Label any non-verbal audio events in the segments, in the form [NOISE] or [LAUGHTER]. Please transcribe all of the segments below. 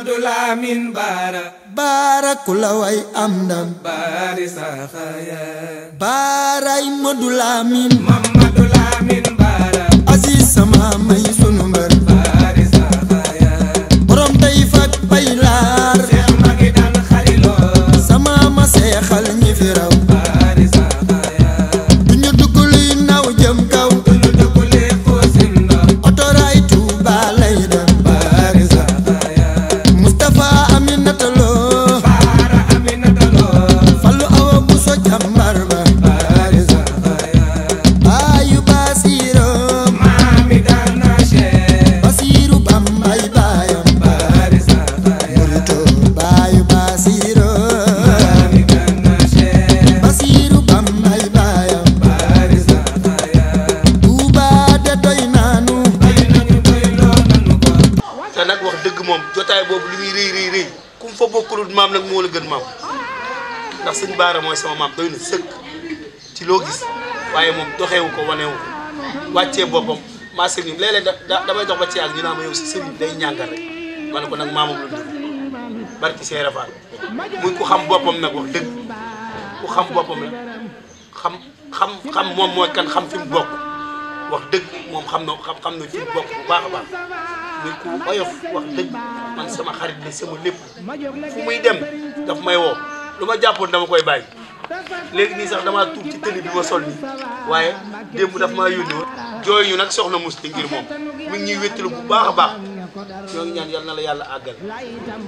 Ahmadu Baara. Baara ku la way Baara. Aziz sama may sunu mbër. Baari saxaaya. Borom tey fak bay laar. Seex magi daan xariloo. sama ma seexal ñi fi moo la gën maam ndax sëñ Baara mooy sama maam doy na sëkk ci loo gis waaye moom doxewu ko wanewu ko wàccee boppam maa sëriñ léeg-léeg da damay dox ba ci yàgg ñu naan ma yow si sëriñ day ñàngal rek ma ne ko nag maamam la ñu barki Cheikh Rafaal muy ku xam boppam ne wax dëgg ku xam boppam la xam xam moom mooy kan xam fi mu bokk. wax dëgg moom xam na xam xam na ci bopp bu baax a baax muy ku oyof wax dëgg man sama xarit la sama lépp fu muy dem daf may woo lu ma jàppoon dama koy bàyyi léegi nii sax damaa tuub ci tëli bi ma sol nii waaye démb daf maa yónni woon jooy ñu nag soxna Mousty ngir moom mi ngi ñuy wéttalu bu baax a baax ñoo ngi ñaan yal na la yàlla àggal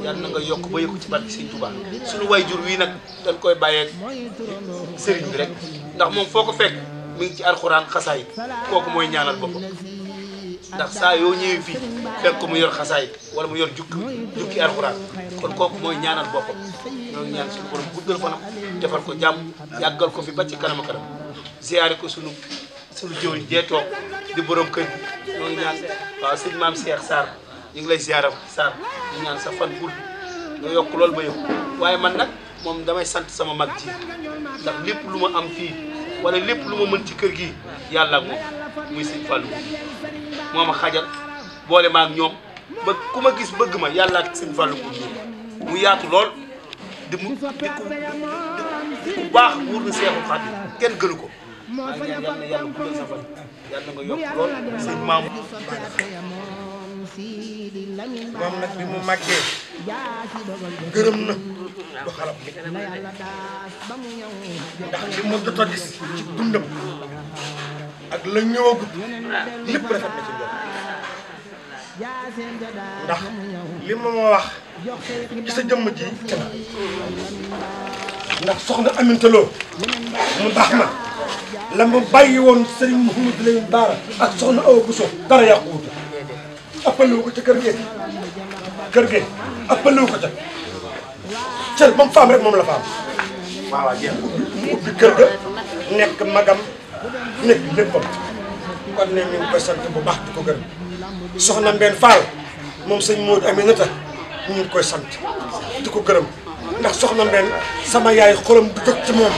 yal na nga yokk ba yëkku ci barke Sëñ Tuubaa suñu way jur wii nag dañ koy bàyyeeg sëriñ bi rek ndax moom foo ko fekk mi ngi ci alxuraan xasaay kooku mooy ñaanal boppam ndax saa yoo ñëwee fii fekk ko mu yor xasaay wala mu yor jukki jukki alxuraan kon kooku mooy ñaanal boppam ñoo ñaan suñu borom guddal fanam defal ko jàmm yàggal ko fi ba ci kanam a kanam ziyaare ko sunu sunu jëw jee toog di kër ñoo ñaan waaw sëñ maam Cheikh Sarr ñu ngi lay ziyaare Sarr ñu ñaan sa fan gudd nga yokk loolu ba yëg waaye man nag moom damay sant sama mag ji ndax lépp lu ma am fii wala lépp lu ma mën ci kër gi yàlla ak moom muy sëñ Fallou moo ma xajal boole ma ak ñoom ba ku ma gis bëgg ma yàlla ak sëñ Fallou mu yaatu lool di mu baax wóor na seexul xaat kenn gënu ko maa ngi ñaan yàlla na nga yokk lool sëñ maamu moom nag bi mu màggee gërëm na du xarab nit ndax li la ñëwagut lépp rafet na ci li ma wax ci sa jëmm ji ci la ndax soxna Aminta Lo mu baax ma la mu bàyyi woon Serigne Mouhamadou Lamine Bara ak soxna Awa Bousso dara yàquwut ëppalewu ko kër gee kër gee ëppalewu ko ca cër faam rek moom la faam waaw waaw jeex mu ubbi kër ga nekk magam nekk léppam kon ne ñu ngi koy sant bu baax di ko gërëm soxna Mbène Fall moom sëñ Modou Aminata ñu ngi koy sant di ko gërëm ndax soxna Mbène sama yaay xolam du jóg ci moom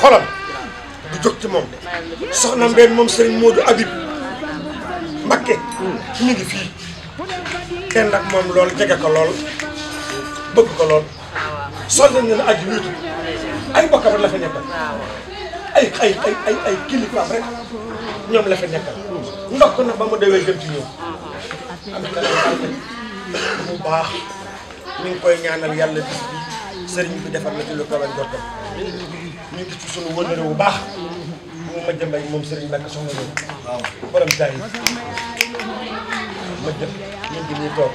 xolam du jóg ci moom soxna Mbène moom sëñ Modou Habib Mbakke ñu ngi fii kenn nag moom lool jege ko lool bëgg ko lool sol nañ ne aju wiitu ay bokkam la fa nekkal ay ay ay ay ay kilifaam rek ñoom la fa nekkal ndokk na ba mu dewee jëm ci ñoom am bu baax ñu ngi koy ñaanal yàlla bis bi sëriñ bi defar na ci lu kawe njortam ñu ngi ci sunu wënëre bu baax mu Madja Mbaye moom Serigne Mbacke soxna Lo. waaw borom saa yi. Madja ñu nii toog.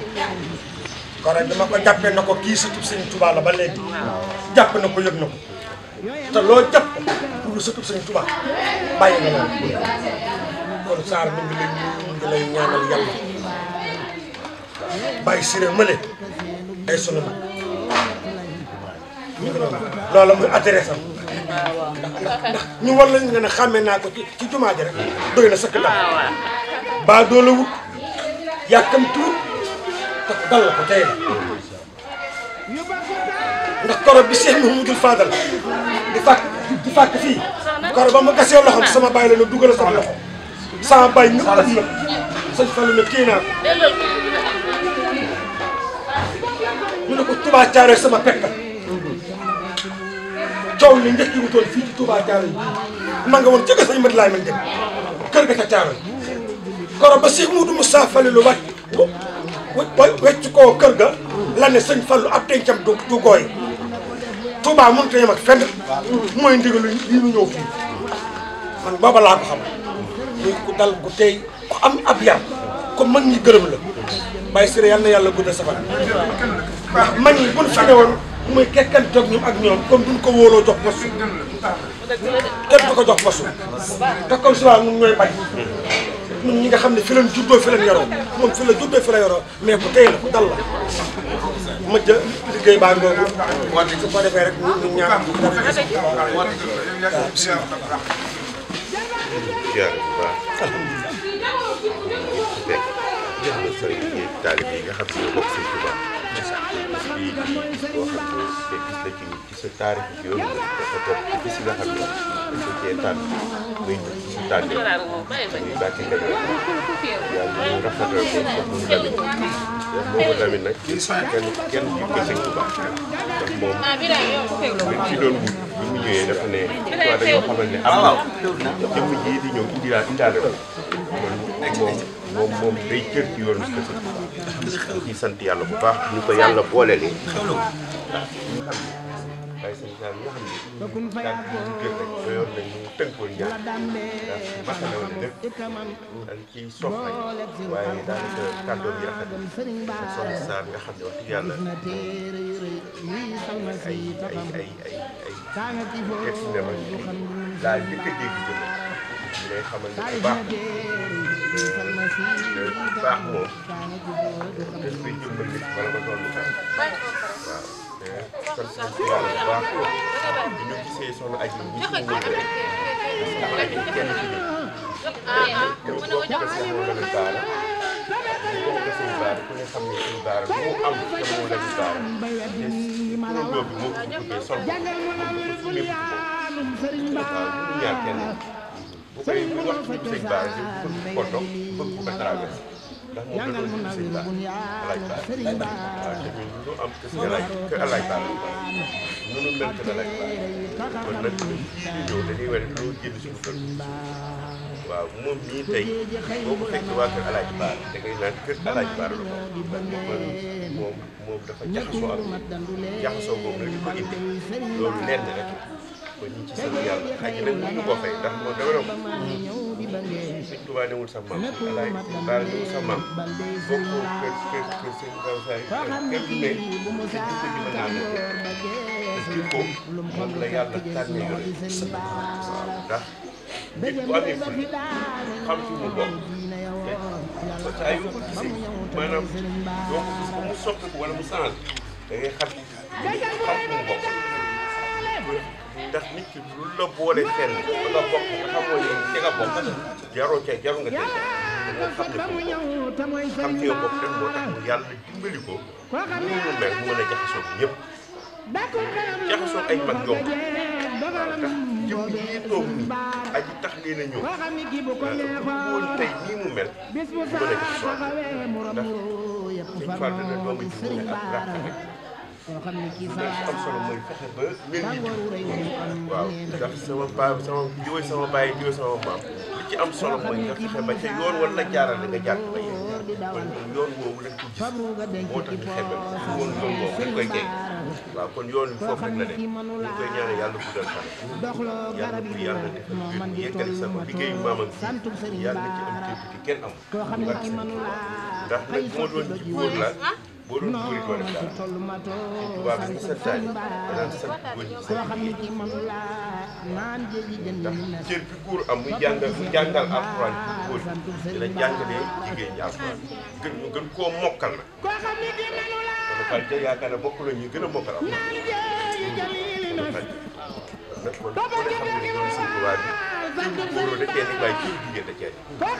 kon nag dama ko jàppee na ko kii sëtub Serigne Touba la ba léegi. jàpp na ko yëg na ko. te loo jàpp pour lu sëtub Serigne Touba bàyyi nga kon Sarr mi ngi lay ñu ñaanal yàlla. bàyyi Siré Mële ay sunu mag. loolu muy adresse am ndax ñu war lañ nga ne xàmmee naa ko ci ci jumaa doy na sëkk ndax ah, baa doole wut yàkkamtuwut te dal la ko tey la ndax koro bi Cheikh Mouhamadou Fadal di fàkk di fàkk fii koro ba ma gasee loxo sama bàyyi la na dugal sama loxo sama bàyyi ñëpp am na sëñ Fallou ne ñu ne ko Touba Thiaré sama pekk coow li njëkk yi wutoon fii ci Touba Thiaroye ma nga woon ci sëñ Mat Laay man dem kër ga ca Thiaroye koro ba si Muudu Moussa Fallilu wat wecc koo kër ga la ne fal Fallu ab dencam du du gooy Touba mënut a yem ak fenn mooy ndigalu yi ñu ñëw fii man booba laa ko xam muy ku dal ku tey ku am ab yar ko mag ñi gërëm la bàyyi sëriñ yal na yàlla guddal sa fan mag ñi buñ fi ne woon mooy kekkante toog ñoom ak ñoom comme duñ ko wóoloo jox poste kenn du ko jox poste te comme souvent ñun ñooy bañ ñun ñi nga xam ne fi leen juddoo moom fi la juddoo fi la yoroo mais bu tey la bu dal la ma jë liggéey baa ngoogu su ko defee rek waaw alhamdulilah. taalib ci boo xam ne gis na ci sa taarix ci yoon dafa bokk yi nga xam ne dañ ko cee tànn muy su tànnee muy bàcci ndem nag kenn kenn ci ko sëñ bu moom moom moom moom day cër ci yoonu kese ci sant yàlla bu baax ñu ko yàlla boole li waaye sëñ Saal nga xam ne daal di gën rek ba yoon nañ ñu tënkoon ñaar daal di masale woon lépp daal ciy sof rek waaye daanaka kàddoom yi rafet na soxna Saal nga xam ne wax dëgg yàlla ay ay ay ay ay teg si ne ma lii daal njëkk a dégg jëmm lay xamal ne bu baax te baax moom bés bi ñu mën nit bala ma doon lu baax waaw te sant yàlla baax bi ñu gisee soxna aji ñu ci wóor rek soxna aji kenn ci ñun yow boo ko gisee moo la baara boo ko gisee baara ku ne xam ne suñu baara lu mu am te moo la baara te loolu boobu moo ko duggee sol ko moom ko fu lépp ko waaw ñu ñaar kenn koy wax tudd sëñ Ba bëgg ko toog bëgg ko traversé ndax mu bëgg ko tudd sëñ Ba alaaj Ba waaw te ñun lu am kës nga laaj kë alaaj Ba mënul mel kën alaaj Ba kon nag ñun fii ñu ñëw dañuy wane loo génn suñu kër waaw moom mii tey boo ko fekk waa kër alaaj Ba da ngay naan kër alaaj Ba la ko moom moom dafa jaxasoo ak moom jaxasoo boobu la di ko indi loolu lenn rek ko ñu ci sëñ yàlla xaj na mënuñu ko fay ndax moo dama doon sëñ Tuubaa newul sa maam alaay sëñ Baara newul sa maam bokkoo kër kër kër sëñ Gawsaay kër ne sa jikko ji mën naa la ko jikko moom la yàlla tànnee yore waaw ndax nit ku amee ful xam fi mu bokk te ba saa yoo ko gisee maanaam doo ko gis ba mu soppi ko wala mu changé da ngay xam xam fi mu bokk ndax nit ki lu la boole fenn la bokk nga xamoo ne ci nga bokk jaroo ca jaru nga tey nga xam ne ko xam ci nga bokk rek moo tax mu yàlla dimbali ko mu mu mel mu mën a jaxasoo ñëpp jaxasoo ay mag yomb waaw ndax jëmm yi toog nii aji tax leen a ñëw woon tey nii mu mel mu mën a jaxasoo ndax dañ faa dana doomu ji mu ne ak rakk rek koo xam ne kii am solo mooy fexe ba waaw ndax sama paa sama jiwe sama baay jiwe sama maam li ci am solo mooy nga fexe ba ca yoon la jaarale nga jàpp ba yéen yoon boobu lañ ko gis moo tax ñu xeebal woon yoon waaw kon yoon wi foofu rek la de ñu koy ñaanal yàlla guddal fan yàlla bu yàlla defal mbir mi yeggali sama liggéeyu maamam bi yàlla ci am képp ci kenn amul ndax nag moo doon ci góor la boo doon buuri doole bi daal tubaab bi sa taali da daan sant góor ñi sant jigéen ñi ndax cër bi góor am muy jàngal mu jàngal alxuraan bu góor ñi dina jàngalee jigéen ñi alxuraan gën ñu gën koo mokkal nag. kon Fatou Ndiaye yaakaar naa bokk la ñuy gën a mokkal am. nag kon ku ne xam ne ñoom suñu tubaab bi. suñu góoroo da cee nekk waaye suñu jigéen da cee nekk. comme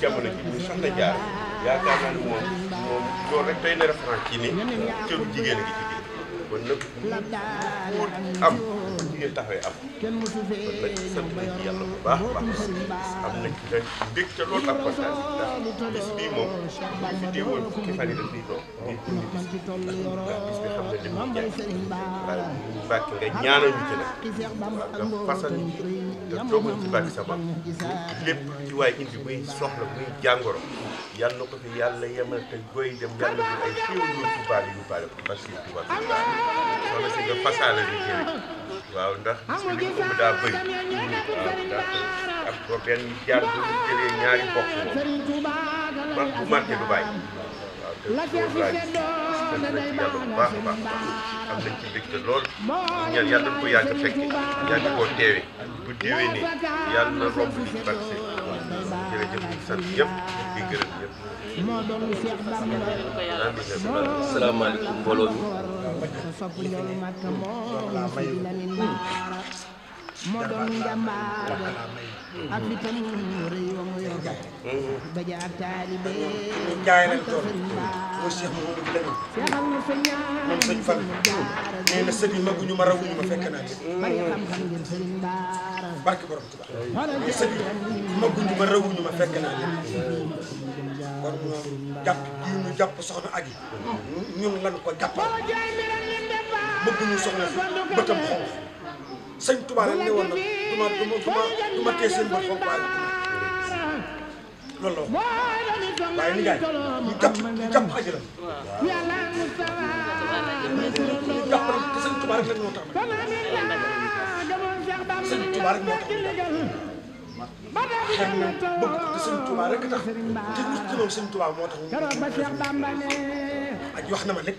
jamono ji muy soxna jaar. yaakaar naa ne moom moom loolu rek tey na référence ci ni cëru jigéen gi ci biir kon nag pour am jigéen taxawee am kon nag sant nañ ci yàlla bu baax baax am nañ ci nag mbég ca loolu ak kontaan ndax bis bii moom buñ fi teewoon fukki fan yi daf fiy toog di indi bis bi ndax bis bi xam nga dem ñu ñaan waaye bàkk nga ñaanal ñu ci nag waaw nga fasal ñu ci te toogal ci bàkk sa bopp lépp ci waaye indi muy soxla muy jàngoro yàlla ko fi yàlla yemal te goy dem yàlla na ay xéewal ko parce que tubaab yu baale soxna si yàlla bu baax yàlla ko teewe bu déwee ne yàlla na romb li ci barke jërëjëf ñu sant ñëpp moo doon Cheikh Bamba salaamaaleykum mbooloo mi moo doon njàmbaar ba ak fitam rëy wa mu yor ba mm-hmm. ba jaar taalibe jaay nañ tool mu Cheikh Mouhamadou Lamine moom sëñ Fall nee na sëriñ maguñu ma rawuñu ma fekk naa leen mm-hmm. barke borom Tuubaa nee sëriñ maguñu ma rawuñu ma fekk naa leen kon moom jàpp gii ñu jàpp soxna ak yi mm-hmm. ñun lan ko jàppal bëgguñu soxna si bëtam xonq sëñ Tuubaa rek ne woon nag du ma du ma du ma du ma tee seen bët xonk waaye loolu la wax waaye ni gaay ñu jàpp ñu jàpp aji la ñu jàpp rek te sëñ Tuubaa rek la moo tax nag sëñ Tuubaa rek moo tax xëy na bëgg ko sëñ Tuubaa rek tax te lu ci loolu sëñ Tuubaa moo tax ñu. ak wax na ma lépp.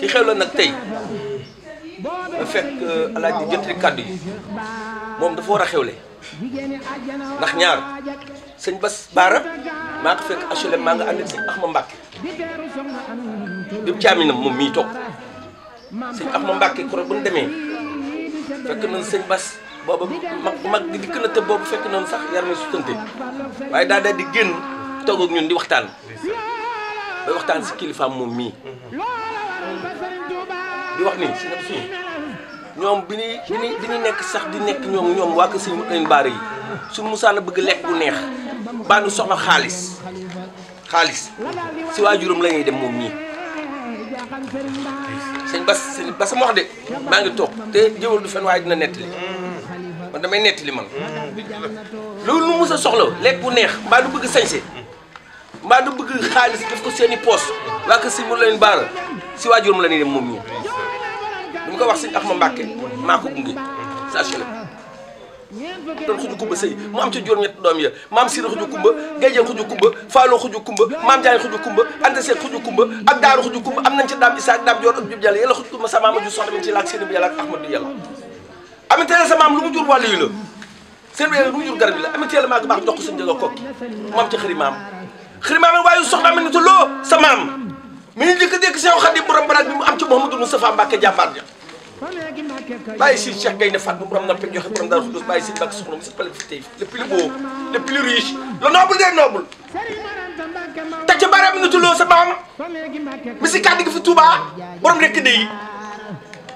ki xewla nag tey ba fekk euh, alaaj di jëntali kàddu yi moom dafa war a xewle ndax ñaar sëñ Bas Baara maa ko fekk HLM maa nga ànd ak sëñ Axma Mbàkke di caaminam moom mii toog sëñ Axma Mbàkke koro bu ñu demee fekk nañ sëñ Bas booba mag mag di dikk na te boobu fekk noonu sax di su tënte waaye daa daal di génn toog ak ñun di waxtaan bay waxtaan si kilifaam moom mii di wax nii si nab suñu ñoom bi ñuy bi ñuy bi ñuy nekk sax di nekk ñoom ñoom waa kër suñu leen baara yi suñu musaana bëgg lekk bu neex baa nu soxla xaalis xaalis si waajuram la ñuy dem moom mii sëñ bas sëñ bas sama wax de maa ngi toog te jëwal du fen waaye dina nettali damay nett li man. loolu lu mus a soxla lekk bu neex mbaa du bëgg sañse mbaa du bëgg xaalis def ko seen i poos waa kër si mu leen baal si waajur mu la ñuy dem moom ñun. dama ko wax sëñ Axma Mbàkke maa ko gunge kumba sëy mu am ca juróom ñett doom ya maam sira xuju kumba gayjeen xuju kumba faaloo xuju kumba maam jaañ xuju kumba anta seet kumba ak daaru xuju kumba am nañ ca daam isaa ak daam joor ak jub yàlla yàlla xuju kumba sama ma ju soxna min ci laak seen bi yàlla ak ahmadu yàlla aminte la sa maam lu mu jur wàllu yi la seen wéer lu mu jur garab yi la aminte la maa ko baax jox ko sëñ Jaga Kokki moom ci xëri maam xëri maam waaye soxna aminte loo sa maam mi ngi njëkk a dégg Seex Xaadim borom baraat bi mu am ci Mouhamadou Moustapha Mbacke jàmbaar ja bàyyi si Cheikh Gaynde Fatma borom na pek joxe borom Daaru Xudoos bàyyi si Mbacke soxna mu sa palafité le plus beau le plus riche le noble des nobles te ca bari aminte loo sa maam mi si kàddu gi fi Touba borom rekk de yi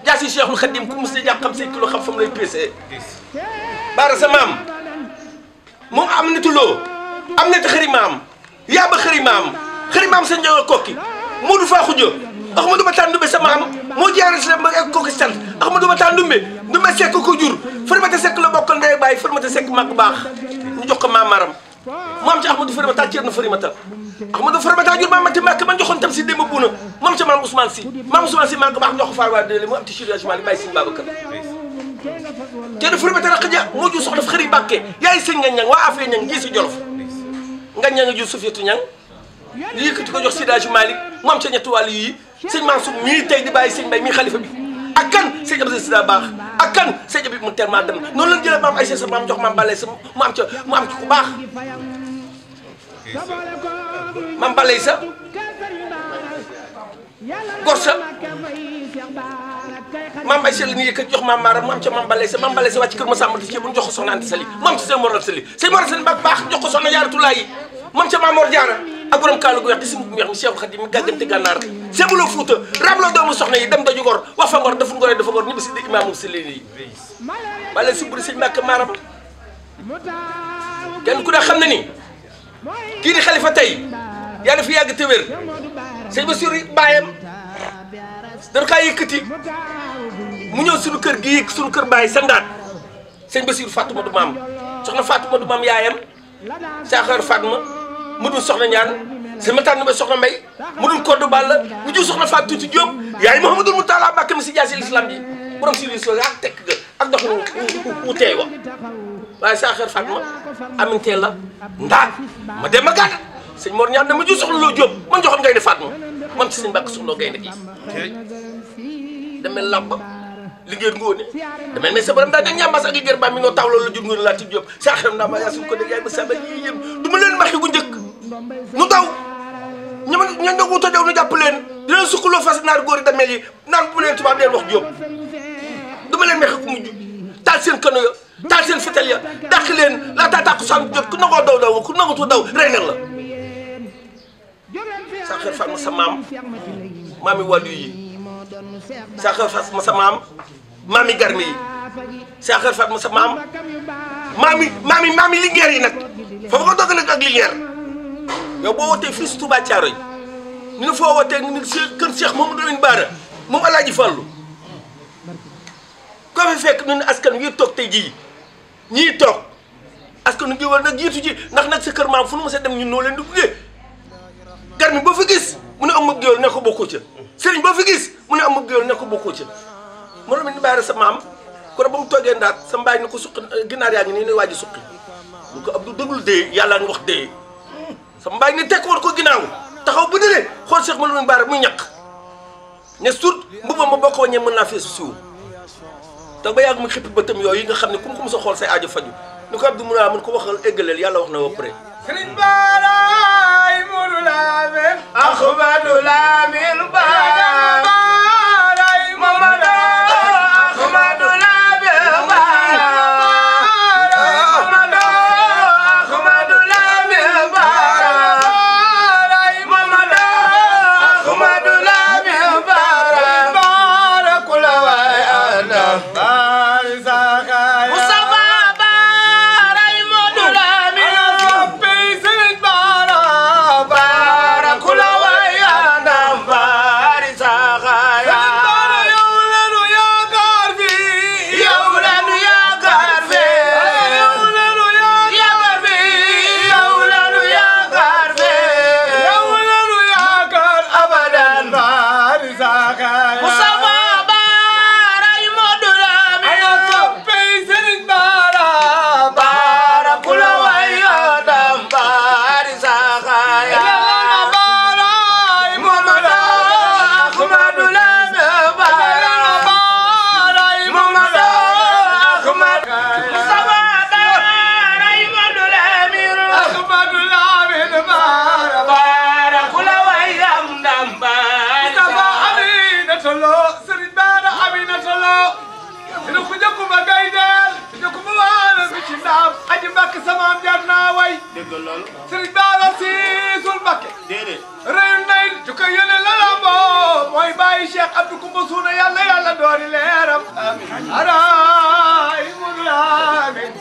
jaas yi Cheikhul Khadim ku mu si jàpp xam say kilo xam fa mu lay peesee. baara sa maam am na tuloo am na te xëri maam yaa ba xëri maam xëri maam sa njëw kokki Modou Fakhoudja Ahmadou Bata Ndoumbe sa maam moo jaarale si la ma egg kooku si sant Ahmadou Bata Ndoumbe Ndoumbe Seck ko jur Farimata Seck la bokkal ndey bàyyi Farimata Seck mag baax ñu jox ko maam Maram mu am ci Ahmadou Farimata Thierno Farimata. xam nga dafa faram daa jur maam Mati Mbàkke man joxoon tam si démb buuna moom ca maam ko baax ñoo ko faal waa délai mu am ci chirurgie li bàyyi sëñ Babacar te dafa faram daa xëja si bi ak kan sëñ Abdou Sida baax ak kan sa maam jox maam Balaye sa mu am mu am ci ku baax mam balay sa gor sa mam ay sel ni yëkkat jox mam maaram mam ca ma sàmmati ci mun jox ko soxna Anta Sali mam ci sa moral Sali Sali baax baax jox ko soxna Yaara Tulaay mam ca Maamoor Jaara ak borom kaalu gu weex di simb bu weex mi Seexul Xadiim mi soxna yi dem daju ngor wax fa ngor dafa ngoree dafa ngor ñibbi si di imaamu si leen yi balay suburi sëñ Mbàkke maaram kenn ku ne xam na ni kii xalifa tey yalla fi yag te wér sëñ Bassirou bàyyam dañ kaa yëkkati mu ñew suñu kër gi yek suñu kër baye sandaat sëñ monsieur Fatou Madou mam soxna Fatou Madou mam yaayam Sakhar Fatma mu dul soxna ñaan sama tànn ba soxna may mu dul koddu ball mu ju soxna Fatou ci job yaay mohammed Moutala Mbàkke ci jassil islam bi borom si lislaam ak tek ga ak dox wu wa waaye Sakhar Fatma amintee la ma dem ma gàttal seigne Mor ñaan na ma ju soxlo loo jóob man joxoon ngay ne Fatma man ci sëñ Mbàkke soxloo gaynde gi damel làmba liggéey ngóone damel ne sabaram daa dag ñambaas ak gër ba mi no tawlo loolu jur ngone la ci jóob sa xam na ma ya su ko de gay ba saba yi yëm du ma leen waxi bu ñeuk nu taw ña ñu ña nga wuta daw nu jàpp leen dina sukkuloo fas naar góori damel yi naan bu leen tuba leen wax jóob duma leen maxi gu mujj seen kanu ya tal seen fetel ya dàq leen ta tàkku saan jot ku nako daw daw ku tu daw rey la Saxar Fass ma sa maam maami wàllu yi Saxar ma sa maam maami garmi yi Saxar maam maami maami maami lingeer yi nag foofu ko dogg nag ak lingeer yow boo wootee fii si Touba Thiaroye ñu ne foo wootee ñu ne kër Cheikh moom doon baara moom Alaaji Fàllu koo fi fekk ñu ne askan wi toog tey jii ñii toog askan wi war nag jiitu ji ndax nag sa kër maam fu nu ma sa dem ñun noo leen di buggee garmi boo fi gis mu ne am géwél ne ko bokku ca sëriñ boo fi gis mu ne am géwél ne ko bokku ca moo tax ni bàyyi sa maam ko ba mu toogee ndaat sa mbaay ni ko suq ginaar yaa ngi nii ne waa ji suqi mu ko Abdou déglu dee yàlla ngi wax dee sa mbaay ni tekk war ko ginnaaw taxaw bu dëlee xool Cheikh ma lu muy baara muy ñaq ne surt mbubbam ma bokk waññee mën naa feesu siwu te ba yàgg mu xippi bëtam yooyu nga xam ne ku mu ko a xool say aajo faju ni ko a mën ah, ko waxal éggaleel yàlla wax na ba pare sëriñ baaraay mu du laamin axmadu laamin baaraay am aji Mbàkke samaam jar naa way. dëgg loolu. Sëriñ Baara Siisul Mbàkke. déedéet. reyu nay ju ko yéene la la boo mooy bàyyi Cheikh Abdou Koumba Suuna yàlla yàlla doori leeram. amiin araay mun laamin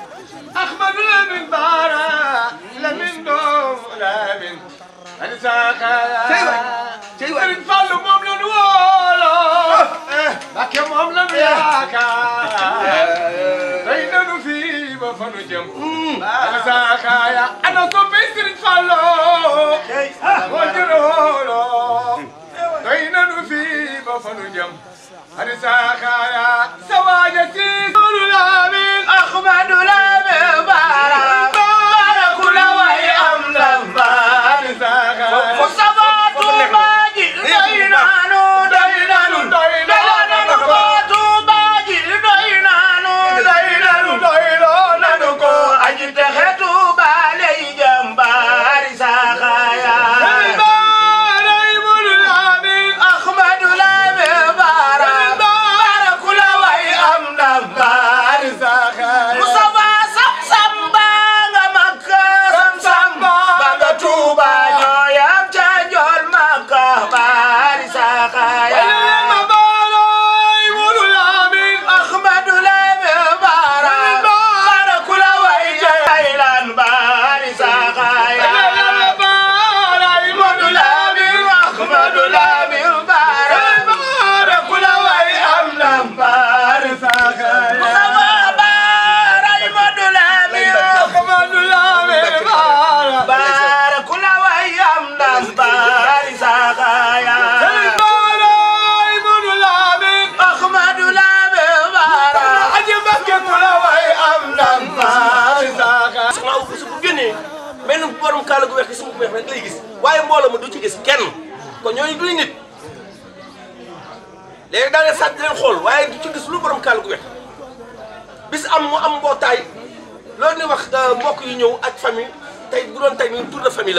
Ahmadu Lamin Baara Lamin doomu Lamin. ani saaka. tey waay tey waay Sëriñ Fallu moom la nu wóoloo. Mbàkke moom la nu yaakaar. fa nu jëm saakaaya mm. ana soppi Sëriñ Fallu ah. moo jëloolo doy na nu fii ba fa nu jëm ari saakaaya sawaaja si sulu laamin axmadu laamin xol waye du ci gis lu borom kal gu wet bis am mu am mbootaay lo ni wax euh, mbok yu ñew ak famille tay bu doon tay ñu tour de famille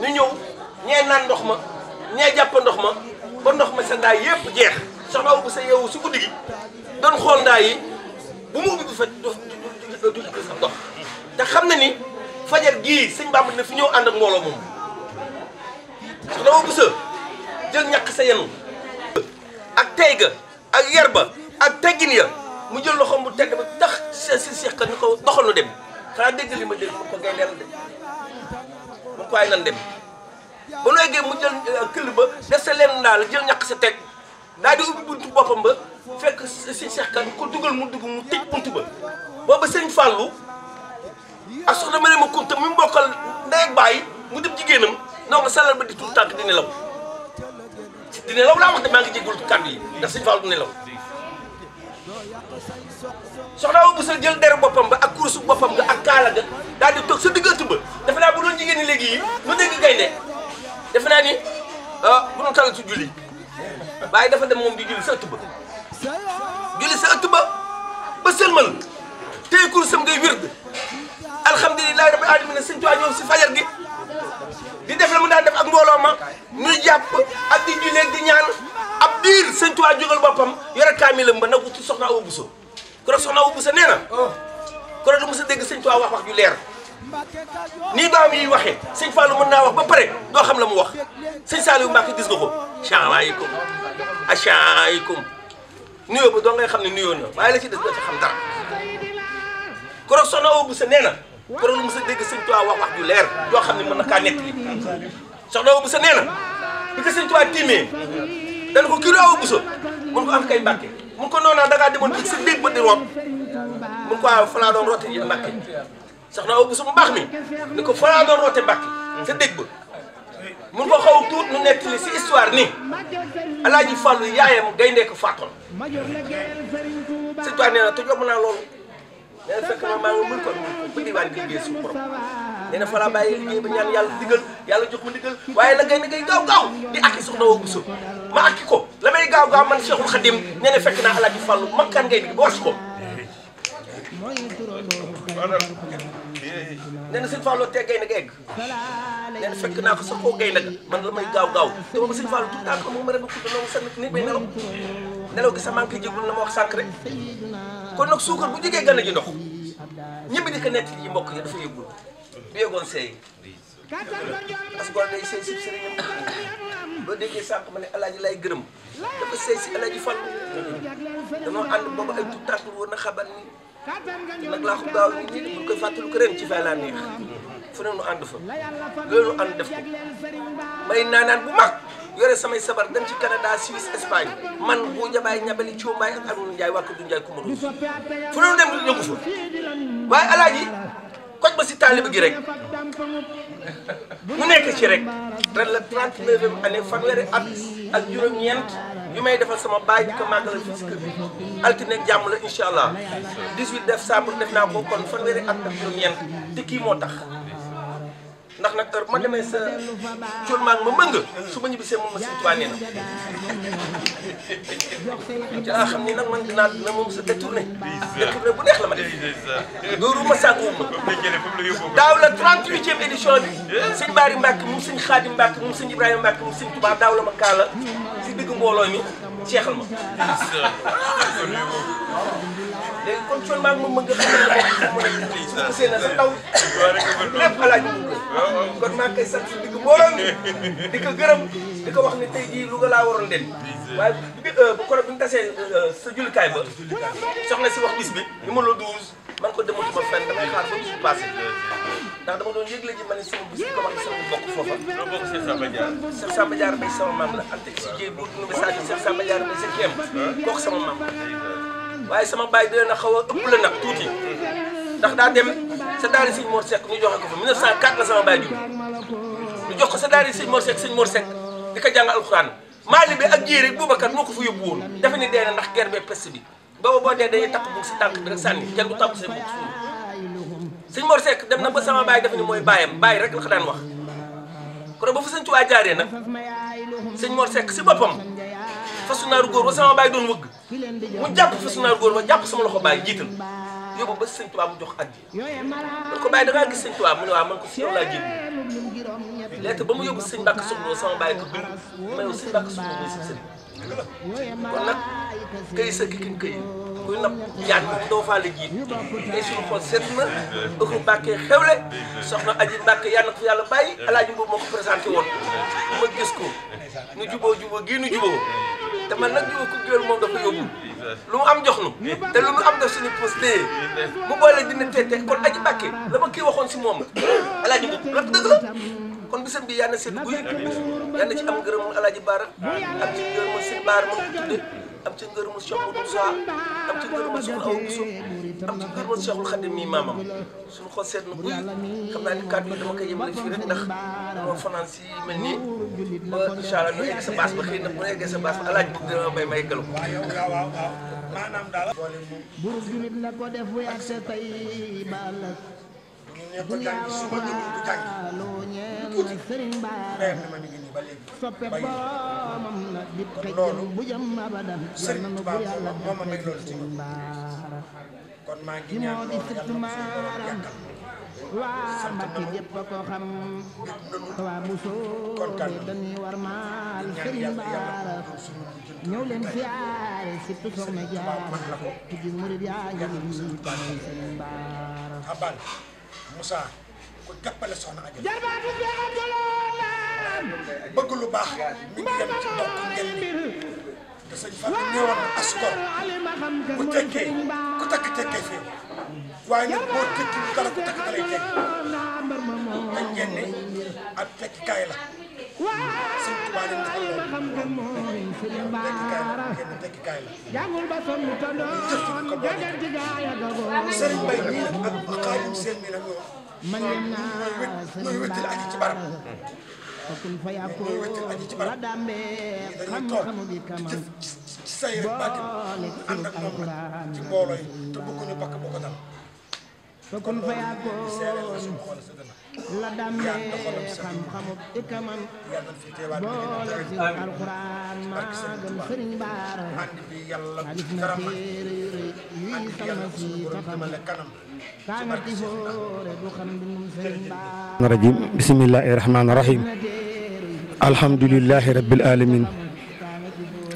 la ñu ñew ñe naan ndox ma ñe japp ndox ma ba ndox ma sa ndaa yépp jeex soxna bu sa yeewu su guddi gi doon xol ndaa yi bu mu ubbi fa du du sa ndox xam na ni fajar gi sëñ Bamba na fi ñew and ak mbolo mom soxna bu sa jël ñak sa yenu ak tay ga ak yar ba ak teggin ya mu jël loxoom bu tedd ba tax si si seex ka ni ko doxal nu dem xanaa dégg li ma dégg mu ko ngay leeral dem mu ko waay nan dem ba nooy gee mu jël euh, këll ba def sa lenn daal jël ñàkk sa teg daal di ubbi bunt boppam ba fekk si seex ka ko dugal mu dugg mu tëj buntu ba booba sëñ Fallou ak soxna ma ne ma kunta mi mu bokkal ndey ak bàyyi mu dem jigéenam noo nga salal ba di tuut tànk di nelaw di nelaw laa wax de maa ngi jégalu kàddu yi ndax sëñ Fall du nelaw soxna wu bu sa jël der boppam ba ak kursu boppam nga ak kaala ga daal di toog a diggante ba defe naa bu doon jigéen ñi léegi yi lu dégg gaynde defe naa ni ah, bu nu tal su julli waaye dafa dem moom di julli sa ëtt ba julli sa ëtt ba ba sëlmal tey kursam ngay wird alhamdulilahi rabbil alamin sëñ Tuubaa ñëw si fajar gi di def la mu daan def ak mbooloo ma ñu jàpp ak di jullee di ñaan ab diir sëñ Tuubaa jógal boppam yore kaamilam ba nagu ci soxna Awa Bousso keroog soxna Awa Bousso nee na keroog du mos a dégg sëñ Tuubaa wax wax ju leer nii doom yi waxee sëñ Fallou mën naa wax ba pare doo xam la mu wax sëñ Saliou Mbacke gis nga ko asalaamaaleykum asalaamaaleykum nuyoo ba doo ngay xam ne nuyoo na waaye la ci des doo ci xam dara keroog soxna Awa Bousso nee na borom lu mu sa dégg sëñ Tuubaa wax wax ju leer yoo xam ne mën na kaa nekk li soxna Awa Bousso nee na bi ko sëñ Tuubaa tiimee dana ko kii Awa Bousso mun ko am kay Mbàkke mun ko noonaa dangaa demoon ci sa dégg ba di root mun ko waaw falaa doon roote ji Mbàkke soxna Awa Bousso mu baax mi ni ko sa dégg ba mun ko xaw tuut nu nekk li si histoire ni Alaaji Fàllu yaayam gaynde ko faatoon sëñ Tuubaa nee na te yomb naa loolu nee fekk ma maa nga mën ko ba di waaj di liggéey suñu borom nee na falaa bàyyi liggéey ba ñaan yàlla digal yàlla jox ma digal waaye la ngay ngay gaaw gaaw di akki soxna woo Bousso ma la may gaaw gaaw man Cheikhul Khadim nee na fekk naa Alaaji Fàllu makkaan ngay digg ba war si ko nee na ga egg nee na fekk naa ko sax koo gay na man la may gaaw gaaw te boobu sëñ Fallou tout le temps xam rek ba kudd noonu sann nit bay nelaw nelaw gi sax maa ngi koy jégul la ma wax sànq rek kon nag suukar bu jógee gën a ji ndox ñëpp di ko nett yi mbokk yi dafa yëgul du yëgoon seey parce que day seey si sëriñam boo déggee sànq ma seey si alaaji Fallu danoo ànd boobu ay tub tàkk woon na xabar ni nag laa ko gaaw nit ñi buñ koy fàttaliku ren ci fay laa neex fu ne nu ànd fa loolu ànd def may naanaan bu mag yore samay sabar dem ci Canada Suisse Espagne man bu njabaay ñabali ci ak Arouna Ndiaye waa Koudou Ndiaye gi rek mu nekk ci rek ren la 39e année fanweeri at ak juróom-ñeent ñu may defal sama baay di ko màggal fii si kër bi altine jàmm la incha allah 18 kon fanweeri at ak juróom-ñeent te kii moo tax. ndax nag heure bu ma demee sa col maa ngi ma mëng su ma ñibbisee moom ma sëñ Tuubaa na ci laa xam ni nag man dinaa dina moom sa détourné détourné bu neex la ma def loolu ma sàkku ma daaw la 38e édition bi sëñ Bari Mbàkke moom sëñ Xaadim Mbàkke moom sëñ Ibrahima Mbàkke moom sëñ Tuubaa daaw la ma kaala si digg mbooloo mi jeexal ma. léegi kon coono maa ngi mën nga xam ne su na sa taw lépp alaaj mu kon maa ngi koy sant di ko mbooloo di ko gërëm. li ko wax ne tey jii Louga laa waroon dem waaye bi euh, bu koro bi ñu tasee euh, sa jullikaay ba soxna si wax bis bi numéro ma ne sama bis ko wax sama bokk foofa a a ëpp la nag tuuti ndax daa dem sa daari sëñ Mor Seck ñu joxe ko fa 1904 la sama baay jur ñu jox ko sa daari sëñ Mor Seck sëñ Mor Seck di ko jàngal alxuraan maali bi ak jéeri Boubacar moo ko fa yóbbu woon dafa ne dee na ndax guerre bee peste bi booba boo dee dañuy takk bug si tànk bi rek sànni kenn du tàmp si bug suul sëñ Mor Seck dem na ba sama baay dafa ne mooy baayam baay rek la ko daan wax kon ba fa sëñ Tuubaa jaaree nag sëñ Mor Seck si ba fasu naaru góor ba sama baay doon wëgg mu jàpp fasu naaru góor ba jàpp sama loxo baay jiital yóbbu ba sëñ Tuubaa mu jox addi mun ko baye da nga gis sëñ Tuubaa mu ne wa man ko ci yow laa lettre ba mu yobu sëñ Mbàkke Soxna sama baye ko bind may yow sëñ Mbàkke Soxna mooy sa sëriñ kon nag këy sa kikin kay kuy napp jaan do fa la jiit et suñu xool seet na ëxu Mbàkke xewle soxna aji Mbàkke yàlla ko yalla bàyyi alaaji boobu moo ko présenté woon ma gis ko nu juboo juboo gii nu juboo te man nag juboo ku géwél moom dafa yóbbu lu mu am jox nu te lu mu am def suñu poos téye mu boole dina teete kon aji Mbàkke la ma kii waxoon si moom alaaji mbub loolu dëgg la kon bisam bi yàlla na seet guy yàlla na ci am gërëm alaaji baara am ci gërëm seen baar moom ko tudde am ci ngërëmu Cheikhul Moussa am ci ngërëmu Soxna Awa Bousso am ci ngërëmu Cheikhul Khadim mi maamam suñu xol seet na buy xam naa ni kàddu yi dama koy yëmale fii rek ndax moo fanaan si mel nii ba incha allah ñu egg sa baas ba xëy na bu ñu sa baas ba alaaj bëgg dina bay may galu maanaam daal boole moom ñoo ko jàngi suba ñu ngi ko jàngi tuuti leer na ma mi ngi nii ba léegi bàyyi kon loolu moo ma may loolu ci kon maa ngi ñaan loolu yàlla na ma suñu borom yàggal sant na mu bég nanu kontaan nañu ñaan yàlla murid yaa ngi nii Serigne Bara Moussa ku jàppale soxna Adja. jarbaatu Seex Abdoulaye. lu baax. mi ngi dem ci ndokk ngeen a te sëñ Fall sëñ Tuubaa dañu taxaw loolu kenn tekkikaay la ñu jëf ci ko boole Serigne Mbaye nii ak Xaadim Seen mi nag ñoo ñooy wéttali aji ci barab ñooy wéttali aji ci barab dañuy toog di jëf ci sayir bàkk ànd ak ci mbooloo yi te bokkuñu bakk boo ko بسم الله الرحمن الرحيم الحمد لله رب العالمين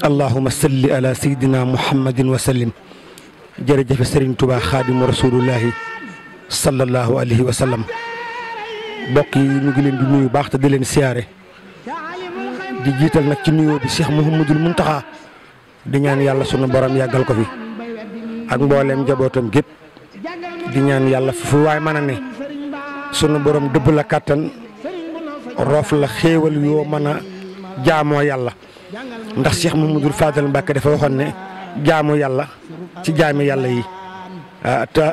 اللهم صل على سيدنا محمد وسلم جرجف سرين تبا خادم رسول الله sallallahu alayhi wa sallam mbokk yi ñu ngi leen di nuyu baax te di leen siyaare di jiital nag ci nuyoo bi Cheikh Mouhamadul Mountakha di ñaan yàlla sunu borom yàggal ko fi ak mbooleem njabootam gépp di ñaan yàlla fu waay mën a ne sunu borom dëbb la kàttan roof la xéewal yoo mën a jaamoo yàlla ndax seex mu Mouhamadul Fadal Mbacke dafa waxoon ne jaamu yàlla ci jaami yàlla yi. Ah, te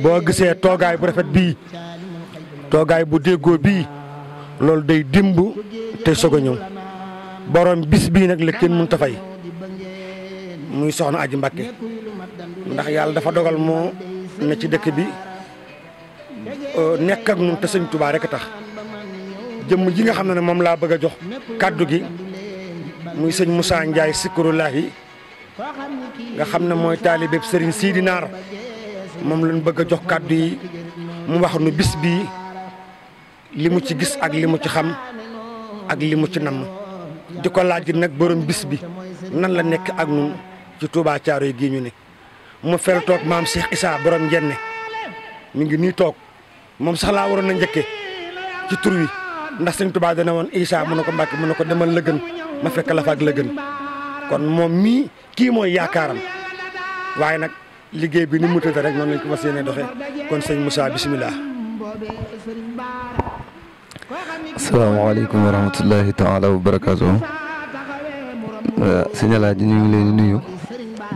boo gisee toogaay bu rafet bii toogaay bu déggoo bii loolu day dimb te soog a ñëw borom bis bii nag la kenn mënut a fay muy soxna aj Mbàkke ndax yàlla dafa dogal moo ne ci dëkk bi euh, nekk ak ñun te sëñ Tuubaa rek a tax jëmm ji nga xam ne moom laa bëgg a jox kàddu gi muy sëñ Moussa Ndiaye Sikkurulaahi nga xam ne mooy taalibeeb sëriñ sii di Naar moom lañ bëgg a jox kàddu yi mu wax nu bis bii li mu ci gis ak li mu ci xam ak li mu ci namm di ko laaj nag borom bis bi nan la nekk ak ñun ci Touba Thiaroye gii ñu ne mu fel toog maam Cheikh Issa borom njenne mu ngi nii toog moom sax laa waroon a njëkke ci tur wi ndax sëñ Touba dana woon Issa mu ne ko Mbàkke mu ne ko demal la gën ma fekk la fa ak la gën kon moom mii kii mooy yaakaaram waaye nag liggéey bi ni mu tëdd rek noonu lañ ko fas yéene doxee kon sëñ Moussa bisimilah. asalaamaaleykum wa rahmatullahi taala wa barakaatu. Euh, sëñ Alaaji ñu ngi leen di nuyu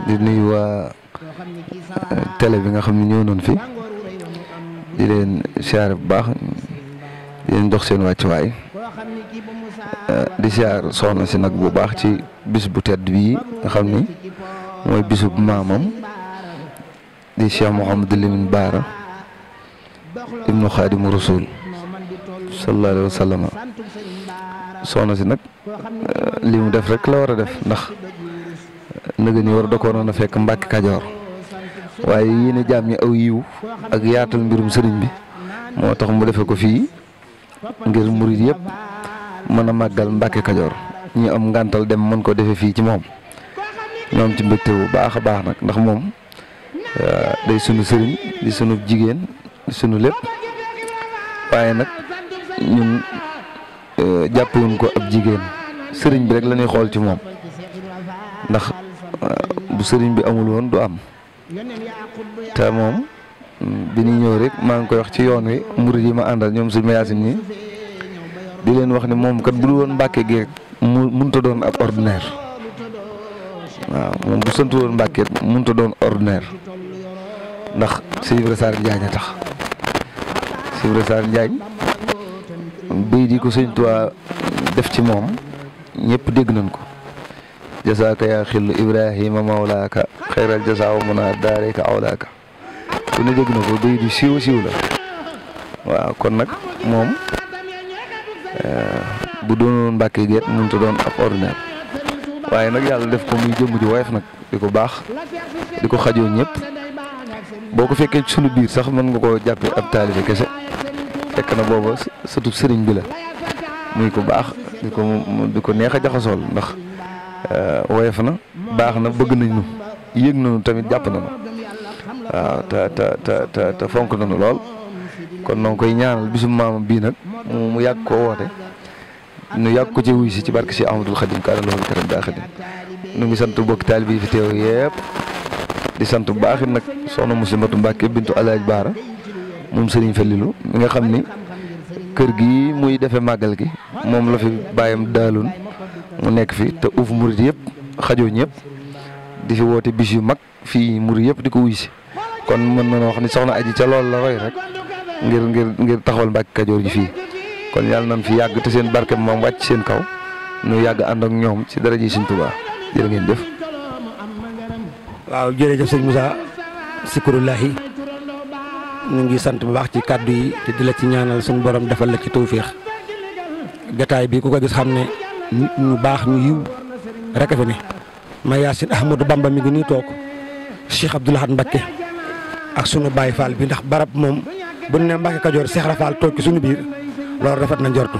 di nuyu waa euh, télé bi nga xam ne ñëw noonu fi di leen siyaare bu baax di leen jox seen wàccuwaay euh, di siyaar soxna si nag bu baax ci bis bu tedd bii nga xam ni mooy bisu maamam. di Cheikh Mouhamadou Lamine Baara ibnu Xaadimu Rasul sallallahu alayhi wa sallam soxna si nag eh, li mu def rek la war a def ndax eh, nëgë ni war da koo fekk Mbàkke Kajoor waaye ne jaam ñi aw yiw ak yaatal mbirum sëriñ bi moo tax mu defe ko fii ngir murit yëpp mën a màggal Mbàkke Kajoor ñu am ngàntal dem mën ko defe fii ci moom ñoom ci mbégte bu baax a baax nag ndax moom day sunu serigne di sunu jigen di sunu lepp waye nak ñun eh, wuñ ko ab jigen serigne bi rek lañuy xol ci mom ndax eh, bu serigne bi amul won du am ta mom mm, bi ni ñew rek ma ngi koy wax ci yoon wi murid yi ma andal ñom serigne yassine ni di len wax ni mom kat bu dul woon gi mu munta doon ab ordinaire waaw mom bu sant mbacke mu munta doon ordinaire ndax sëñ Ibra Sarr Njaañ tax sëñ Ibra Sarr Njaañ bay di ko sëñ toa def ci mom ñepp deg nañ ko jasaaka yaa xillu ibrahima mawlaaka xeyral jazaa mun a daareeka awlaaka ku ne deg na ko bay di siw siiw la wa kon mom moom eh, bu doonoon mbàkke geet mënta doon ab ordinaire waye nak yalla def ko muy jëm ju woyof nak diko ko diko xajjo ko boo ko fekkee ci sunu biir sax mën nga koo jàppee ab taalibe kese fekk na booba sëtu sëriñ bi la muy ko baax di ko di ko neex a jaxasool ndax eh, woyof na baax na bëgg nañ nañu yëg nañu tamit jàpp na waaw te te te te fonk lool kon noo ngi koy ñaanal bisu maamam bii nag mu yàgg koo woote nu yàgg ko ci wuy si ci barke si Ahmadul Xadim kaana loolu karam daa xadim nu ngi sant bokki taalibe yi fi teew yëpp di sant bu baax nak sonu Muslimatu Mbàkke bintu alaik bara mom Serigne Fallilou nga xamni ni gi muy defe magal gi mom la fi bayam dalun mu nek fi te ouf mourid yëpp xajoo ñep di fi wati bis mak fi fii murit di ko kon mën na wax ni soxna aji ca loolu la roy rek ngir ngir ngir taxawal ka Kajoor ji fi kon yalla nan fi yag te sen barke mom wacc sen kaw nu yag ànd ak ñoom ci dara ji serigne touba jërë ngeen def waaw jërëjëf sëñ Moussa Sikrullahi ñu ngi sant bu baax ci kàddu yi te di la ci ñaanal suñu borom defal la ci tawféex jataay bi ku ko gis xam ne ñu baax ñu yiw rek a fi ne ma Yaasin Ahmadou Bamba mi ngi nii toog Cheikh Abdoul Ahad Mbacké ak suñu baay Fall bi ndax barab moom bu ne Mbacké Kajoor Cheikh Rafal toog ci suñu biir loolu rafet na njortu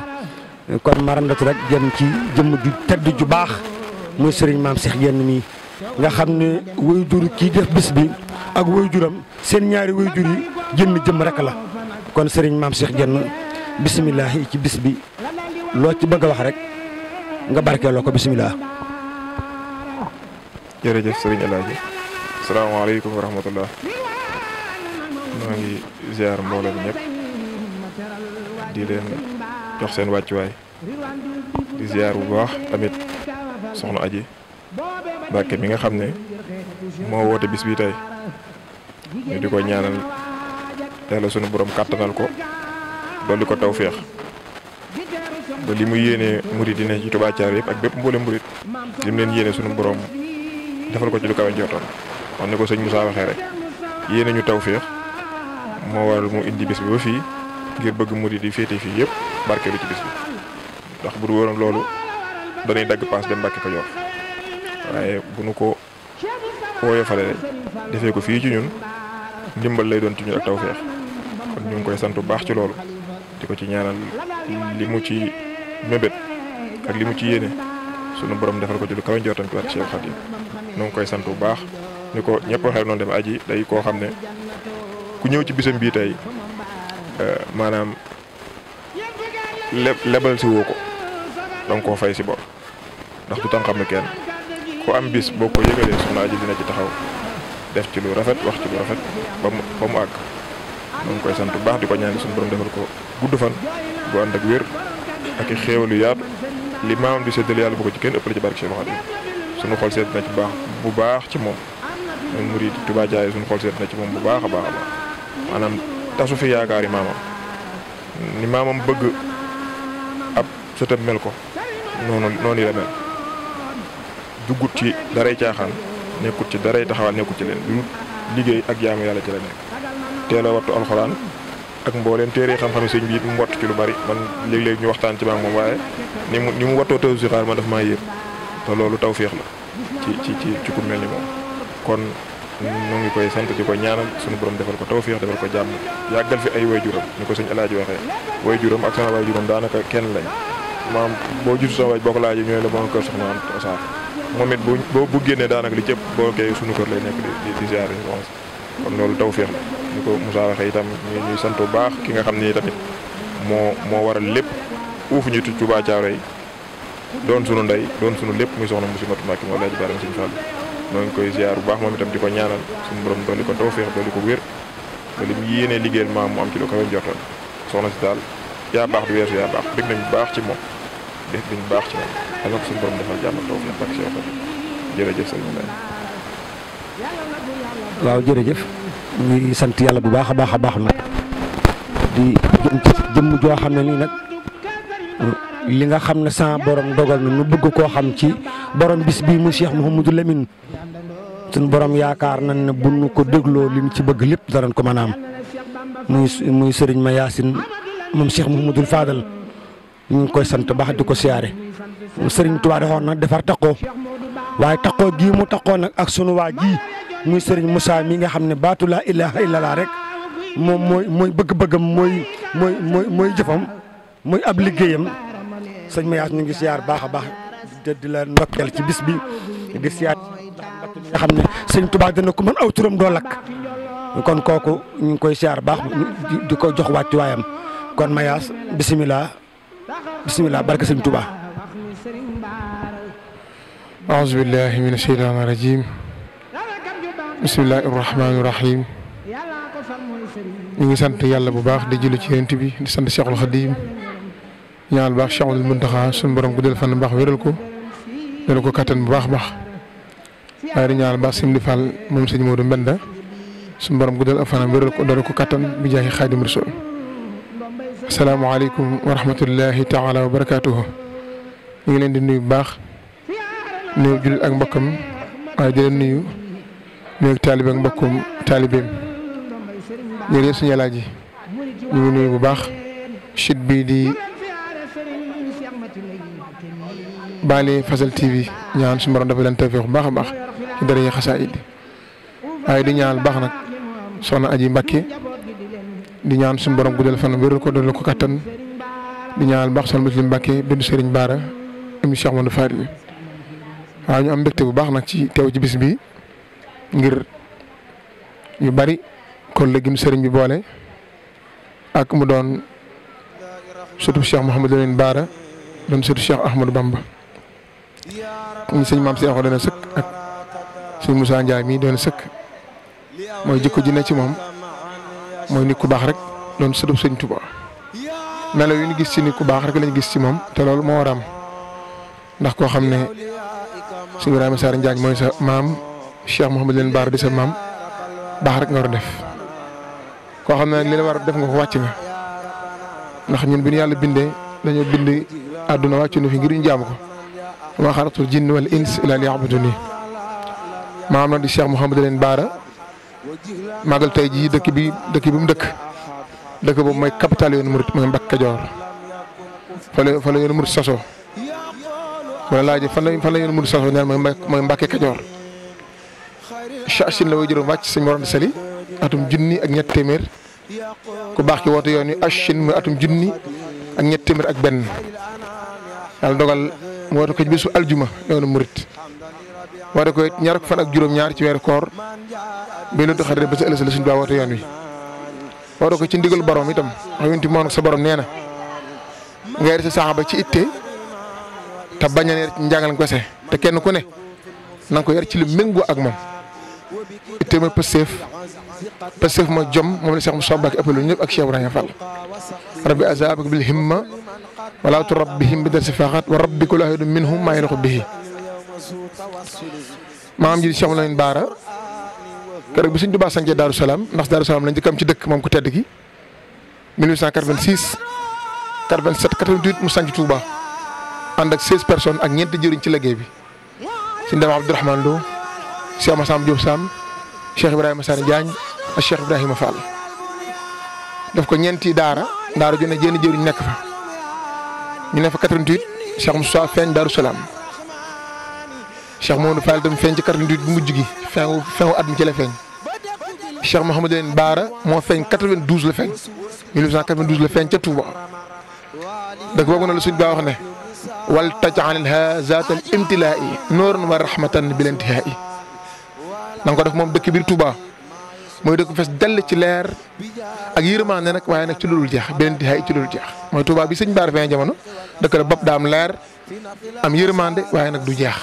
kon ma randatu rek jëm ci jëmm ju tedd ju baax muy sëriñ maam seex yenn mii nga xamne wayjur ki def bis bi ak wayjuram juram ñaari wayjur yi jënn jëm rek la kon serigne mam Cheikh jenn bismillah ci bis bi lo ci bëgg wax rek nga bisimilah. jërëjëf sëriñ El assalamu alaykum wa rahmatullah ngi ziar mbooloo ñep di leen jox seen way di ziar bu baax tamit soxna aji Mbàkke mi nga xamne mo wote bis bi tay ñu diko ko ñaanal yalla suñu borom katanal ko dolli ko tawfiq ba limu yene yéene murit ne ci tuba Thiaré yëpp ak bepp mbole murit lim leen yene suñu borom defal ko ci lu kawé njortoon on ne ko sëñ Moussa waxee rek yene ñu tawfiq mo waral mu indi bis bi ba fi ngir bëgg murit yi fi fii barké lu ci bis bi tax bu du woon loolu dañuy dagg paas dem ko yoff waaye bu nu ko wooyofalee defee ko fii ci ñun ndimbal lay doon ci ñun ak tawfeex kon ñu ngi koy sant bu baax ci loolu di ko ci ñaanal li mu ci mébét ak li mu ci yéene sunu borom defal ko ci lu kawe njortam ci Cheikh Khadim ñu ngi koy sant bu baax ni ko ñëpp waxee noonu dem aji day koo xam ne ku ñëw ci bisam bii tey euh, maanaam leb lebal si woo ko danga koo fay si bor ndax du tan xam ne kenn ku am bis boo ko yëgalee soxlaa ji dina ci taxaw def ci lu rafet wax ci lu rafet ba mu ba mu àgg ñoo ngi koy sant baax di ko ñaan suñu borom defal ko gudd fan bu ànd ak wér ak i xéewal yu yaatu li maamam di séddale yàlla bu ko ci kenn ëppale ci barke Cheikh Khadim suñu xol seet na ci baax bu baax ci moom ñun murid Touba Ndiaye suñu xol seet na ci moom bu baax a baax maanaam tasu fi yaakaar yi maamam ni maamam bëgg ab mel ko noonu noonu mel. duggut ci daray caaxaan nekkut ci daray taxawaan nekkut ci leen lu liggéey ak jaamu yàlla ci la nekk teel a wattu alxuraan ak mbooleem téere xam-xam sëñ bi it mu wattu ci lu bari man léeg-léeg ñu waxtaan ci maag moom waaye ni mu ni mu wattoo taw si xaar ma daf maa yéem te loolu taw tawféex la ci ci ci ci ku mel ni moom kon ñu ngi koy sant di ko ñaanal suñu borom defal ko tawféex defal ko jàmm yàggal fi ay way juram ni ko sëñ alaaji waxee way juram ak sama way juram daanaka kenn lañ maam boo jur sa waaj boo ko laajee ñooy la moo kër soxna Anta Sarr moom it bu boo bu génnee daanaka li cëpp boo kee suñu kër lay nekk di di ziare moom kon loolu tawféex la ko Moussa waxee itam ñu ñuy sant bu baax ki nga xam ni tamit moo moo waral lépp uuf ñu tuccu baa caaro yi doon sunu ndey doon sunu lépp muy soxna musi matu Mbacke moo laaj baaram suñu fàll noo ngi koy ziar bu baax moom itam di ko ñaanal suñu borom dooli ko tawféex dooli ko wér ba li mu yéenee liggéeyal maam mu am ci lu ko wen jortal soxna si daal yaa baax du weesu yaa baax bëgg nañ bu baax ci moom def liñ baax ci moom yàlla ko suñu borom defal jàmm taw fi ak Cheikh jërëjëf sëñ Moulay waaw jërëjëf ñuy sant di jëm ci jëmm joo xam ne li nga xam sa borom dogal na nu bëgg koo xam ci borom bis bii mu Cheikh Mouhamadou Lamine borom ne bu nu ko dégloo li ci bëgg lépp danañ ko mën muy muy sëriñ ma yaasin Cheikh Fadal ñu ngi koy sant baax di ko siyaare Serigne Touba daxoon nag defar takkoo waaye takkoo gii mu takkoo nag ak sunu waa ji muy Serigne Moussa mi nga xam ne baatu laa ilaaha illallah rek moom mooy mooy bëgg-bëggam mooy mooy mooy mooy jëfam mooy ab liggéeyam sëñ Mayaas ñu ngi siyaar baax a baax di la ndokkeel ci bis bi di siyaar nga xam ne Serigne Touba dina ko mën aw turam doo lakk kon kooku ñu ngi koy siyaar baax di ko jox wàccuwaayam kon Mayaas bisimilah. بسم الله بارك سيدي توبا أعوذ بالله من الشيطان الرجيم بسم الله الرحمن الرحيم نيغي سانت يالا بو باخ دي جيلو سي يونتي بي دي سانت شيخ الخديم نيال باخ شيخ المنتخا سون بروم غودل فان باخ ويرالكو ويرالكو كاتن بو باخ باخ ari ñaal ba sim difal mom seigne modou menda sun borom gudal afana wëral ko dara ko katan bi jaxi khadim rasul asalaamaaleykum wa rahmatullahi taala wa barakaatuhu ñu ngi leen di nuyu bu baax nuyu jullit ak mbokkam waaye di leen nuyu nuyu taalibe ak mbokkum taalibeem ñu ngi bu baax chute bii di Baale Fasal TV ñaan suñu borom dafa leen tawfeex bu baax a baax ci dara yi xasaayid waaye di ñaanal baax nag soxna aji Mbàkke di ñaan suñu borom guddal fan wéral ko dal ko katan di ñaan bax sal muslim Mbàkke bind Serigne bara am Cheikh mohamed Faari bi ñu am mbégte bu bax nak ci tew ci bis bi ngir yu bari kon legim serigne bi bolé ak mu doon surtout Cheikh mohamed len bara doon surtout Cheikh ahmed Bamba ñu sëñ maam Seexu dana sekk ak serigne Moussa Ndiaye mi doon sekk moy jikko ji ne ci mom mooy nit ku baax rek doon sëtub sëñ Tuba melo yu ñu gis ci nit ku baax rek lañ gis ci moom te loolu moo war ndax koo xam ne si Ibrahima Sarr Njaañ mooy sa maam Cheikh Mouhamed leen Baar di sa maam baax rek nga war a def. koo xam ne li la war a def nga ko wàcc nga ndax ñun bi ñu yàlla bindee dañoo bind àdduna wàcc na fi ngir ñu jaamu ko wa xalatul jinna wal ins illa liya'buduni maam na di Cheikh Mouhamed leen Baara. magal tay ji dekk bi dekk bi mu dekk dekk bo moy capital yone murit moy mbak kadior fa la yone mourid saso wala laaji bu la laajee fan la fan la yoonu murit sosoo ñaan mooy mooy Mbàkke Kajoor la way jëru wacc sëñ Morom Sali atum jinni ak ñet téeméer ku bax ki wote yone ashin mu atum jinni ak ñet téeméer ak ben yalla dogal wote ko bisu aljuma yone murit woote ko ñaar fan ak juróom-ñaar ci weeru koor bi lu taxaree ba sa ëllëg la suñu baa yoon wi. woote ko ci ndigal borom itam wax yonent moom sa borom nee na ngay def sa saxaaba ci itte te bañ a ne njàngal ko se te kenn ku ne na nga ko yar ci lu méngoo ak moom. itte mooy pësteef pësteef mooy jom moom la Cheikh Moussa Mbacké appelé ñëpp ak Cheikh Ibrahima Fall rabbi azaabak bil himma wala turabbihim bi darsi faaxaat wa rabbi kullu ahadin minhum maa yaliqu maam ji di Cheikh Lamine Baara keroog bi Sëñ Tuubaa sancee Daaru Salaam ndax Daaru Salaam lañ njëkkam ci dëkk moom ku tedd gi 1886 87 88 mu sanc Touba ànd ak 16 personnes ak ñeenti jëriñ ci liggéey bi Sëñ Dame Abdourahmane Lo Cheikh Massam Diop Sam Cheikh Ibrahima Sane Diagne ak Cheikh Ibrahima Fall daf ko ñeenti daara daara ju ne jenn jëriñ nekk fa ñu ne fa 88 Cheikh Moussa feeñ Daaru Salaam Cheikh Mamadou Fall tam feeñ ci 88 bu mujj gi fin at mi ci la feeñ Cheikh Mouhamadou Lamine Baara moo feeñ 92 la feeñ la feeñ ca Touba dëkk boobu na la suñ ba wax ne wal taj'alha zaatal imtilaa'i nooran wa rahmatan bil intihaa'i na nga ko def moom dëkk biir Touba mooy dëkk fes dell ci leer ak yërmande nag waaye nag ci loolu jeex bil intihaa'i ci loolu jeex mooy Touba bi sëñ Baara feeñ jamono dëkk la bopp daa am leer am yërmande waaye nag du jeex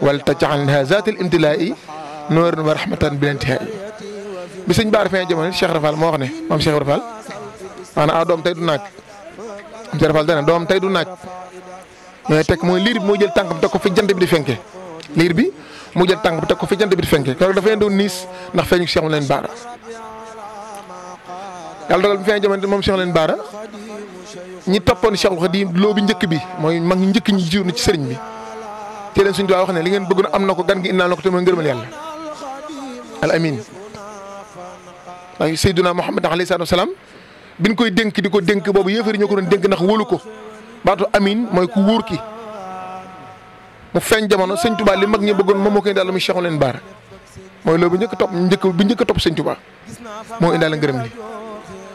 wala tajaxalnaha zaatil imtilaa'i nooran wa rahmatan bil intihaa'i bi sëñ Bara feeñ jamono Cheikh Rafal moo wax ne moom Cheikh Rafal maanaam ah doom te du naaj Cheikh Rafal doom tey du naaj mais eh, teg mooy liir bi moo jël tànkam teg ko fi jant bi di fenke liir bi moo jël tànkam teg ko fi jant bi di fenke loolu dafa leen doon niis ndax feeñu Cheikh mu leen Bara yàlla moom Cheikh leen Bara ñi toppoon Cheikh Xadim loo bi njëkk bi mooy mag ñi njëkk ñi jiw na ci sëriñ bi. ci leen suñ duwaa wax ne li ngeen bëgg na am na gan gi te al amin waaye Seydina Muhammad alayhi salaatu wasalaam biñ koy dénk di ko dénk boobu yéefar ñoo ko doon dénk nak wóolu ko amin mau ku wóor ki mu feeñ jamono sëñ Tuubaa li mag ñi bëggoon moom moo koy indaale muy Cheikhul Baar mooy loolu bu njëkk topp njëkk bi njëkk topp sëñ Tuubaa moo indaale ngërëm li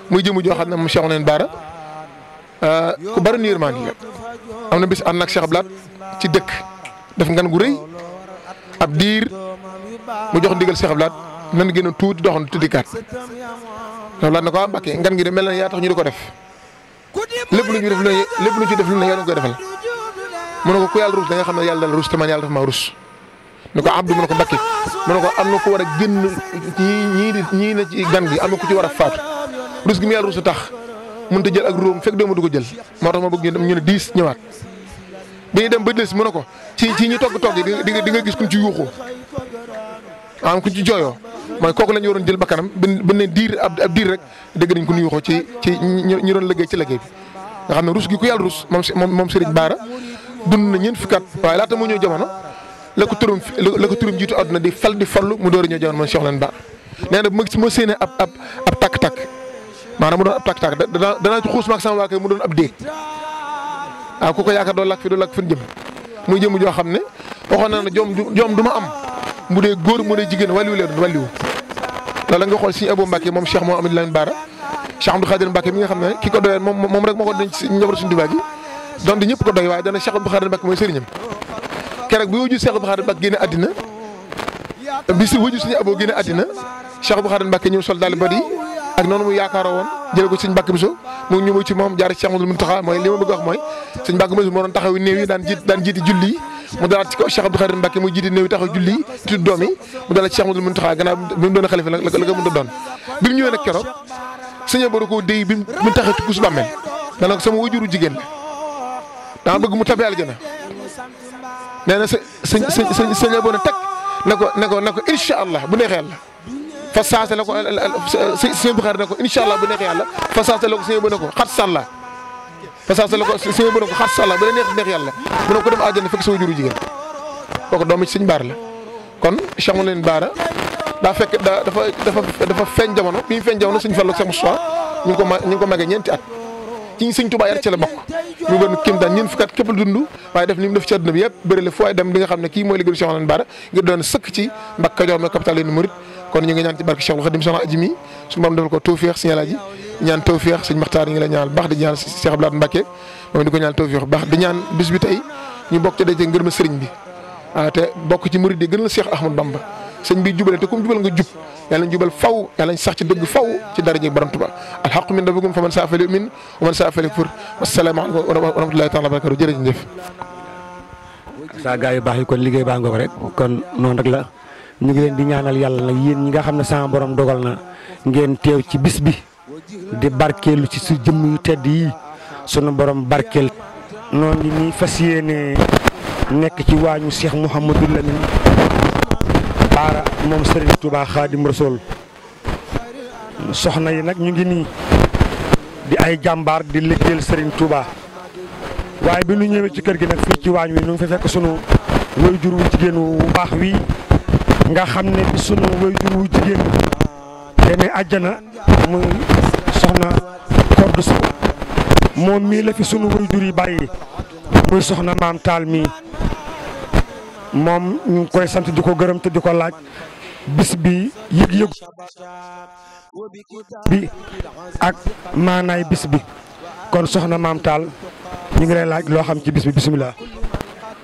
muy jëmu ah, ku bari niir maa ngi am bis ànd ak Cheikh ci def ngan gu rëy ab diir mu jox ndigal Cheikh Abdou Lahad nan gën a tuuti doxantu tuddi kaat loolu laat na ko ah, Mbàkke ngan gi de mel na yaa tax ñu di ko def lépp lu ñu def lu ne lépp lu ci def lu ne yaa ngi koy defal mun ne ko ku yàlla rus da nga xam ne yàlla dal rus te man yàlla dafa maa rus. ni ko Abdou mu ne ko Mbàkke mu ne ko am na ko war a génn ñii ñii di ñii na ci gan gi am na ku ci war a faatu rus gi mu yàlla rus tax mënut a jël ak ruum fekk doomu du ko jël moo tax ma bëgg ñu ne diis ñëwaat. bi dem ba mu ne ko ci ci ñu togg togg di nga di nga gis kuñ ci yuuxoo maanaam kuñ ci jooyoo mooy kooku la ñu waroon jël bakkanam buñ buñ ne diir ab ab diir rek dégg nañ ku ñu yuuxoo ci ci ci liggéey nga xam ne rus gi ku yàlla rus moom moom Serigne Bara dund na ñeent fukki at waaye laata mu ñëw jamono la ko turam la ko turam jiitu àdduna di fal di fallu mu door a ñëw jamono man Cheikh Ba nee na bu ma gis ma séenee ab ab takk-takk maanaam mu doon ab takk-takk danaa danaa ci xuus maag sama waa kër mu doon ab déeg waaw ah, ku ko yaakaar doo lakk fi doo lakk fan jëm muy jëm joo xam ne waxoon na ne joom joom du ma am mu dee góor mu ne jigéen wàllu leen wàllu loolu la nga xool si Abou Mbacke moom Cheikh moom Amadou Lamine Bara Cheikh Abdou Khadir Mbacke mi nga xam ne ki ko doyoon moom moom rek moo ko denc si njaboot suñu Tuubaa gi donc ñëpp ko doy waaye dana Cheikh Abdou Khadir Mbacke mooy sëriñam keroog bi wujju Cheikh Abdou Khadir Mbacke génne àddina bi si wujju suñu Abou génne àddina Cheikh Abdou Khadir Mbacke ñëw sol daal bari ak noonu mu yaakaaroo woon jël ko sëñ Mbàkke Buso mu ñu ci moom jaar ci Ahmadul Muntaxa mooy li ma bëgg wax mooy sëñ Mbàkke Buso moo doon taxaw néew yi daan jiit daan jiiti julli yi mu dalaat ci ko Cheikh Abdou Khadir Mbàkke mu jiiti néew yi taxaw julli yi tudd doom yi mu dalaat ci Ahmadul Muntaxa gannaaw bi mu doon xalifa la ko mën a doon bi mu ñëwee nag keroog sëñ ko déy bi mu taxaw ci kuus bàmmeel dana ko sama wajuru jigéen dama bëgg mu tabee aljana nee na sëñ sëñ sëñ Abdou ne teg ne ko ne ko ne ko incha allah bu neexee yàlla fa saase la ko sëñ Buxaari ne ko incha allah bu neexee yàlla fa saase la ko sëñ bu ne ko xat sàlla fa la ko sëñ bu neex yàlla mu ko dem àjjana fekk la kon Cheikh Mouhamadou Bara daa fekk daa dafa yar ci la bokk mu benn kéem daan ñeent fukki at képp lu dund waaye def li mu def ci àdduna bi yëpp bëri la foo ay dem di nga xam ne kii mooy liggéeyu mooy capital yi murit kon ñu ngi ñaan ci barke Cheikhul Khadim soxna aji mi suñu borom defal ko tawfeex si yàlla ji ñaan tawfeex sëñ Maxtaar ñu ngi la ñaanal baax di ñaan Cheikh di ko ñaan tawfeex bu baax di ñaan bis ñu bokk ci dajee ngërëm bi ah te bokk ci murid yi gën la Cheikh Ahmadou Bamba te ku mu jubal nga jub yàlla ñu jubal faw yàlla ñu sax ci dëgg faw ci daraje borom Tuubaa alxaqu min rabbikum fa man saa fal yu'min wa man saa fal yakfur wassalaamu aleykum wa rahmatullaahi taala wa barakaatu jërëjëf saa gaa yu baax yi kon liggéey baa ngoog rek kon noonu rek la ñu ngi leen di ñaanal yalla nak yeen ñi nga xamne sa borom dogal na ngeen tew ci bis bi di barkeelu ci su jëm yu tedd yi sunu borom barkel non ni fasiyene nek ci wañu Cheikh Mouhamadou Lamine para mom Serigne Touba Khadim Rasoul soxna yi nak ñu ngi ni di ay jambar di liggéeyal Serigne Touba waye bi ñu ñëwee ci kër gi nak fi ci wañu ñu fi fekk sunu woy jur wu wu bax wi nga xam ne bi sunu wayjur wu jigéen demee àjjana muy soxna Codou Sow moom mii la fi sunu wayjur yi bàyyi muy soxna maam taal mii moom ñu ngi koy sant di ko gërëm te di ko laaj bis bi yëg-yëg bi ak maanaay bis bi kon soxna maam taal ñu ngi lay laaj loo xam ci bis bi bisimilah.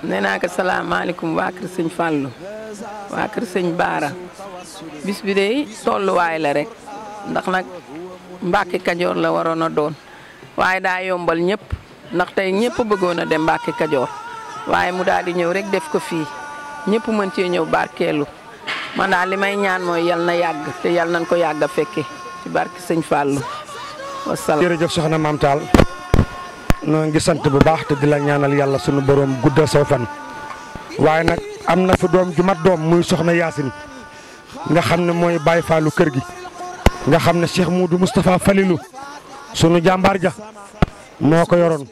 nee naa ko salaamaaleykum waa kër sëñ Fallou waa kër sëñ Baara bis bi de tolluwaay la rek ndax nag Mbàkke Kajoor la waroon a doon waaye daa yombal ñëpp ndax tey ñëpp bëggoon a dem Mbàkke Kajoor waaye mu daal di ñëw rek def ko fii ñëpp mën cee ñëw barkeelu man daal li may ñaan mooy yal na yàgg te yal nañ ko yàgg a fekke ci barke sëñ Fallou wasalaam jërëjëf soxna Maam noo ngi sant bu baax te di la ñaanal yàlla sunu borom guddal soo fan waaye nag am na fi doom ju mat doom muy soxna yaasin nga xam ne mooy Baye Fallou kër gi nga xam ne Cheikh Moudou Moustapha Falilou sunu jàmbaar ja moo ko yoroon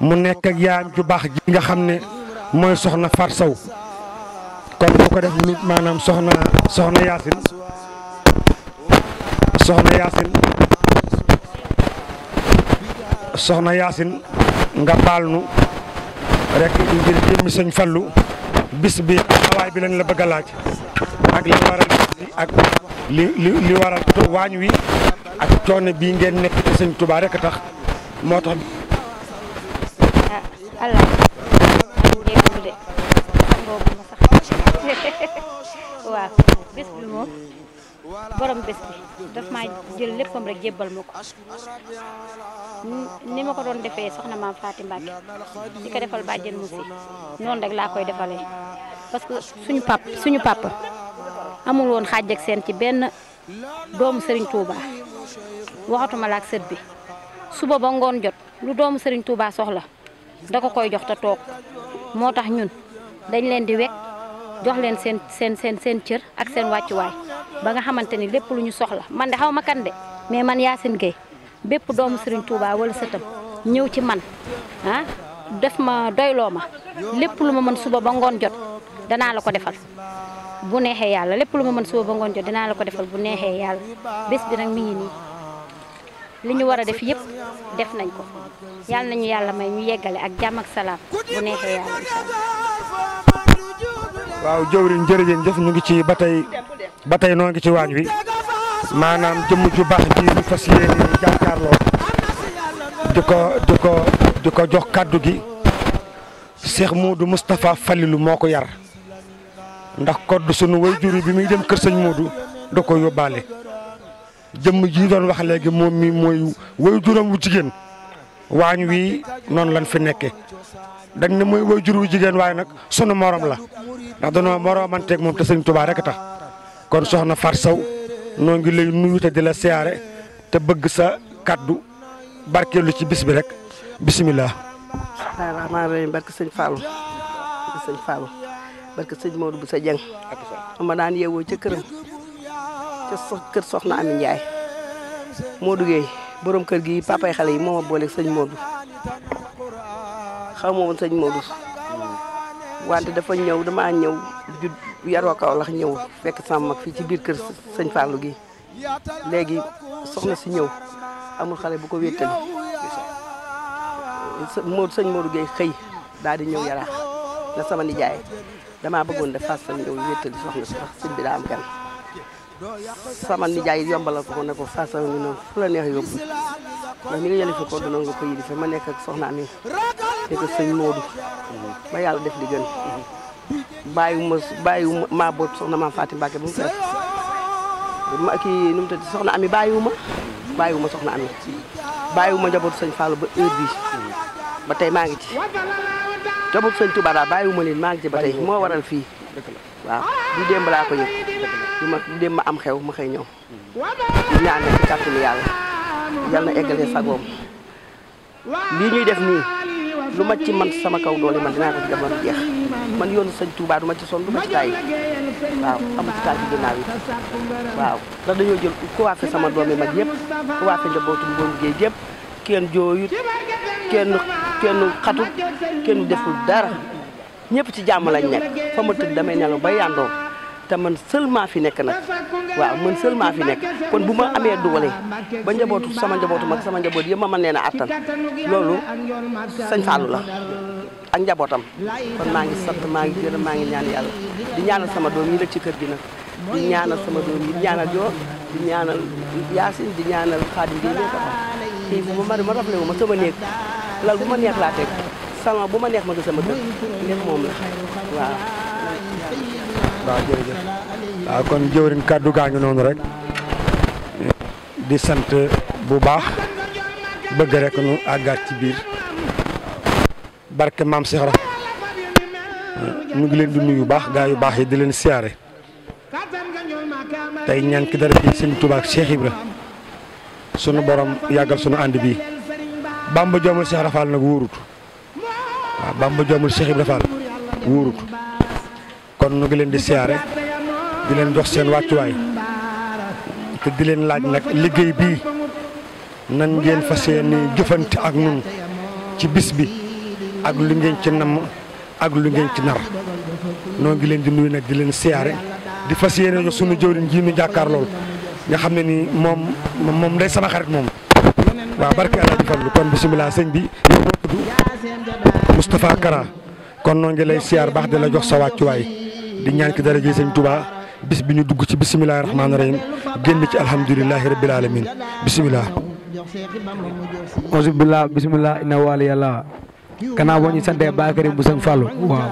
mu nekk ak ju baax ji nga xam ne mooy soxna Fat Sow kon bu ko def maanaam soxna soxna yaasin soxna yaasin soxna yaasin nga baal nu rek ngir jëmmi sëñ fallu bis bi xawaay bi lañ la bëgg laaj ak li waral waañ wi ak coono bi ngeen nekk ci sëñ Tuubaa rek tax moo tax ah, allah [LAUGHS] waaw borom bés bi daf maa jël léppam rek jébbal ma ko ni ma ko doon defee soxna maam Faati Mbàkke di ko defal bàjjen mu si noon rek laa koy defalee parce que suñu pap suñu papa amul woon xaaj ak seen ci benn doomu sëriñ Touba waxatuma la ak sët bi suba ba ngoon jot lu doomu sëriñ Touba soxla da ko koy jox te toog moo tax ñun dañ leen di wekk jox leen seen seen seen seen cër ak seen wàccuwaay ba nga xamante ni lépp lu ñu soxla man de xaw ma kan de mais man Yacine géey bépp doomu Serigne Touba wala sëtam ñëw ci man ah def ma doyloo ma lépp lu ma mën suba ba ngoon jot danaa la ko defal bu neexee yàlla lépp lu ma mën suba ba ngoon jot dinaa la ko defal bu neexee yàlla bés bi nag mi ngi nii. li ñu war a def yëpp def nañ ko yàlla nañu yàlla may ñu yeggale ak jàmm ak salaam bu neexee yàlla incha allah. waaw jëwriñ jërëjëf ñu ngi ci ba tey ba tey noo ngi ci waañ wi maanaam jëmm ju baax ji ñu fas yéene jàkkaarloo di ko di ko di ko jox kàddu gi Cheikh Moudou Moustapha Falilou moo ko yar ndax kodd sunu way juri bi muy dem kër sëñ Moudou da ko yóbbaale. jëmm ji doon wax léegi moom mi mooy woy juróom wu jigéen waañ wi noonu lañ fi nekke dañ ne mooy woy wu jigéen waaye nag sunu morom la ndax danoo moromanteeg moom te sëñ Tuubaa rek tax kon soxna Far saw noo ngi lay nuyu di la siyaare te bëgg sa kaddu barkeelu ci bis bi rek bisimilah. waaw rahmaani barke sëñ Fallou barke sëñ Fallou barke sëñ Modou bu sa jàng ma daan yeewoo ca ca kër Soxna Ami Ndiaye moo duggee borom kër gi papay xale yi moo ma booleeg sëñ Modou xaw ma woon sëñ dafa ñëw damaa ñëw jud yaroo Kaolack ñëw fekk fii ci biir kër sëñ Fallou gi léegi soxna si ñëw xale bu ko wéttali Modou sëñ Modou Gueye xëy daal di ñëw yaraax na sama nijaay damaa bëggoon def fas ñëw wéttali si wax bi daa am kenn sama nijaay yombalal ko ko ne ko façon ñu noonu fu la ngi yëlife ko dina ma nekk ak soxna mi fekk sëñ Moodu ba yàlla def li gën bàyyiwuma bàyyiwuma maa soxna maam Fatim Mbacke bu mu fekk ma kii nu mu tëdd soxna ami bàyyiwuma bàyyiwuma soxna ami bàyyiwuma njabootu sëñ Fallou ba heure ba tey maa ngi ci njabootu sëñ Touba daal bàyyiwuma leen maa ngi ci ba tey moo waral fii waaw du démb laa ko yëg du ma du démb ma am xew ma xëy ñëw ñu ñaan na ci kàttanu yàlla yal na eggale sagoom lii ñuy def nii lu ma ci man sama kaw doole man dinaa ko ci def jeex man yoonu sëñ Touba du ma ci sonn du ma ci taay waaw amu ci taal ci sama doom yi mag yëpp ku waafe njabootu boobu géej kenn jooyut kenn xatut kenn deful dara ñëpp ci jàmm lañ nekk fa ma tëdd damay nelaw ba yàndoo te man seulement fi nekk nag waaw man seulement fi nekk kon bu ma amee doole ba njabootu sama njabootu mag sama njaboot yëpp ma mën leen a attan loolu sëñ Fallou la ak njabootam maa ngi sant maa ngi gërëm maa ngi ñaan yàlla di ñaanal sama doom yi nag ci kër gi nag di ñaanal sama doom yi di ñaanal yoo di ñaanal yaasin di ñaanal xaadim bi kii bu ma mari ma raflé ma sama néeg lal bu ma neex laa teg sama bu ma neex ma gis sama dëkk neex moom la waaw. waaw jërëjëf waaw kon jëwriñ kàddu gaa ngi noonu rek di sant bu baax bëgg rek nu àggaat ci biir barke mam Cheikh Rafet ñu ngi leen di nuyu baax gaa yu baax yi di leen siyaare tey ñaan dara bi sëñ Tuubaa Cheikh Ibra sunu borom yàggal sunu ànd bii Bamba joomal Cheikh Rafal waaw Bamba joomul Cheikh Ibra Fall wóorut kon nu ngi leen di siyaare di leen jox seen wàccuwaay te di leen laaj nag liggéey bi nan ngeen fas yéene jëfante ak nun ci bis bi ak lu ngeen ci namm ak lu ngeen ci nar noo ngi leen di nuyu nag di leen siyaare di fas yéene jox sunu jëwriñ ji nu jàkkaar lool nga xam ne nii moom moom day sama xarit moom waaw barke Alaaji Fallu kon bisimilah sëñ bi yow moo Kara kon noo ngi siyaar baax di la jox sa wàccuwaay di ñaan ki dara ji sëñ Touba bis bi ñu dugg ci bisimilah rahmaani rahim génn ci alhamdulilahi rabil alamin bisimilah. auzu boo ñu santee Bakary bu sëñ Fallu waaw.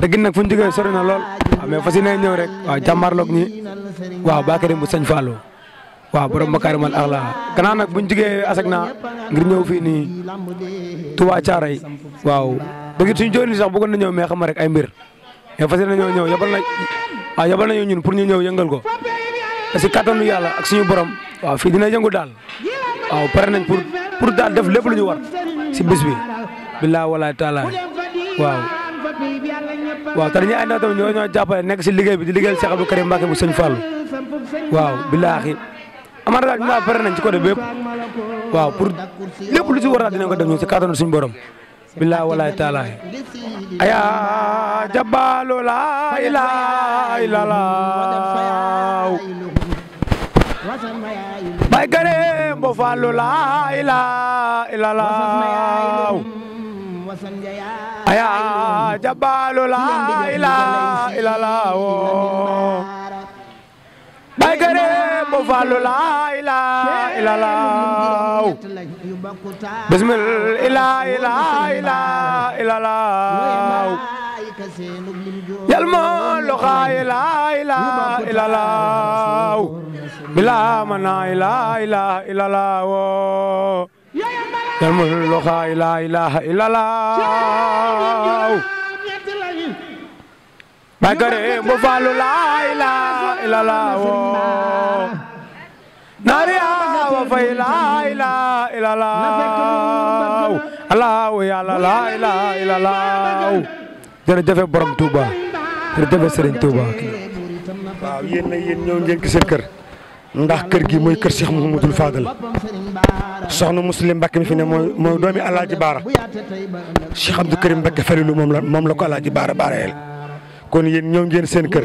dëgg nag fu ñu jógee lool mais fas yéeneen ñëw rek waaw jàmmarloog ñi waaw Bakary bu sëñ Fallu waaw borom makaarimal axlaa gannaaw nag bu buñ jugee na ngir ñëw fii nii Touba Thiaray waaw bëgg suñu jooni sax bëggoon na ñëw mais xam nga rek ay mbir mais fas yéene ñoo ñëw yabal na waaw yabal nañu ñun pour ñu ñëw yëngal ko parce si kattanu yàlla ak suñu borom waaw fii dina yëngu daal waaw pare nañ pour pour daal def lépp lu ñu war si bis bi billaa walaay taala waaw waaw te dañuy ànd ak tamit ñoo ñoo jàppale nekk si liggéey bi di liggéeyal Cheikh Abdou Karim Mbacké bu Sëñ Fallou waaw billaahi amarga ñu daal pare nañ ci côté bépp waaw pour lépp lu si war a dinañ ko def ñu si kattanu suñu borom billahi wallahi taala aya jabbalu la ilaha illallah bay gare mbo fallu la faalu laa ilaa ilaa laaw bismil ilaa ilaa ilaa ilaa laaw yal moo lu xaa ilaa ilaa ilaa laaw bilaa ma naa ilaa ilaa ilaa laaw yal moo lu xaa ilaa ilaa ilaa laaw Bakare bu faalu laa ilaa ilaa laaw ناريا وفيلا إلا إلا لا الله يا لا لا إلا إلا لا jërëjëf borom Touba jërëjëf Serigne Touba. waaw yéen na yéen ñëw ngeen ki seen kër ndax kër gi mooy kër Cheikh Mouhamadul Fadal soxna Muslim Mbacke mi fi ne mooy mooy doomi Alaaji Baara Cheikh Abdou Karim Mbacke Falilou moom la moom la ko Alaaji Baara baarayel kon yéen ñëw ngeen seen kër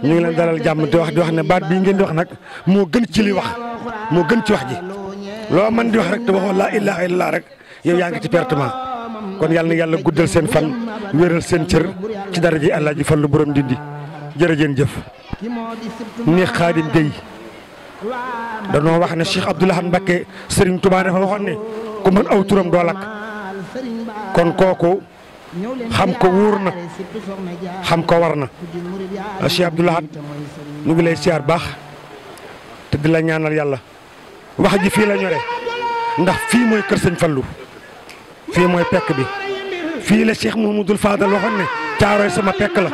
ñu ngi leen dalal jàmm di wax di wax ne baat bii ngeen di wax nag moo gën ci li wax moo gën ci wax ji loo man di wax rek te waxoo laa ilaaha illallaah rek yow yaa ngi ci pertement kon yàlla na yàlla guddal seen fan wéeral seen cër ci dara ji àllaa ji fan lu borom dindi jërëjëen jëf ni xaadim Gueye danoo wax ne Cheikh Abdoul Ahad Mbacké sëriñ Touba dafa waxoon ne ku mën aw turam doo lakk kon kooku xam ko wóor na xam ko war na ah, Cheikh Abdou Lahad ñu ngi lay siyaar baax te di la ñaanal yàlla wax ji fii la ñore ndax fii mooy kër sëñ Fallou fii mooy pekk bi fii la Cheikh Mouhamadoul Fadal xam ne caaroy sama pekk la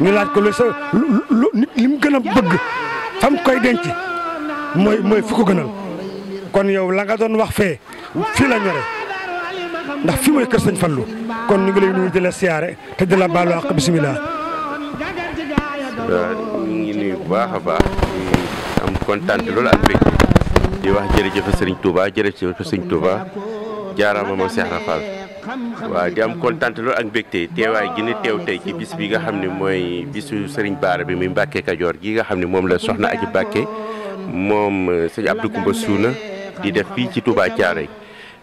ñu laaj ko lu sa lu li mu gën a bëgg xam koy denc mooy mooy fu ko gënal kon yow la nga doon wax fee fii la ñore ndax fi mooy kër sëñ Fallou kon ñu ngi lay nuyu di la siyaare te di la baalu àq bisimilah. waaw ngi nuyu bu baax a baax di am kontaan loolu ak mbégte di wax jërëjëf sëriñ Touba jërëjëf sëriñ Touba jaaraama ma Cheikh Rafal waaw di am kontaan loolu ak mbégte teewaay gi ni teew tey ci bis bi nga xam ne mooy bisu sëriñ Baara bi muy Mbàkke Kajoor gi nga xam ni moom la soxna aji Mbàkke moom sëñ Abdou Koumba Suuna di def fii ci Touba Thiaroye.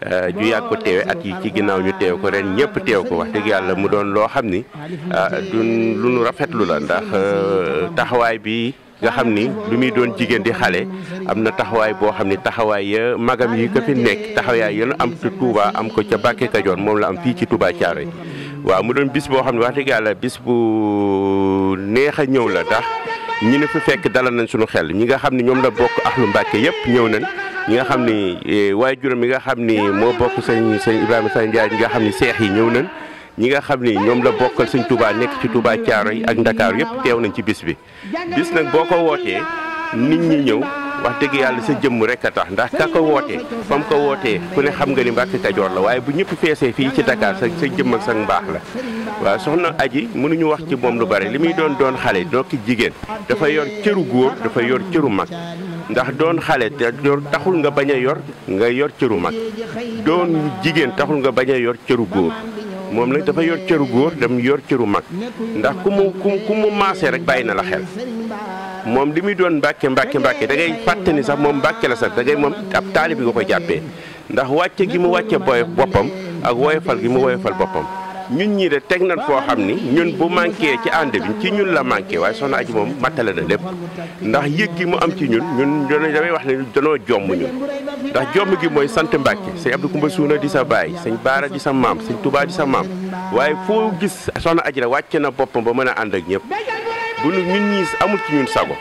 Eh, ju yàgg ko teewe at yi ci ginnaaw ñu teew ko ren ñëpp teew ko wax dëgg yàlla mu doon loo xam ni eh, lu rafetlu la ndax eh, bi nga xam ni lu muy doon jigéen di xale am na taxawaay boo xam ni ya magam yi ko fi nekk taxawaay ya am ci Touba am ko ca Bakke Kajoor moom la am fii ci Touba Thiaroy waaw mu doon bis boo xam ne wax bis bu neex a ñëw la ndax ñi ne fi fekk dalal nañ suñu xel ñi nga xam ne la ahlu nañ ñi nga xam ni e, waaye juróom yi nga xam ni moo bokk sañ sëñ Ibrahima Sane Ndiaye ñi nga xam ni seex yi ñëw nañ ñi nga xam ni ñoom la bokkal sëñ tubaa nekk ci Touba Caaro yi ak Ndakaaru yëpp teew nañ ci bis bi bis nag boo ko wootee nit ñi ñëw wax dëgg yàlla sa jëmm rek a tax ndax ka ko wootee fa ko wootee ku ne xam nga ni Mbàkke Kajoor la waaye bu ñëpp feesee fii ci Dakar sa sa jëmm ak sa mbaax la waaw soxna aji mënuñu wax ci moom lu bare li muy doon doon xale dokki jigéen dafa yor cëru góor dafa yor cëru mag ndax doon xale te taxul nga bañ yor nga yor cëru mag doon jigéen taxul nga bañ yor cëru góor moom nag dafa yor cëru góor dem yor cëru mag ndax ku mu ku ku mu maasee rek bàyyi na la xel moom li muy doon mbàkke mbàkke mbàkke dangay ngay fàtte ni sax moom mbàkke la sax da ngay moom ab taali bi nga ko jàppee ndax wàcce gi mu wàcce boy boppam ak woyofal gi mu woyofal boppam ñun ñii de teg nañ foo xam ni ñun bu manqué ci ànd bi ci ñun la manqué waaye soxna aji moom mattale na lépp ndax yëg gi mu am ci ñun ñun damay wax ne danoo jomm ñun ndax jomm gi mooy sant Mbàkke sëñ Abdou Koumba Suuna di sa baay sëñ Baara di sa maam sëñ tubaa di sa maam waaye foo gis soxna aji rek wàcc na boppam ba mën a ànd ak ñëpp bu ñun ñii amul ci ñun sago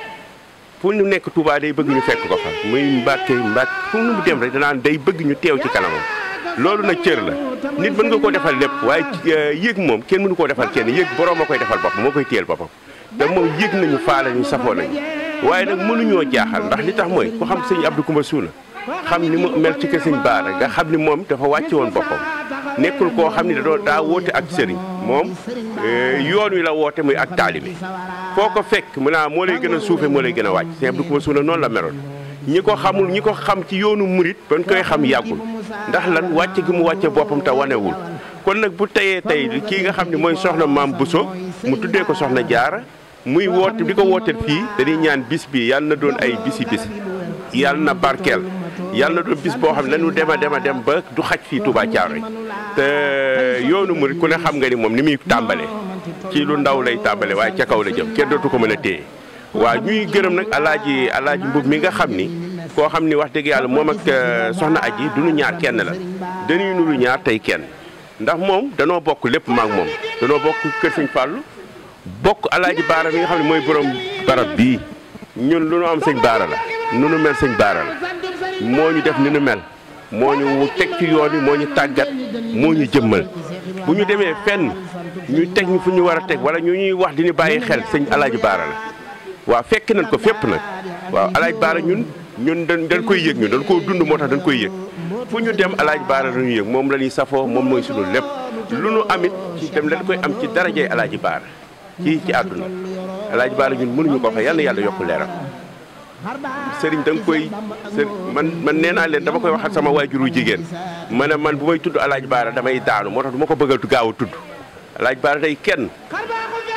fu ñu nekk Touba day bëgg ñu fekk ko fa muy Mbàkke Mbàkke fu mu dem rek danaan day bëgg ñu teew ci kanamam loolu nag cër la nit mën nga koo defal lépp waaye euh, yéeg moom kenn mënu koo defal kenn yéeg borom a koy defal bopp moo koy téyel boppam te moom yéeg nañu faale ñu safoo nañu waaye nag mënuñoo jaaxal ndax li tax mooy ku xam sëñ Abdou Koumba Suuna xam ni mu mel ci kër sëñ Baara nga xam ni moom dafa wàcce woon boppam nekkul koo xam ni da doon daa woote ak sëriñ moom euh, yoon yu la woote muy ak taalibe foo ko fekk mu naa moo lay gën a suufe moo la gën a wàcc sëñ Abdou Koumba Suuna noonu la meloon ñi ko xamul ñi ko xam ci yoonu murit ban koy xam yàggul ndax lan wàcc gi mu wàcce boppam te wanewul kon nag bu teyee tey kii nga xam ne mooy soxna maam Bousso mu tuddee ko soxna jaara muy woote bi ko wooteel fii dañuy ñaan bis bi yàlla na doon ay bisi bis yàlla na barkeel yàlla na doon bis boo xam ne lañu dem a dem a dem ba du xaj fii Touba Thiaroye te yoonu murit ku ne xam nga ni moom ni muy tàmbale ci lu ndaw lay tàmbale waaye ca kaw la jëm kenn dootu ko mën a téye waaw ñuy gërëm nag alaaji alaaji mbub mi nga xam ni koo xam ni wax dëgg yàlla moom ak euh, soxna yi du duñu ñaar kenn la dañuy nuru ñaar tey kenn ndax moom danoo bokk lépp maak moom danoo bokk kër sëñ fàllu bokk alaaji baara mi nga xam ne mooy borom barab bii ñun lu nu am sëñ baara la nu nu mel sëñ baara la moo ñu def ni nu mel moo ñu teg ci yoon yi moo ñu tàggat moo ñu jëmmal bu ñu demee fenn ñu teg ñu fu ñu war a teg wala ñu ñuy wax di ni bàyyi xel sëñ alaaji baara waaw fekk nañ ko fépp nag waaw alaaj baara ñun ñun dañ dañ koy yëg ñun dañ koo dund moo tax dañ koy yëg fu ñu dem alaaj baara dañu yëg moom la ñuy safoo moom mooy sunu lépp lu nu amit ci dem lañ koy am ci darajey alaaji baara ci ci àdduna alaaji baara ñun mënuñu ko wax yal yàlla yokku leeram sëriñ da nga koy man man nee naa leen dama koy waxal sama waajuru jigéen ma ne man bu may tudd alaaj baara damay daanu moo tax du ko bëgg a gaaw a tudd alaaj baara day kenn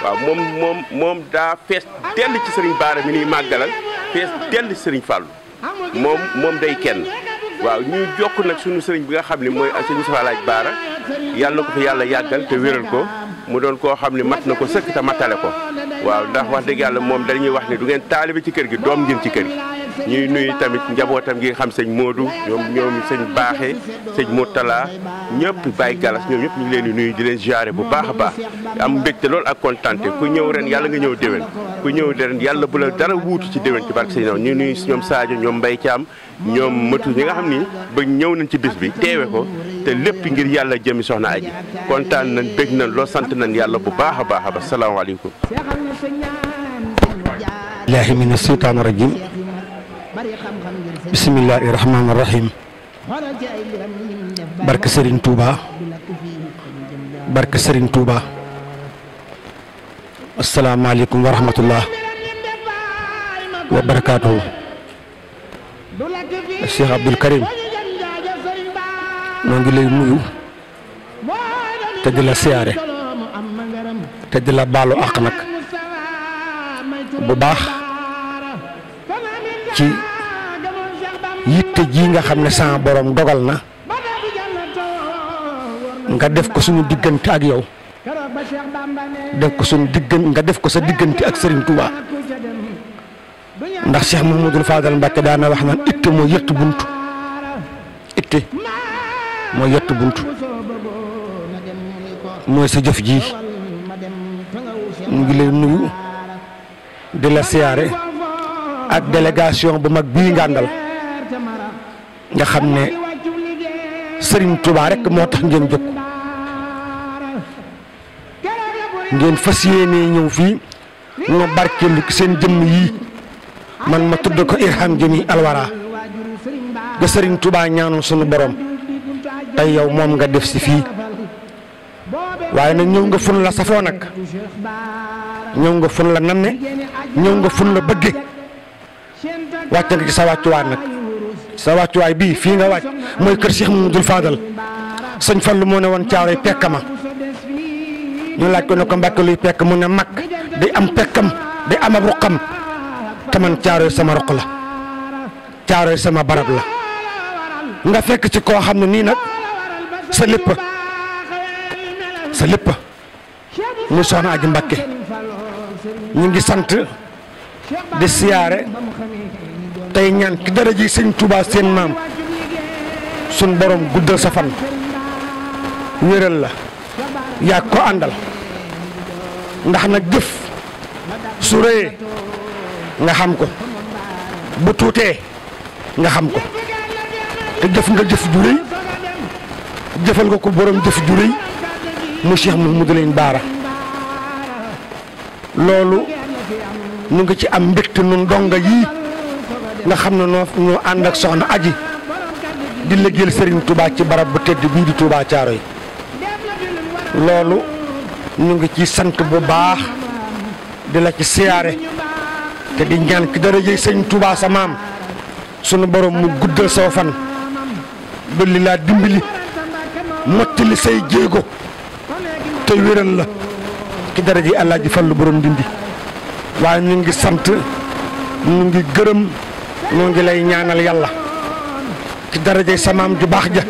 waaw moom moom moom daa fees dell ci sëriñ Baara mi nuy màggalal fees dell ci sëriñ Fàllu moom moom day kenn waaw ñuy jokk nag sunu sëriñ bi nga xam ni mooy sëriñ Safa Laaj Baara yàlla na ko fi yàlla yàggal te wéral ko mu doon koo xam ne mat na ko sëkk te matale ko waaw ndax wax dëgg yàlla moom dañuy wax ne du ngeen taalibe ci kër gi doom ngeen ci kër gi ñuy nuyu tamit njabootam gi nga xam sëñ Modou ñoom ñoom sëñ Baaxe sëñ Moutala ñëpp Baye Galas ñoom ñëpp ñu ngi leen di nuyu di leen jaare bu baax a baax am mbégte lool ak kontante ku ñëw ren yàlla nga ñëw déwén ku ñëw ren yàlla bu la dara wuutu ci déwén ci barke sëñ naw ñu nuyu ñoom Sadio ñoom Mbaye Thiam ñoom matu ñi nga xam ni ba ñëw nañ ci bis bi teewe ko te lépp ngir yàlla jëmi soxna aji kontaan nañ bég nañ loo sant nañ yàlla bu baax a baax a baax salaamaaleykum. bisimilahi rahmaani rahim barke Serigne Touba barke Serigne Touba asalaamaaleykum wa rahmatullah wa barakaatuhu Cheikh Abdoul Karim noo ngi lay nuyu te di la siyaare te di la baalu àq nag bu baax. ci yitte jii nga xam ne sa borom dogal na nga def ko suñu diggante ak yow def ko suñu diggante nga def ko sa diggante ak Serigne Touba ndax Cheikh Mouhamadou Fadal Mbacke daana wax naan itte mooy yett bunt itte mooy yett buntu mooy sa jëf ji mu ngi lay nuyu di la siyaare ak délégation bu mag bii ngàndal nga xam ne sëriñ Touba rek moo tax ngeen jóg ngeen fas yéenee ñëw fii ñu barkeelu seen jëmm yii man ma tudd ko Irham Jami Alwara ga Serigne Touba ñaanoon sunu borom tey yow moom nga def si fii waaye nag ñëw nga fun la safoo nag ñëw nga fun la nanne ñëw nga fun la bëgge wàcc nga ci sa wàccuwaay nag sa wàccuwaay bii fii nga wàcc mooy kër Cheikh Mamadou Fadal sëñ Fallu moo ne woon caaroy pekk ma ñu laaj ko ne ko mbàkke luy pekk mu ne mag day am pekkam day am ab ruqam te man sama ruq la caaroy sama barab la nga fekk ci koo xam ne nii nag sa lépp sa lépp muy soxna aji Mbàkke ñu ngi sant di siyaare tey ñaan ki dara ji sëñ Touba seen maam sun borom guddal sa fan wéral la yaa ko àndal ndax nag jëf su rëyee nga xam ko bu tuutee nga xam ko te jëf nga jëf ju jëfal nga ko borom jëf ju rëy mu Cheikh Mouhamadou Lamine baara loolu ñu ngi ci am mbégte nun donga yii nga xam na noo ñu ànd ak soxna aji di liggéeyal Serigne Touba ci barab bu tedd bii di Touba Thiaroye loolu ñu ngi ci sant bu baax di la ci siyaare te di ñaan ki dara jëy sëñ Touba sa maam sunu borom mu guddal saw fan dolli laa dimbali mottili say jéego te wéral la ki dara jëy Alaaji Fallu borom dindi waaye ñu ngi sant ñu ngi gërëm mo ngi lay ñaanal yalla ci daraje samaam ju bax ja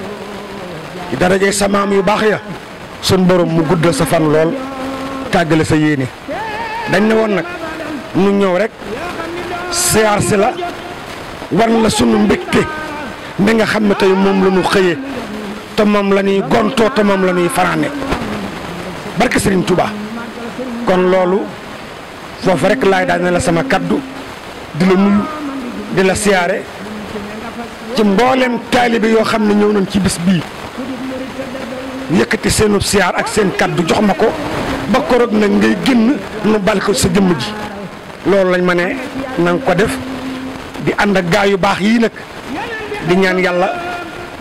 ci daraje samaam yu bax ya sun borom mu guddal sa fan lol tagale sa yene dañ ne won nak nu ñew rek siyaar si la war la sunu mbekté mi nga xam tay mom la ñu te mom la te mom la barke Serigne Touba kon loolu fofu rek laay daane la sama kaddu di la nuyu di la siyaare ci mboolem taalibe yoo xam ne ñëw nañ ci bis bii yëkkati seenub siyaar ak seen kàddu jox ma ko ba koroog nag ngay génn nu bal ko sa ji loolu lañ ma ne na nga ko def di ànd ak gaa yu baax yii nag di ñaan yàlla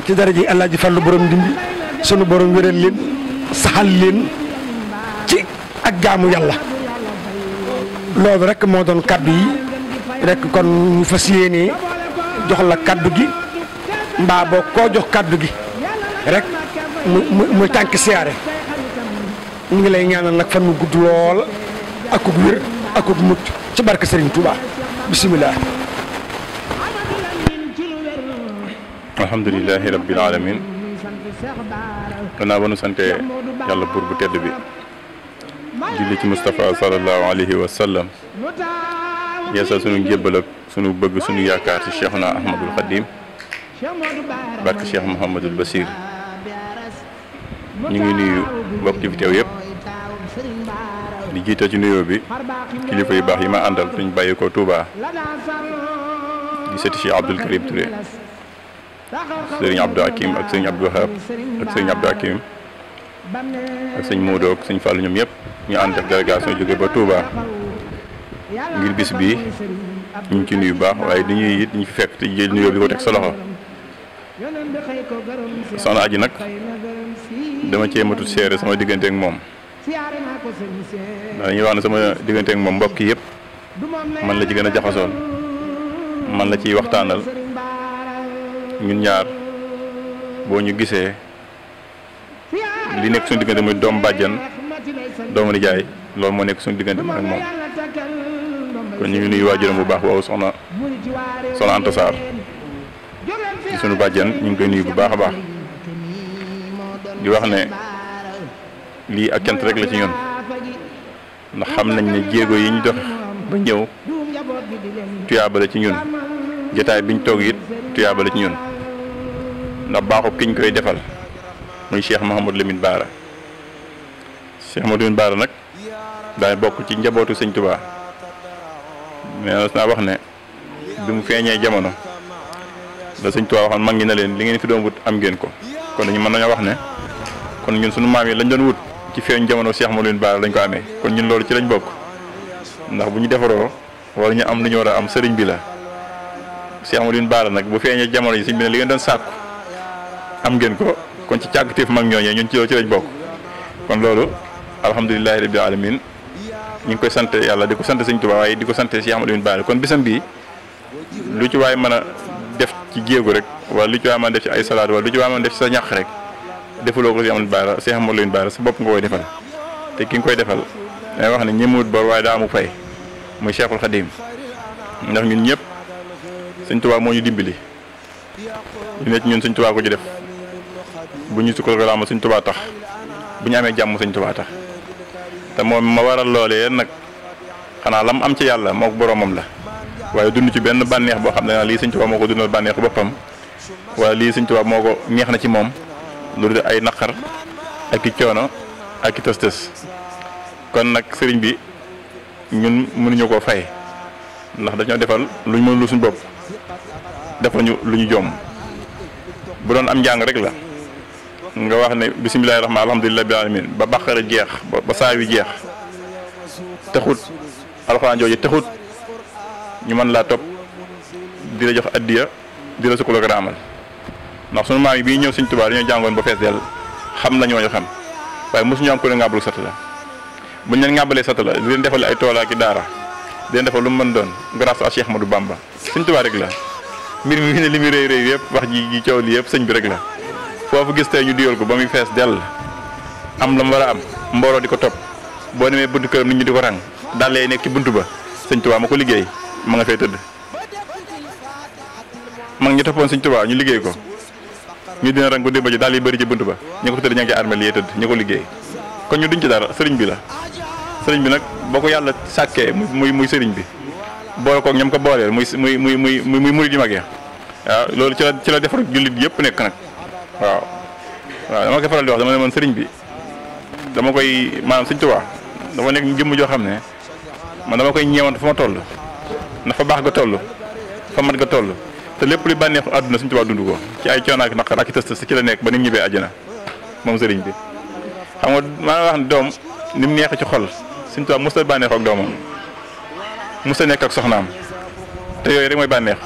ci dara ji Alaaji Fallu borom ndimbi sunu boroom wéral leen saxal leen ci ak jaamu yàlla loolu rek moo doon kàddu yi. rek kon ñu fas yéenee jox la kàddu gi mbaa boo koo jox kàddu gi rek mu mu muy tànk siyaare ñu ngi lay ñaanal nag fan mu gudd lool akub wér akub ci barke Serigne Touba bisimilah. alhamdulilahi rabbil alamin gannaaw ba nu sante yàlla buur bu tedd bi julli ci Moustapha sallallahu alayhi yeesal sunu njébbal ak sunu bëgg sunu yaakaar ci cheikhuna ahmadul Khadim, barke cheikh Muhammadul basir ñu ngi nuyu mbokk fi tew yépp di jiital ci nuyoo bi kilifa yu baax yi ma àndal suñ bàyyi ko Touba di sëti Cheikh Abdul Karim Touré sëriñ Abdou Hakim ak sëriñ Abdou Wahab ak sëriñ Abdou Hakim ak sëriñ Moodo ak sëriñ Fallou ñoom yépp ñu ànd ak délégation jóge ba Touba ngir bis bi ñu ci nuyu baax waaye di ñuy it ñu fi fekk te jël nuyoo bi ko teg sa loxo soxna aji nag dama cee matut seere sama diggante ak moom dañuy wax ne sama diggante ak moom mbokk yëpp man la ci gën a jaxasoon man la ciy waxtaanal ñun ñaar boo ñu gisee li nekk suñu diggante muy doom bàjjan doomu nijaay loolu moo nekk suñu diggante ak moom kon ñu ngi nuyu waajuram bu baax waaw soxna soxna Anta Sarr sunu bàjjan ñu ngi koy nuyu bu baax a baax di wax ne lii ak cant rek la ci ñun ndax xam nañ ne jéego yi ñu dox ba ñëw tuyaabale ci ñun jotaay biñ toog it tuyaabale ci ñun ndax baaxub kiñ koy defal muy Cheikh Mouhamadou Lamine Bara Cheikh Mouhamadou Lamine Bara nag daay bokk ci njabootu Sëñ Tuubaa mais mas naa wax ne bi mu feeñee jamono da sëñ Tuubaa waxoon mag ñi na leen li ngeen fi doon wut am ngeen ko kon dañu mën nañoo wax ne kon ñun suñu maam yi lañ doon wut ci feeñ jamono Cheikh Mawlana Bara lañ ko amee kon ñun loolu ci lañ bokk ndax bu ñu defaroo wala ñu am lu ñu war a am sëriñ bi la Cheikh Mawlana Bara nag bu feeñee jamono yi sëñ bi li ngeen doon sàkku am ngeen ko kon ci càgg téef mag ñooñee ñun ci loolu ci lañ bokk kon loolu alhamdulilahi rabbil alamin ñu ngi koy sante yàlla di ko sant sëñ Tuubaa waaye di ko sant Cheikh Ahmadou Bamba kon bisam bii lu ci waay mën a def ci jéego rek wala lu ci waay mën a def ci ay salaat wala lu ci waay mën a def ci sa ñàq rek defuloo ko Cheikh Ahmadou Bamba Cheikh Ahmadou Bamba sa bopp nga koy defal te ki nga koy defal ma wax ne ñemewut bor waaye daa amu fay muy Cheikhul Khadim ndax ñun ñëpp sëñ Tuubaa moo ñu dimbali ñu ne ci ñun sëñ Tuubaa def bu ñu sukkandiku la am tax bu ñu amee jàmm sëñ Tuubaa tax te moom ma waral loole nag xanaa lam am ci yàlla moo ko boroomam la waaye dund ci benn bànneex boo xam ne nag lii Sëñ Tuubaa moo ko dundal bànneexu boppam wala lii Sëñ Tuubaa moo ko neex na ci moom lu di ay naqar ak i coono ak i tës-tës kon nag sëriñ bi ñun mënuñu koo fay ndax dañoo defal luñ mënul suñ bopp defal ñu lu ñu jomm bu doon am njàng rek la. nga wax ne bismillahir rahmanir rahim alhamdulillahi rabbil alamin ba bakara jeex ba saar wi jeex taxut alquran joji taxut ñu man la top di la jox adiya di la sukul gramal raamal ndax sunu maami bi ñew seigne touba dañu jàngoon ba fees dell xam la ñooñu xam waye musu ñu am ko nga bu sat la ñen nga ngàbbalee sat la di len defal ay tola ki dara di len defal lu mën doon grâce à Cheikh Ahmadou Bamba seigne touba rek la mbir mi fi ne li muy rëy rëy wax ji ci coow li yëpp sëñ bi rek la fofu gis tay ñu diyol ko bamuy fess del am la mu am mboro diko top bo neme buntu këram nit ñi diko rang dalé lay nekk ci buntu ba sëñ Tuubaa mako liggéey ma nga fay tëdd. mag ñi topon sëñ Tuubaa ñu liggéey ko ñu dina rang ko démb ji daal yi bëri ci buntu ba ñako ko ñangi ña ngi ci ñako liy ko liggéey kon ñu duñ ci dara sëriñ bi la. sëriñ bi nak bako yalla yàlla muy muy sëriñ bi bo ko ñam ko bolé muy muy muy muy muy murid yu mag ya waaw ci la ci la defar julit yëpp nek nak waaw waaw dama koy faral di wax dama ne man sëriñ bi dama koy maanaam sëñ Tuubaa dama nekk jëmm joo xam ne man dama koy ñeewante fa ma toll na fa baax ga toll fa mat ga toll te lépp li bànneexu àdduna sëñ Tuubaa dund ko ci ay coono ak naqar ak i tës si ci la nekk ba ni mu ñibbee àjjana moom sëriñ bi xam nga maa doom ni mu neex ci xol sëñ Tuubaa mos a bànneexoo nekk ak soxnaam te yooyu rek bànneex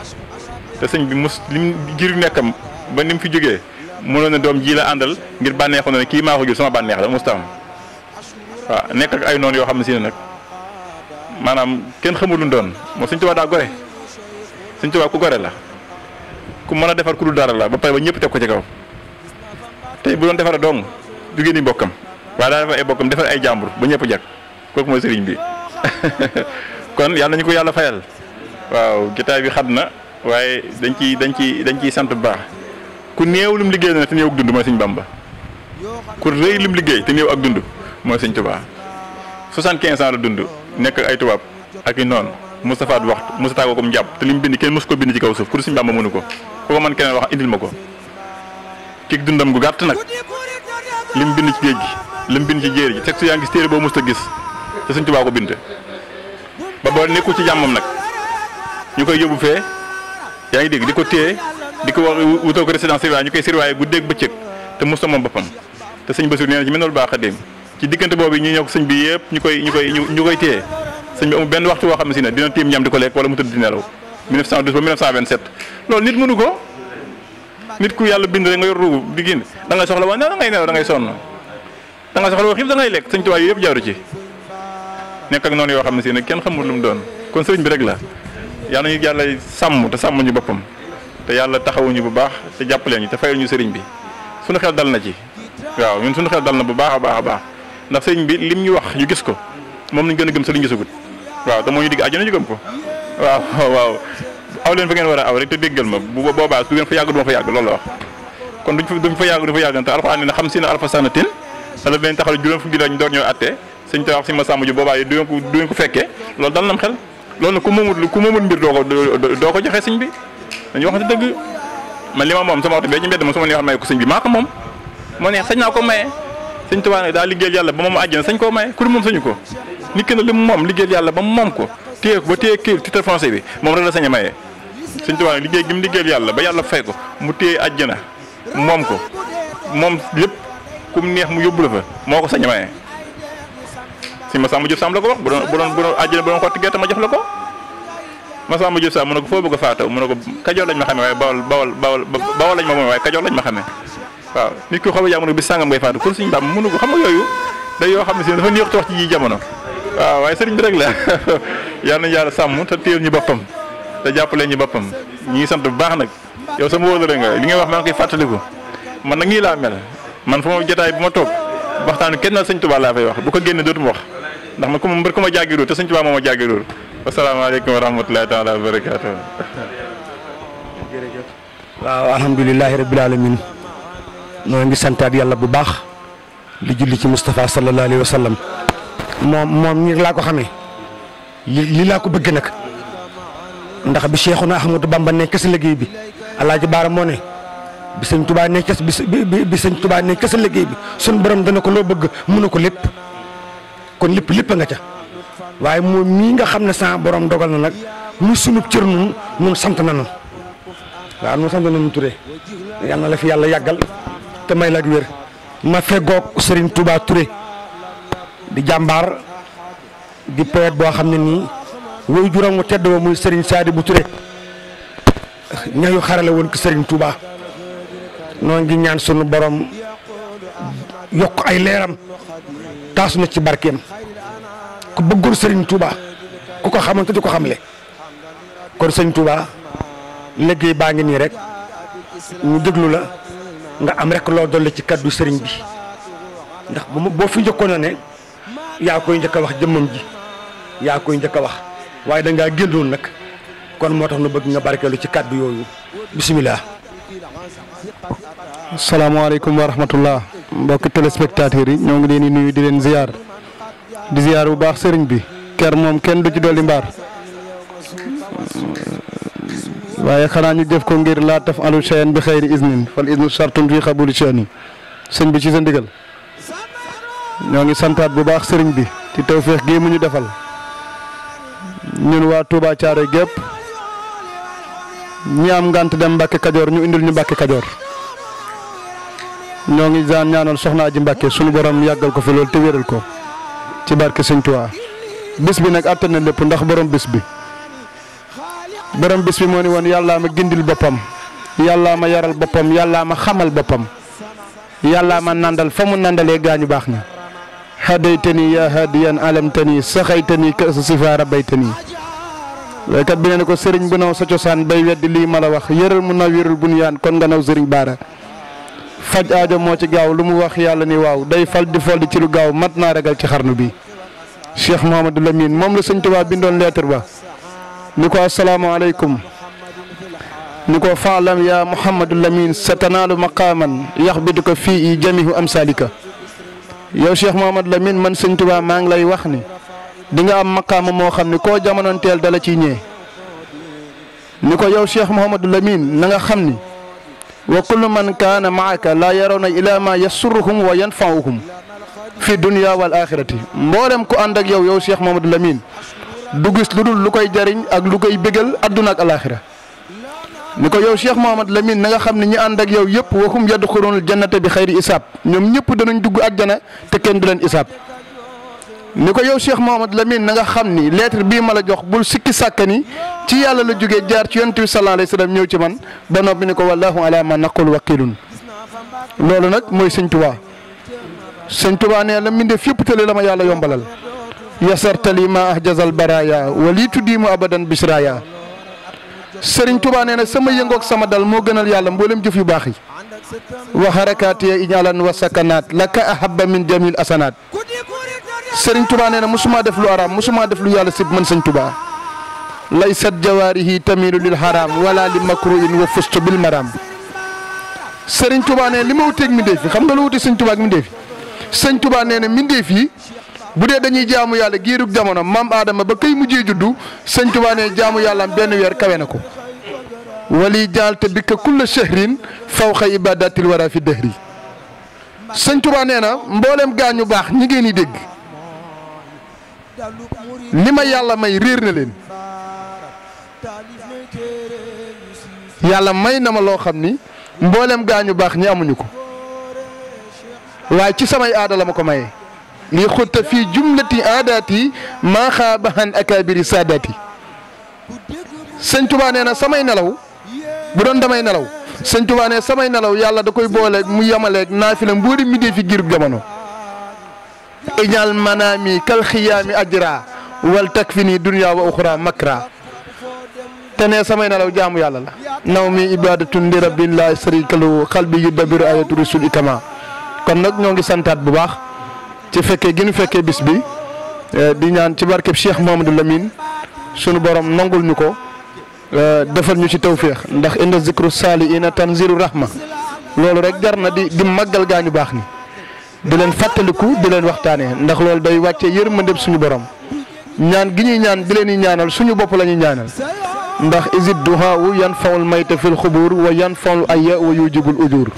sëñ bi mos lim jir nekkam ba ni mu fi jógee mënoon na doom jii la àndal ngir bànneexu na ne kii maa ko jur sama bànneex la mustaam waaw nekk ak ay noonu yoo xam ne si ne nag maanaam kenn xamul lu doon moo Sëñ Tuubaa daa gore Sëñ Tuubaa ku gore la ku mën a defar ku dul dara la ba pare ba ñëpp teg ko ci kaw tey bu doon defar doom du génn mbokkam waaye daa defar ay bokkam defar ay jàmbur ba ñëpp jag kooku mooy sëriñ bi [LAUGHS] kon yàlla nañu ko yàlla fayal waaw jotaay bi xat na waaye dañ ci dañ ci dañ ciy sant bu baax ku néew lim liggéey na te néew ak dund mooy sëñ Bamba ku rëy lim liggéey te néew ak dund mooy sëñ Tuubaa 75 ans la dund nekk ay tubaab ak i noon Moustapha du waxtu Moustapha ko comme njàpp te lim bind kenn mos ko bind ci kaw suuf ku sëñ Bamba mënu ko ku ko man keneen wax indil ma ko kii dundam gu gàtt nag lim bind ci géej gi lim bind ci jéer ji texte yaa ngi gis boo mosut a gis te sëñ Tuubaa ko bind ba boo nekkul ci jàmmam nag ñu koy yóbbu fee ngi dégg di ko téye diko wax wuto ko résidence wa ñu koy surveillé guddeeg bëccëg te mos moom boppam te sëñ Bassirou nee na ci mënul baax a dem ci diggante bobu ñu ñok ko bi yépp ñu koy ñu koy ñu koy téye sëñ bi amu benn waxtu wo xamni ne si dina tim ñam diko lek wala mu tëdd di nelaw 1912 ba 1927 lool nit mënu ko nit ku yalla bind rek nga yor ruubu di da nga soxla woon da ngay nelaw da ngay sonn da nga soxla woo xiif da ngay lek sëñ tuba yépp yëpp jaaru ci nek ak non yo xamni ci si ne kenn xamul lu mu doon kon sëriñ bi rek la yalla ñu yàlla sàmm te sàmm ñu bopam te yàlla taxawuñu bu baax te jàppalee ñu te fayal ñu sëriñ bi suñu xel dal na ci waaw ñun suñu xel dal na bu baax a baax a baax ndax sëriñ bi lim ñu wax ñu gis ko moom lañ gën a gëm sëriñ gisagut waaw te moo ñu digg àjjana ñu gëm ko waaw [LAUGHS] waaw aw leen fa ngeen war a aw rek bu boobaa du yàgg du ma fa yàgg loolu la wax kon duñ fa duñ fa yàgg na xam si na alfa sanatin door ñoo attee sëñ te si ma sàmm ju boobaa yi du ngeen ko du ngeen ko fekkee loolu dal nam xel loolu na ku moomul ku moomul mbir doo ko doo ko joxe sëñ bi dañu waxante dëgg man li ma moom sama waxtu bee ci mbedd moom su ma neexoon ko sëñ bi maa ko moom moo neex sañ naa ko maye sëñ Tuubaa nag daa liggéeyal yàlla ba moom àjjana sañ koo maye ku dul moom sañu ko nit ki nag moom liggéeyal yàlla ba mu moom ko téye ko ba téye kii titre français bi moom rek la sañ a maye sëñ Tuubaa nag liggéey gi mu liggéeyal yàlla ba yàlla fay ko mu téye àjjana moom ko moom lépp ku neex mu yóbbu la fa moo ko sañ a maye. sëñ ma sàmm jëf sàmm la ko wax bu doon bu doon àjjana bu doon xotti gerte ma jox la ko Masamba Diop Sarr mu ne ko foo bëgg a faatoo mu ne ko kajoor lañ ma xamee waaye bawal bawal bawal bawal lañ ma moom waaye kajoor lañ ma waaw nit ko xaw a jàng bi sàngam ngay faatu kon suñu mbaam ko xam yoo xam ne si dafa néew wax ci ji jamono waaw waaye sëriñ la [LAUGHS] yal nañu yàlla sàmm te téyel ñu boppam te jàppale ñu boppam ñu sant bu baax nag yow sama wóolare nga li ngay wax maa ngi koy fàttaliku man nag nii laa mel man fu ma jotaay bu ma toog waxtaan kenn na sëñ Tuubaa laa fay wax bu ko génne dootuma wax ndax man ku ma mbër ku ma jàggiruur te Sëñ Tuubaa moo ma jàggiruur asalaamaaleykum wa rahmatulahi taala wa barakaatu. jërëjëf waaw alhamdulilahi rabil alamin noo ngi santaat yàlla bu baax li julli ci Moustapha sallallahu alayhi wa sallam moom moom ñi ne li laa ko bëgg nag ndax bi Cheikhuna Ahmadou Bamba nekk si liggéey bi Alaaji Baara moo ne bi sëñ Tuubaa nekk bi bi sëñ Tuubaa nekk si liggéey bi dana ko loo bëgg mënu ko lépp. kon lepp lepp nga ca waye mo mi nga xamne sa borom dogal na nak mu sunu cër nun nun sant na nun waaw nun sant na nun Touré yalla na la fi yalla yagal te may lak wer wér ma feggoog Serigne Touba Touré di jambar di poète bo xamne ni way woy mu tedd wa muy Serigne Sadibou Touré ñayu xarale ko Serigne Touba noo ngi ñaan sunu borom yok ay leeram taas na ci barkeem ku bëggoon sëriñ Touba ku ko xamante di ko xamle kon Serigne Touba liggéey baa ngi nii rek ñu déglu la nga am rekk loo dolli ci kaddu sëriñ bi ndax bu boo fi njëkkoon ne yaa koy njëkk wax jëmmam ji yaa koy njëkk a wax waaye dangaa génnoon nag kon moo tax nu bëgg nga barkeelu ci kaddu yooyu bisimilah. salaamaaleykum wa rahmatullah mbokki téléspectateurs yi ñoo ngi leen di nuyu di leen ziar di ziar bu baax sëriñ bi ker moom kenn du ci dolli mbaar waaye xanaa ñu def ko ngir laa taf alu chayan bi xayri isnin fal isnu sartun fi xabuli chani sëñ bi ci sa ndigal ñoo ngi santaat bu baax sëriñ bi ci tawféex gi mu ñu defal ñun waa Touba Thiaré gépp ñi am ngant dem Mbàkke Kajoor ñu indil ñu Kajoor ñoo ngi daan ñaanal soxna Aji Mbàkke suñu borom yàggal ko fi loolu te wéral ko ci barke Sëñ Tuubaa bis bi nag àttan na lépp ndax borom bis bi borom bis bi moo ni woon yàllaa ma gindil boppam yàlla ma yaral boppam yàllaa ma xamal boppam yàlla ma nandal fa mu nandalee gaañu baax na hadaytani yaa hadiyan alamtani saxaytani ka sa sifa rabaytani kat bi ne ko sëriñ bu naw sa cosaan bay weddi lii ma la wax yëral mu naw yëral bunyaan kon nga naw sëriñ baara faj aajo moo ci gaaw lu mu wax yàlla ni waaw day fal di fol ci lu gaaw mat naa ragal ci xarnu bi Cheikh Mouhamadou Lamine moom la sëñ Tuubaa bindoon lettre ba ni ko asalaamaaleykum ni ko faalam yaa Mouhamadou Lamine sa tanaalu maqaaman yax bi ko fii i jamihu am salika yow Cheikh Mouhamadou Lamine man sëñ Tuubaa maa ngi lay wax ni di nga am maqaama moo xam ne koo jamonoonteel dala ciy ñëwee ni ko yow Cheikh Mouhamadou Lamine na nga xam ni وكل من كان معك لا يرون الا ما يسرهم وينفعهم في الدنيا والاخره مبولم كو اندك يو يو شيخ محمد لامين دو غيس لودول لوكاي جارين اك لوكاي بيغل ادنا الاخره نيكو يو شيخ محمد لامين نغا خامني ني اندك يو ييب وخوم يدخلون الجنه بخير اساب نيوم نييب دانن دوجو اجنا تكن دولن اساب niko yow Cheikh mohammed Lamine nga xamni lettre bi mala jox bul sikki sakani ci yàlla la joge jaar ci yantou sallallahu alayhi wasallam ñëw ci man ba noppi niko wallahu ala ma naqul wakilun lolu nak moy seigne touba seigne touba ne la minde fépp tële lama yàlla yombalal yasarta li ma ahjazal baraya wali tuddiimu abadan bisraya seigne touba ne sama yengok sama dal mo gënal yàlla mbolem jëf yu baax yi wa harakaati ya iñalan wa sakanaat laka ahabba min jamil asanaat Serigne Touba nee na mosuma def lu araam mosuma def lu yàlla sib man sëñ Touba laysat jawaarihi tamilu lil haram wala li makruin wa fustu bil maram Serigne Touba nee na li ma wuteeg mindee fi xam nga lu wuti sëñ Touba ak mindee fi nee na mindee fi bu dee dañuy jaamu yàlla giirug jamono maam aadama ba këy mujjee juddu sëñ Touba nee jaamu yàllaam benn weer kawe na ko. wali jaalte bi ka kulla shahrin fawqa ibadatil wara fi dahri sëñ Touba nee na mboolem gaañu baax ñi ngeen dégg. li ma yàlla may réer na leen yàlla may na ma loo xam ni mboolem gaañu baax ñi amuñu ko waaye ci samay aada la ma ko maye li xutta fii jumlati aadaati maa xaabahan akaabiri saadaati sëñ Tuubaa nee na samay nelaw bu doon damay nelaw sëñ Tuubaa nee samay nelaw yàlla da koy boole mu yemaleeg naafila mbóori mi dee fi giirub jamono اجعل منامي kal khiyami والتكفني wal وأخرى مكرا te nee samay nelaw jamu yàlla la naw mi ibadatun li rabbil laa sharika qalbi yudabir ayatu rusuli kama kon nak ñongi santat bu baax ci fekke giñu fekke bis bi eh, di ñaan ci barke Cheikh Mouhamadou Lamine sunu borom nangul ñuko eh, defal ñu ci tawfiq ndax inda zikru salihin tanziru rahma lolu rek jarna di di magal gañu baax ni di leen fàttaliku di leen waxtaanee ndax loolu day wàcce ma yërmandeb suñu borom ñaan gi ñuy ñaan di leen di ñaanal suñu bopp la ñuy ñaanal ndax isid duhaawu yan fawul mayta fil xubuur wa yan fawul ayya wa yujibul ujur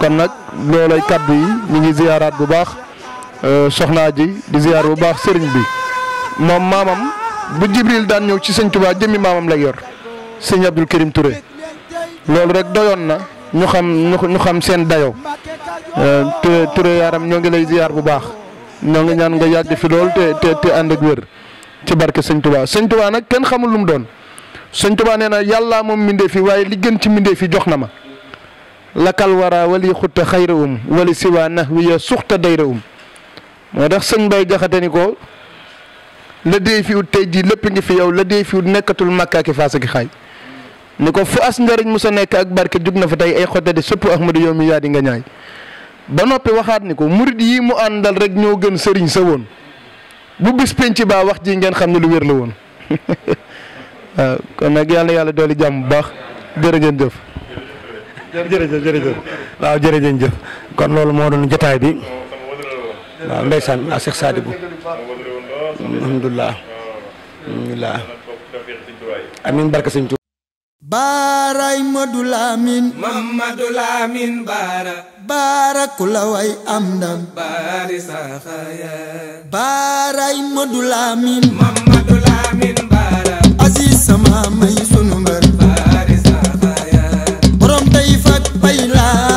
kon nag loolay kàddu yi ñu ngi ziyaaraat bu baax euh, soxnaa ji di ziyaar bu baax sëriñ bi moom maamam bu Jibril daan ñëw ci sëñ Tuubaa jëmmi maamam lay yor sëñ Abdul Karim Touré loolu rek doyoon na ñu xam ñu xam seen dayo euh, Touré Touré Yaram ñoo ngi lay ziar bu baax ñoo ngi ñaan nga yàgg fi lool te te te ànd ak wér ci barke sëñ Touba sëñ Touba nag kenn xamul lu mu doon sëñ Touba nee na yàllaa moom mindee fi waaye li gën ci mindee fi jox na ma lakal wara wali xutta xayra um wali siwa nax wi ya suxta dayra um moo tax sëñ Bay jaxate ni ko la dee fi ut tey jii lépp ngi fi yow la dee fi ut nekkatul màkkaaki faasa ki xaaj niko fu as ndariñ musa nek ak barke jug fa tay ay xote de sopu ahmadu yomi yadi di nga ñaay ba nopi waxat niko murid yi mu andal rek ñoo gën serign sa won bu bis penc ba wax ji ngeen xamni lu wér la woon [LAUGHS] waaw kon nag yàlla yàlla dooli jàmm bu baax jërëjëf jere jërëjëf jërëjëf waaw jërëjëf jëf kon loolu mo doon jotaay bi waaw ndaysan a Cheikh Sadibou alhamdulilah alhamdulilah amin barka seigne baaraay Madu Lamin Mamadu Lamin baara ku la way am ndam baari saxaaya baaraay Madu Lamin Mamadu Lamin baara Aziz sama may sunu mbër baari saxaaya borom tay fak bay laa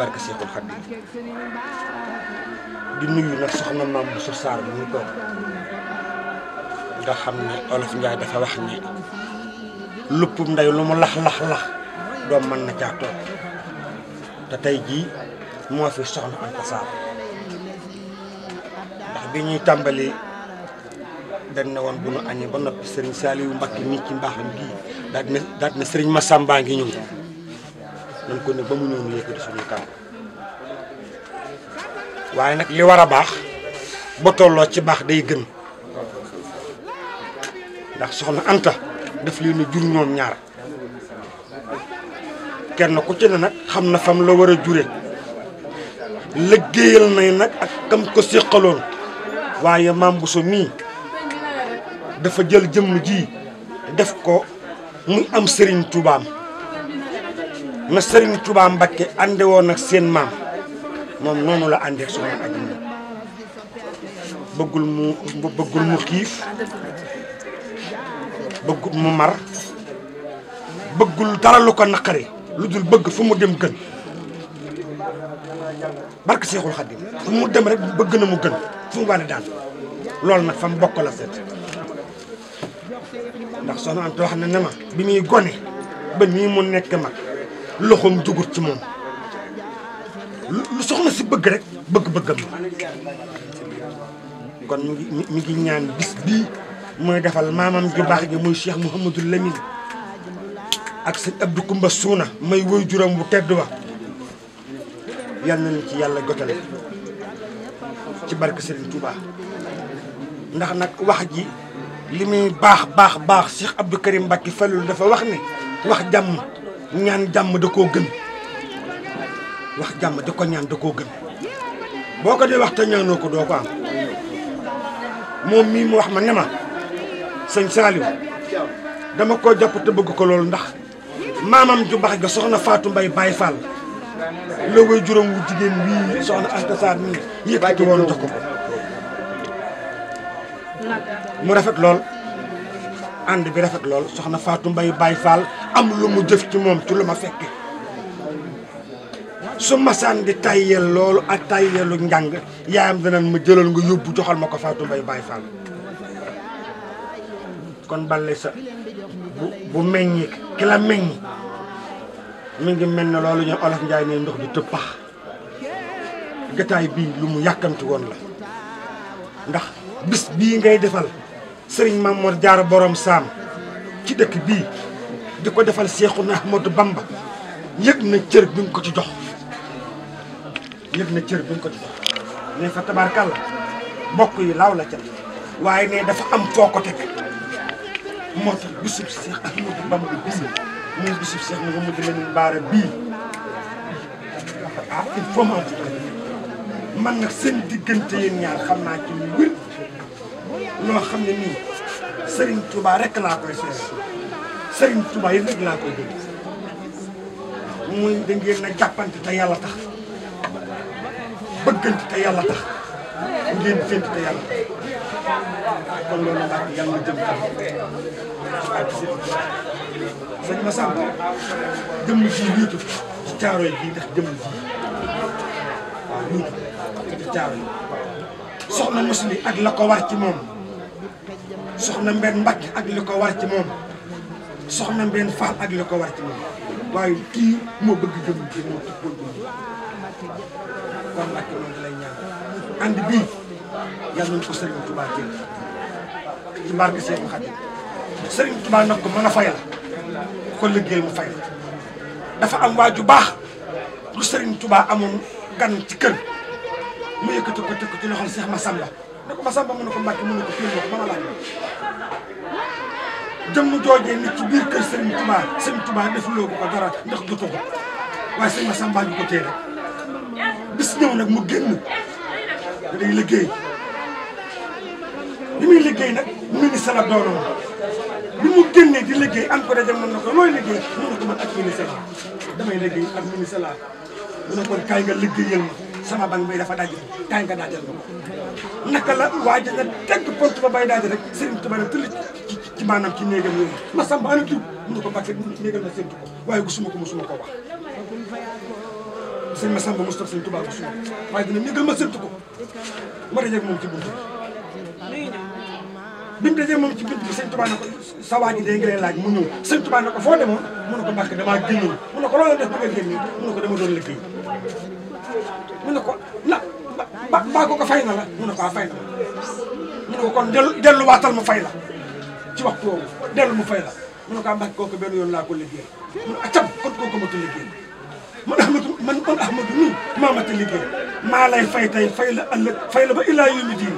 barke Cheikhul Khadim di nuyu nak soxna mam bu su saar mu toog nga xamni olof Njaay dafa wax ni luppum nday lu mu lax lax lax do man na ca tok ta tay ji mo fi soxna Anta Sarr ndax bi ñuy dañ na won bu nu añee ba nopi Serigne Saliou Mbacké mi ci mbaxam gi daal na na Serigne Massamba ngi ñëw nañ ko ne ba mu ñëw ñu yëkkati suñuy kàmb waaye nag li war a baax ba tolloo ci baax day gën ndax soxna Anta def leen a jur ñoom ñaar kenn ku ci ne nag xam na fam la war a jure liggéeyal nay nag ak kam ko séqaloon waaye maam Bousso mii dafa jël jëmm ji def ko muy am sëriñ tubaam na Serigne Touba Mbakke ànde woon ak seen maam moom noonu la àndeek soxna Aji Maam bëggul mu bëggul mu xiif bëggul mu mar bëggul dara lu ko naqari lu dul bëgg fu mu dem gën barke Seexul Xadim fu mu dem rek bëgg na mu gën fu mu wane daan loolu nag fa mu bokk la seet ndax soxna Anta wax na ne ma bi muy gone ba nii mu nekk mag loxoom jugut ci moom lu soxna si bëgg rek bëgg-bëggam kon mi ngi mi ngi ñaan bis bii mooy defal maamam ju baax gi muy Cheikh Mouhamadul Lamine ak sëñ Abdou Koumba Suuna may woy juróom bu tedd wa yal nañu ci yàlla jotale ci barke Serigne Touba ndax nag wax ji li muy baax baax baax Cheikh Abdou Karim Mbacke Falloul dafa wax ne wax jàmm ñaan jàmm da koo gën wax jàmm di ko ñaan da koo gën boo ko dee wax te ñaanoo ko doo ko am moom mii mu wax ma ne ma sëñ Saliou dama koo jàpp te bëgg ko loolu ndax maamam ju baax ga soxna faatu mbay Baye Fall la juróom wu jigéen wii soxna Asta Sarr mii yëkkati woon jox ko mu rafet lool ànd bi rafet lool soxna Fatou Mbaye Baye Fall am lu mu jëf ci moom ci lu ma fekke su masaan di tayyel loolu ak tayyeelu njàng yaayam danañ ma jëlal nga yóbbu joxal ma ko Fatou Mbaye Baye Fall kon balle sa bu bu meññi ki la meññi ngi mel na loolu ñoom olof Njaay ne ndox di tëppax gataay bii lu mu yàkkamti woon la ndax bis bii ngay defal sëriñ Mamoor Jaara boroom saam ci dëkk bii di ko defal Seexuna Ahmadu Bamba yëg na cër bi nga ko ci jox yëg na cër bi nga ko ci jox ne fa tabaarkàlla mbokk yi law la ca waaye ne dafa am foo ko teg moo tax bisub Seex Ahmadu Bamba bis muy bisub Seex Muhamadu Lamin Baara bii ah nag seen diggante ñaar xam naa ci lu wér loo xam ne nii Serigne Touba rek laa koy seere Serigne Touba yi rek laa koy dégg muy da ngeen a jàppante te yàlla tax bëggante te yàlla tax ngeen fént te yàlla tax kon loolu mbaa yàlla na jëm kanam ci ak si sëñ ma sàmp jëmm ji niitu ci caaro yi bii ndax jëmm ji waaw niitu ci caaro yi soxna musli ak la ko war ci moom soxna mbenn mbàkke ak li ko war ci moom soxna mbenn faal ak li ko war ci moom waaye kii moo bëgg jëm ci moom lay ñaan ànd bii yàlla nañ ko sëriñ Tuubaa jël sëriñ Tuubaa nag ko mën fay fayal ko liggéeyal mu fay dafa am waaju baax lu sëriñ tubaa amoon gan ci kër mu yëkkati ko tëkk ci loxol Cheikh Massamba ne ko Massamba mu ne ko Mbàkke mu a laaj jëmm joojee nit ci biir kër Serigne Touba Serigne Touba def loo ko dara ndax jotu ko waaye Serigne Massamba ñu ko nag mu génn da day na li muy liggéey bi mu génnee di liggéey am ko daje mën na ko looy liggéey mën na man ak ministre la damay liggéey ak ministre la mu ne kon kaay nga liggéeyal ma sama bang bay dafa daj daañu ko daajal ko naka la waa ji nga teg pont ba bay daaj rek Serigne Touba la tëll ci ci maanaam ci néegam yooyu ma sàmm ana diw mënu ko bàkkee ci néegam la séntu ko waaye gisuma ko mosuma ko wax. sëñ Massamba Moustapha sëñ Touba ko suma waaye dina néegal ma séntu ko ma dajeeg moom ci bunt bi mu bi sëñ Touba ne ko sa waa ji dee ngi lay laaj mu ñëw ne ko foo demoon mu ne ko mbàkk damaa génnoon mu ne ko loolu def ba nga mu ne ko dama doon liggéey mu na ko la ba ba ko fay na la mu ne a ah, fay na la mu ne ko kon dellu delluwaatal ma fay la ci waxtu woowu dellu mu fay la mu ne ko ah, Mbàkke kooku benn yoon laa ko liggéey mu ah, ma maa ma ta liggéey lay fay tey fay la ëllëg fay la ba ilaa yawmi diin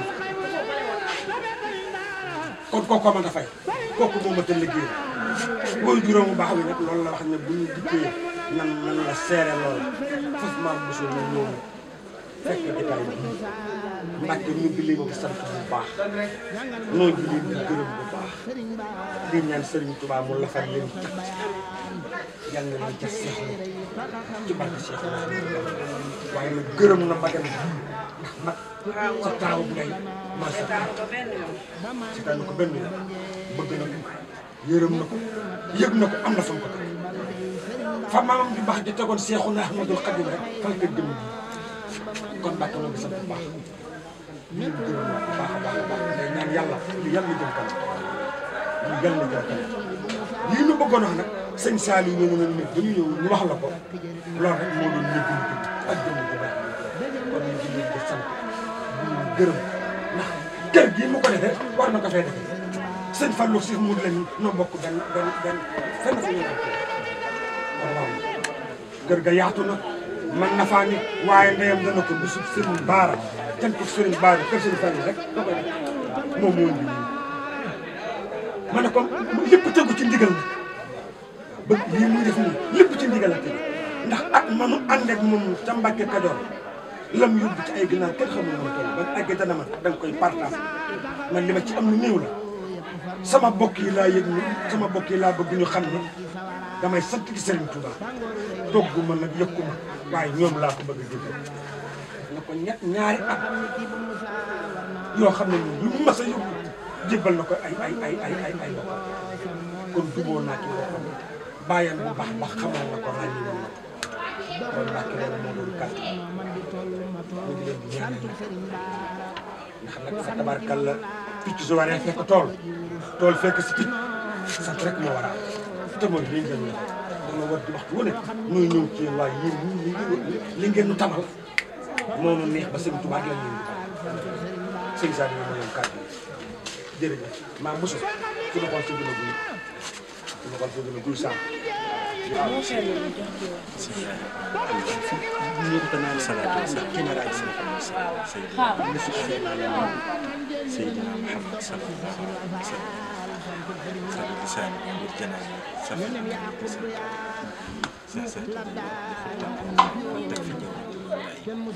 kon ko mën a fay kooku moo ma ta liggéey booy juróom baax wi nag la wax ne bu ñu dikkee man man la seere loolu foofu maam Bousso ñu ñëw fekk jotaay bi Mbàkke ñu ngi leen di sant bu baax noo ngi leen di gërëm bu baax di ñaan Sëriñ Tuubaa mu lafar leen kat yal na leen ca seex ci barke seex waaye nag gërëm na ma dem ndax mag sa taawu ngay maa sa taaw si taawu ko benn bëgg na ko yërëm na ko am na fa ko fa maamam ju baax di tegoon Seexuna Ahmadul Xadim rek fa nga gëm kon bàkk na gisal bu baax ñu ngi gërëm bu baax a baax a baax day ñaan yàlla yàlla ñëw ñu wax la ko loolu rek moo doon léegi gii mu ko defee war na ko la ñu noo bokk benn benn benn fenn fu kër ga yaatu na man na faa nit waaye ndeyam dana ko bisu Serigne Baara ten ko Serigne Baara kër Serigne Fallou rek da koy moom moo ñu ma ne ko lépp tegu ci ndigal nag ba lii muy def nii lépp ci ndigal ak ndax ak manu ànd ak moom ca Mbàkke Kajoor lam yóbbu ci ay ginaar kenn xamul moom toll ba àgg dana ma da koy partage man li ma ci am lu néew la sama bokk laa yëg ni sama bokk laa bëgg ñu xam ne damay sant ci Serigne Touba doguma nak yekuma way ñoom la ko bëgg jëf nako ñet ñaari at yo xamne ñu ñun lu mu mas a yóbbu jébbal ay ay ay ay ay ay bopp kon duboo naa ci loo bayam bu baax ba xamal nako rañu ràññi woon na ko loolu Mbàkke loolu moo doon ndax nag sa tabarkal picc su waree fekk tool tool fekk si picc sant rek moo war tamal li ngeen dana war di waxtu ne ñooy ñëw ci yéen waaye yéen ñi li ngeen nu tamal neex ba sëñ Tuubaa la ñeen sëñ Sadio ma leen kàddu jërëjëf maa mosu su ma xool si dina guy su ma xool si dina guy saam سيدنا محمد صلى الله عليه وسلم الإنسان والجنان سفر ساسات وتكفي كثيرا من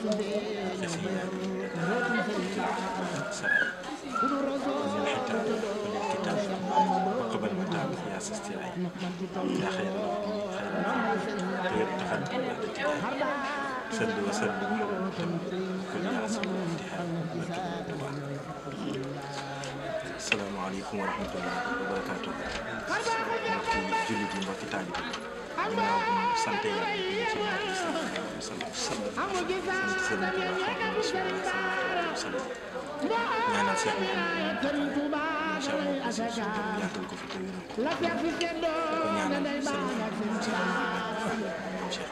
حتى الكتاب وقبل متاب يا سستيعي يا خير خير خير تفضل سلوا وسلموا aleykum wa rahmatulah wa barakaatu mbokki jullit yi mbokki taalibe yi ginnaaw bi ñu sant yàlla ñu ngi ci ñaari sant yàlla sant sant Sëriñ Tuubaa Xaadimu Rasuul sant ñaanal Seex Muhammadu Seex Muhammadu yàggal ko fi te wéral ko ko ñaanal Sëriñ Cheikh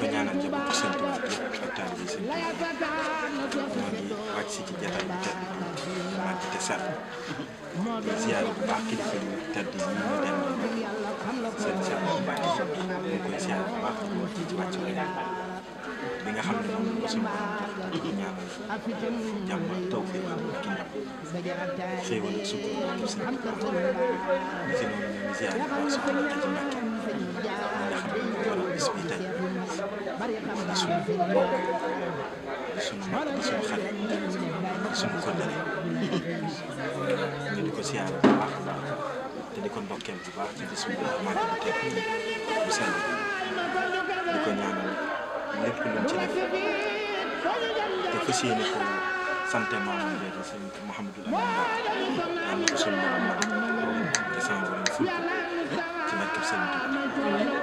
ko ñaanal jabootu Sëriñ Tuubaa ak taalibe yi Sëriñ Tuubaa ñoo ngi wàcc si ci jataay bi mag te sell ziyaare bu baax kilifa yu tedd yi ñu ngi leen di seen sell bu baax ñu koy ziyaare di wàcc ci wàcc bi nga xam ne moom la suñu borom di ñaanal jàmm taw bi ki ndam xéewal ak suuf ci noonu ñu ngi xam ne moo waral bis bi tey di suñu mbokk di suñu mag di suñu xarit di suñu kóllëre ñu di ko siyaare bu baax daal te di ko ndokkeel bu baax ci bis bu mag bu teg bu sell di ko ñaanal lépp lu mu ci def te fas yéene ko sante maamam jooju sëñ Mouhamadul Amin Ba ko suñu borom ma di sama borom ful ko ci barkeb sëñ Tuubaa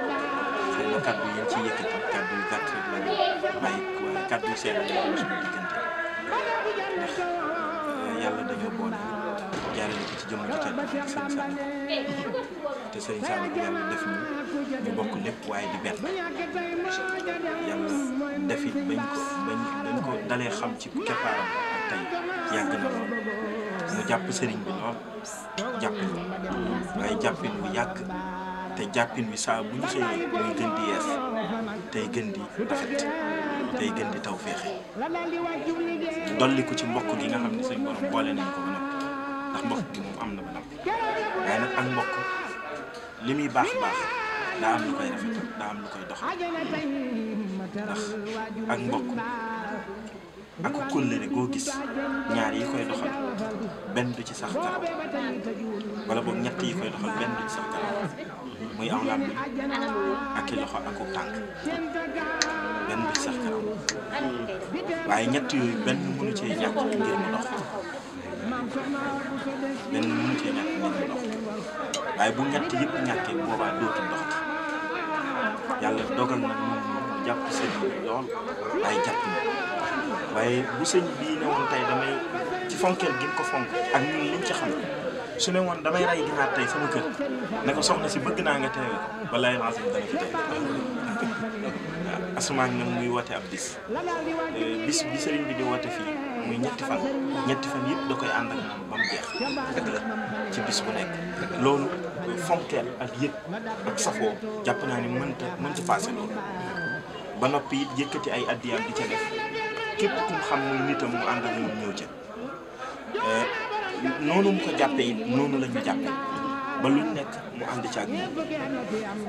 xëy na kàddu yi ci yëkkati kàddu yu gàtt rek la ñu bàyyi waaye kàddu yu seer la ñu suñu diggante ndax yàlla dañoo ci jëmm ju te sëñ Saliou yàlla def ñu bokk lépp waaye di benn yàlla defit bañ ko bañ bañ ko dalee xam ci keppaaram tey yàgg na lool mu jàpp sëriñ bi lool jàppin waaye jàppin bu yàgg te jàppin bi saa bu ñu xëy muy gën di yees tey gën di rafet tey gën di taw dolliku ci mbokk gi nga xam ne suñ borom boole nañ ko ba noppi ndax mbokk gi moom am na ba noppi mbokk li muy baax baax daa am lu koy daa doxal ndax ak mbokk ak kóllëre goo gis ñaar yi koy doxal benn du ci sax karaw wala boog ñett yi koy doxal benn du ci sax karaw muy aw laaj ak i loxo ak tànk benn bi sax kanam waaye ñett yooyu benn mënu cee ñàkk ngir mu dox benn mënu cee ñàkk ngir mu dox waaye bu ñett yëpp ñàkkee boobaa dootul doxati yàlla dogal na mu jàpp sëñ bi lool waaye jàpp na waaye bu sëñ bii ne woon tey damay ci fonkeel gi ko fonk ak ñun liñ ci xam su ne woon damay rey ginaar tey sama kër ne ko soxna si bëgg naa nga teewe ko walaay lancé dana [LAUGHS] muy woote ab bis eh, bis bi sëriñ bi di woote fii muy ñetti fan ñetti fan yëpp da koy ànd ak moom ba mu jeex ci bis bu nekk loolu fonkeel ak yëg ak safoo jàpp naa ni mënta mënta paase loolu ba noppi it yëkkati ay addiyaam di ca def képp kum xam muy nitam mu ànd ak moom ñëw ca eh, noonu mu ko jàppee it noonu la ñu ba lu nekk mu ànd ci ak moom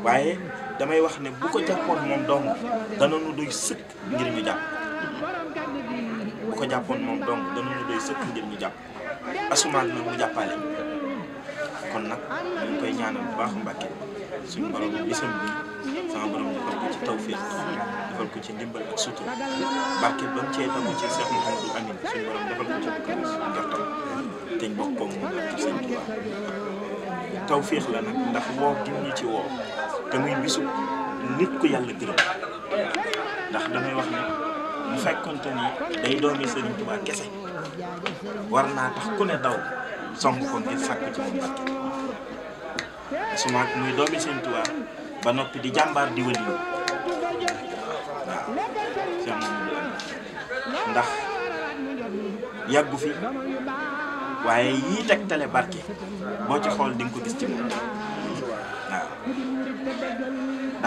waaye damay wax ne bu ko jàppoon moom dong dana nu doy sëkk ngir ñu jàpp bu ko jàppoon moom dong dana nu doy sëkk ngir ñu jàpp asumaan nag mu jàppale kon nag ñu koy ñaanal bu baax Mbàkke suñu borom bisam bi sama borom defal ko ci tawféex defal ko ci ndimbal ak sutura barke ba mu cee dogu ci Cheikh Mouhamadou Amine suñu borom defal ko ci njortam teg boppam sëñ Tuuba tawféex la nag ndax woo gim ñu ci woo te muy bisu nit ku yàlla gërëm ndax damay wax ne bu fekkonte ni day doomi sëriñ Tuuba kese war naa tax ku ne daw song ko ngir sàkku ci moom barke su maag muy doomi sëriñ ba noppi di jàmbaar di ndax yàggu fi waaye yii teg barke boo ci xool di ko gis ci moom waaw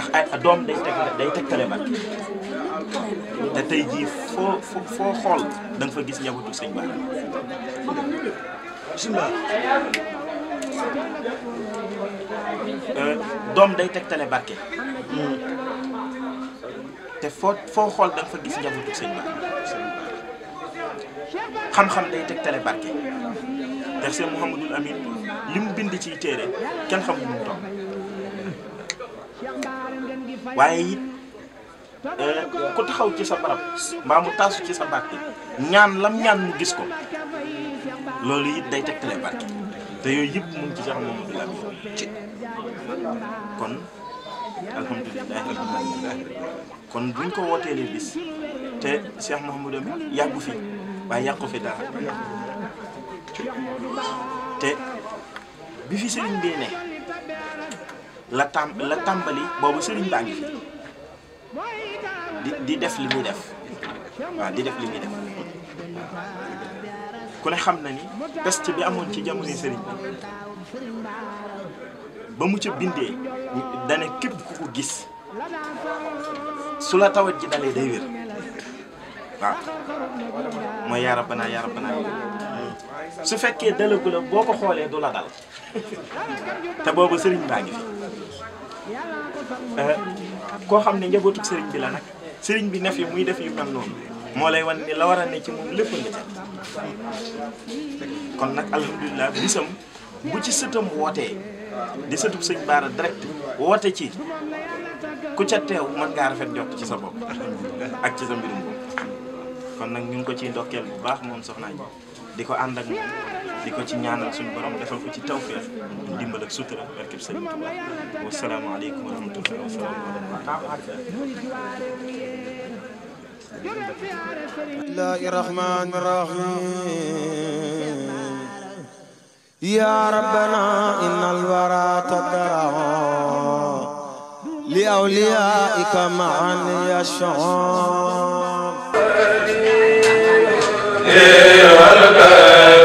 ndax ay doom day teg day te tey jii foo foo xool da fa gis njabootu sëñ Bara euh, day tegtale barke te foo xool da gis njabootu sëñ Bara xam-xam day tegtale barke ndax seen Mouhamadul Amin li mu bind ciy téere kenn xamul mu toll waaye it euh, ku taxaw ci sa barab mbaa mu taasu ci sa barke ñaan lam ñaan mu gis ko loolu it day tegtale barke te yooyu yëpp mu ngi ci sax Mouhamadul Amin ci kon alhamdulilah kon buñ ko wootee bis te Cheikh Mouhamadou Amin yàggu fi waaye yàqu fi dara. te bi fi sëriñ bi ne la tàmbali boobu sëriñ baa ngi fi di def li muy def waaw di def li muy def ku ne xam na ni peste bi amoon ci jamono sëriñ bi ba mu ca bindee dana képp ku ko gis su la tawat ji dalee day wér waaw ah. mooy yaa rabbanaa yaa rabbanaa su fekkee dalagu boo ko xoolee du la dal te boobu sëriñ baa ngi fi eh, koo xam ne njabootu sëriñ bi la nag sëriñ bi ne fi muy def yu mel noonu moo lay wan ni la war a ne ci moom lépp nga ca kon nag alhamdulilah bisam bu ci sëtam wootee di sëtub sëñ Baara direct woote ci ku ca teew mën ngaa rafet jot ci sa bopp ak ci sa mbirum kon nag ñu ngi ko ciy ndokkeel bu baax moom soxna ji di ko ànd ak moom di ko ci ñaanal suñu borom defal ko ci tawfeex ndimbal ak sutura barkeb sëñ Tuubaa wa salaamu aleykum wa rahmatullahi wa salaamu laahi rahmaan rahiim yaa rabbanaa innal waraa tadara li awliyaa'ika ma'an yashaa Yeah,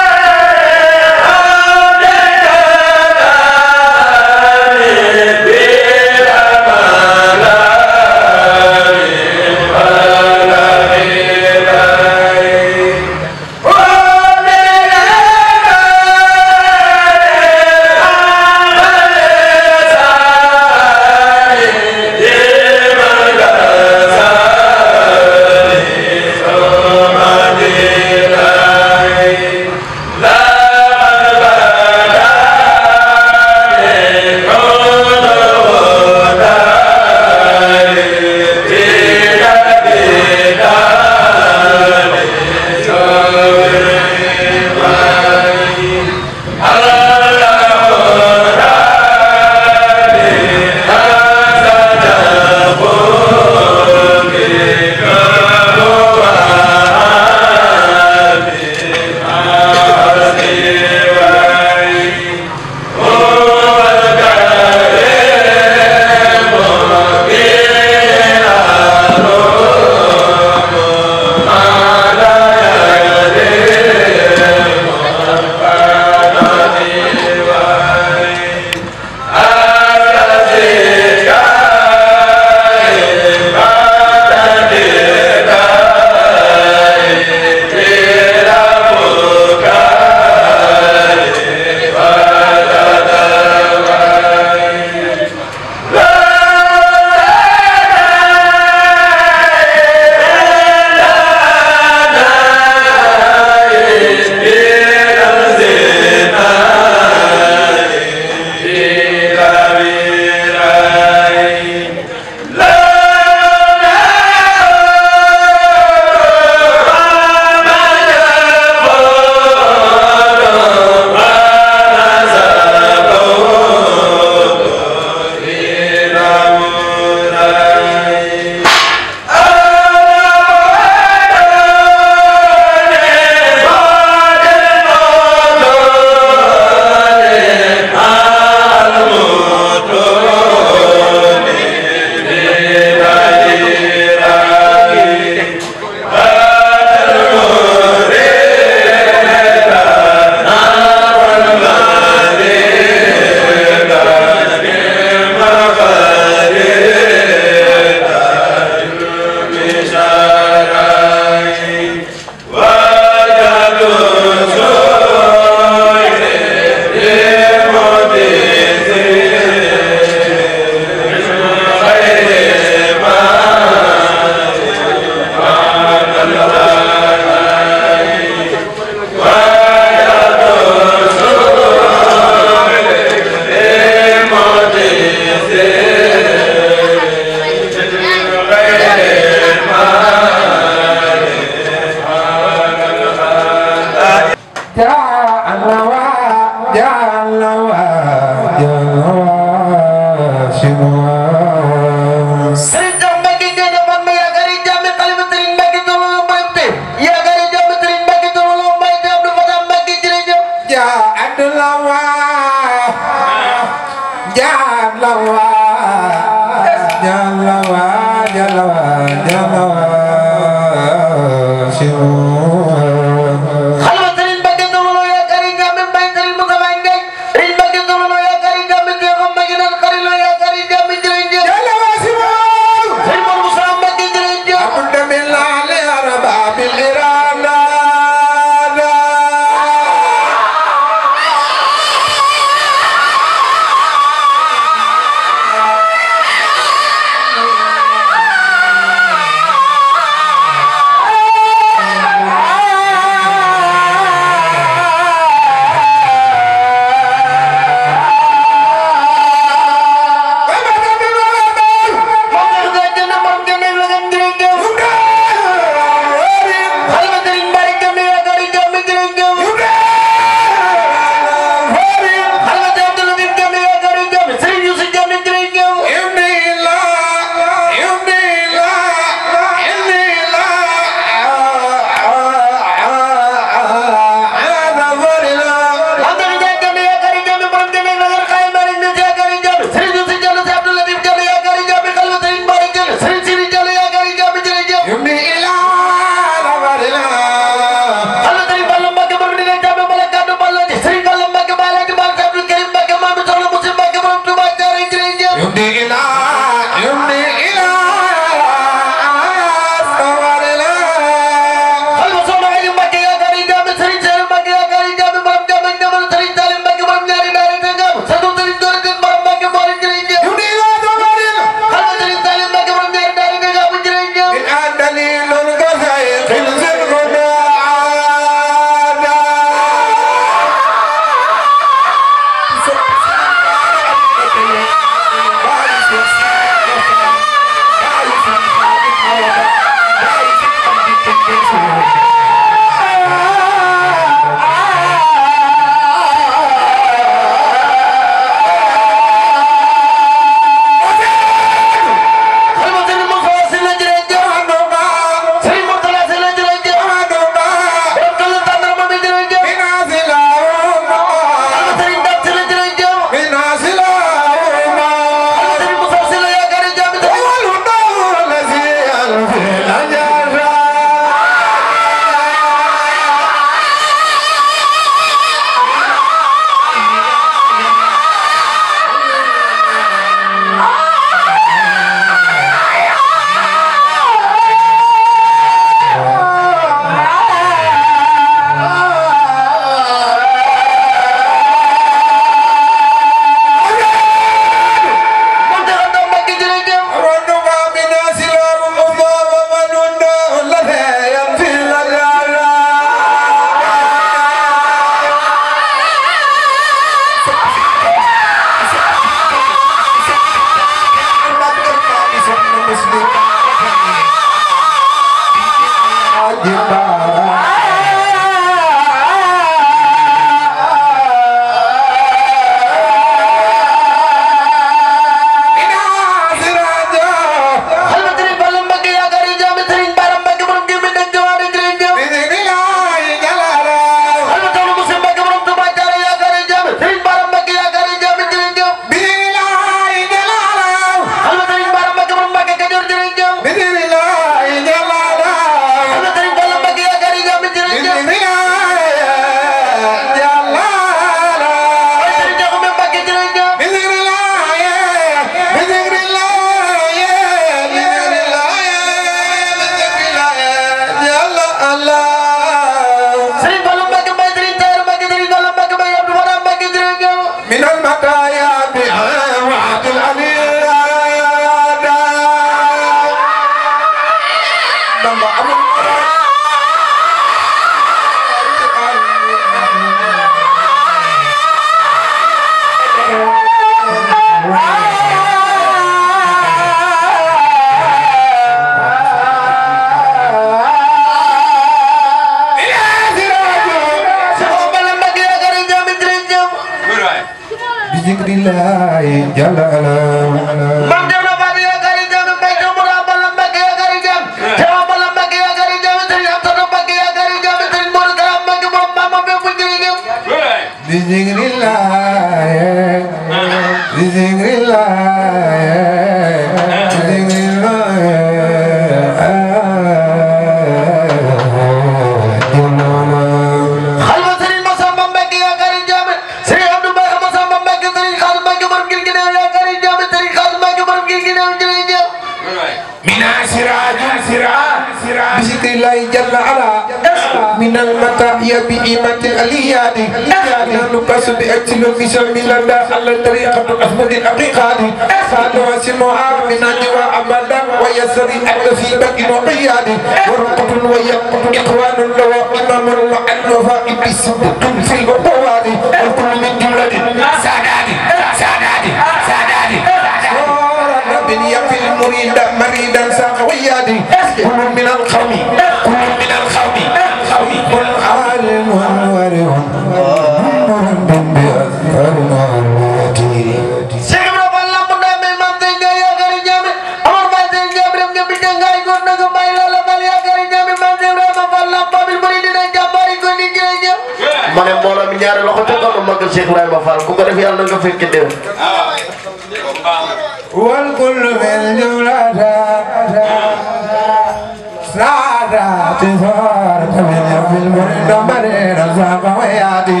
بمر رزاق وياتي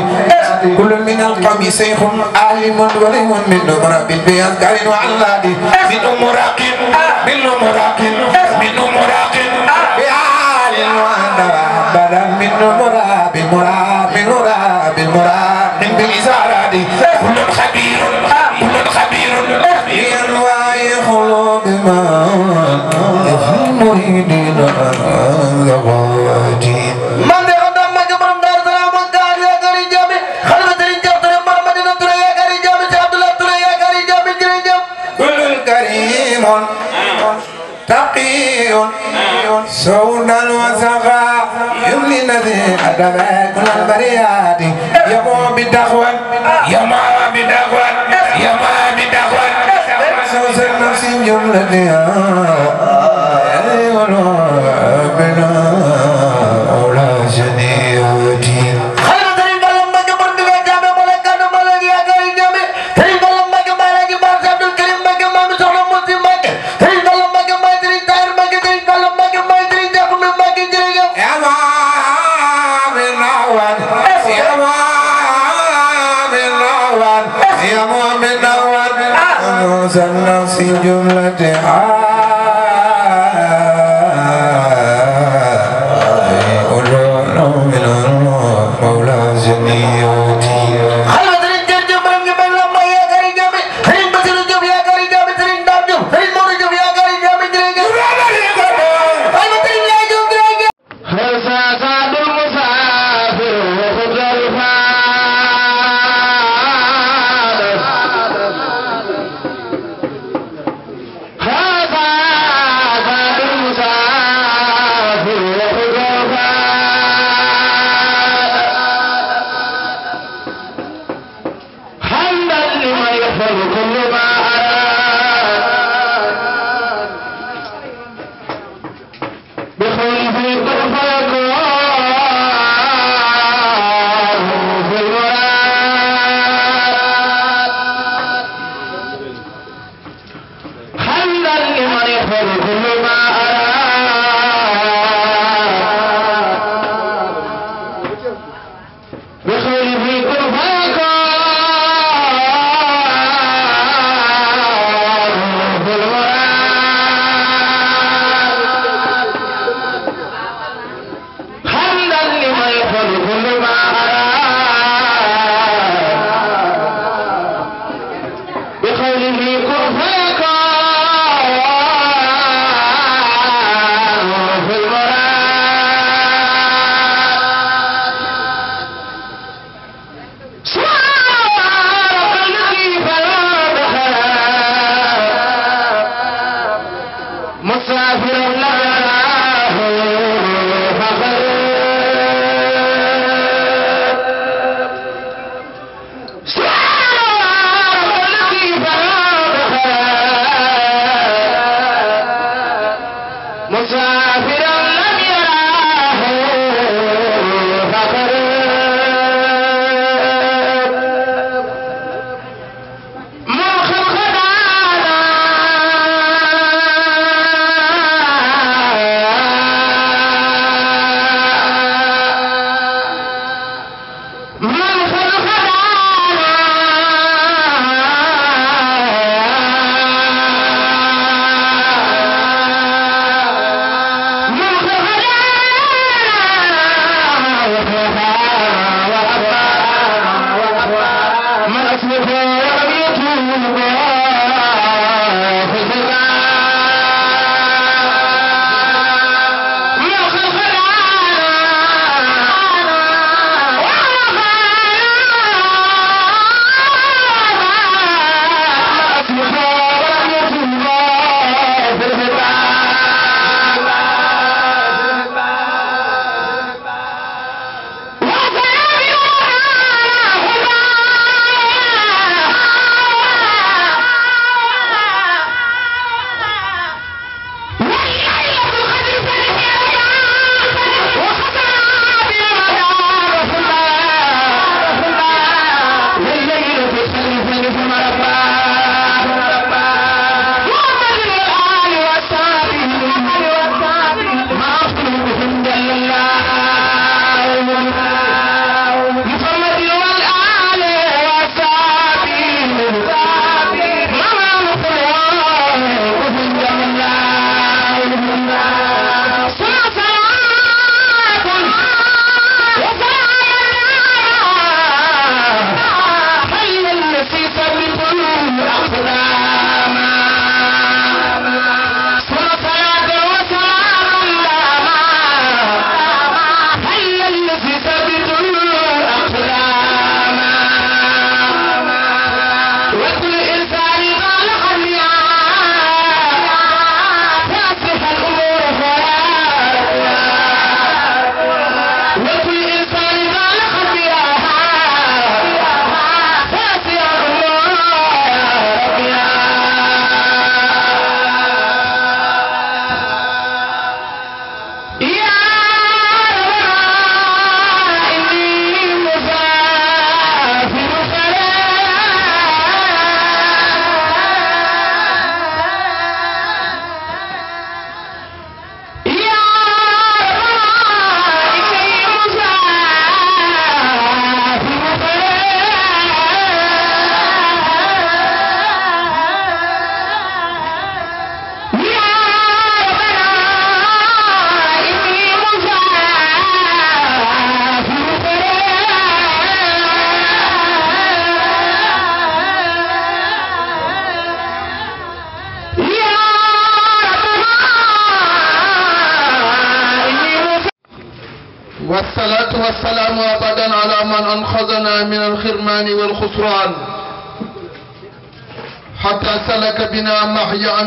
كل من القوم شيخ عالم وليم من نمر بالبيذكر وعلادي من مراق من مراق من مراق بعال وندوى بدا من مرا بمرا من مرا بالمرا من بالإزارة كل خبير كل خبير بأنواع قلوب ما يهم مريدنا زواجي سونا وزغا يملي نذي أدمع كل البريات يما بدخوان يما بدخوان يما بدخوان سوس النفس جملتها والله بنا أولى شديد yo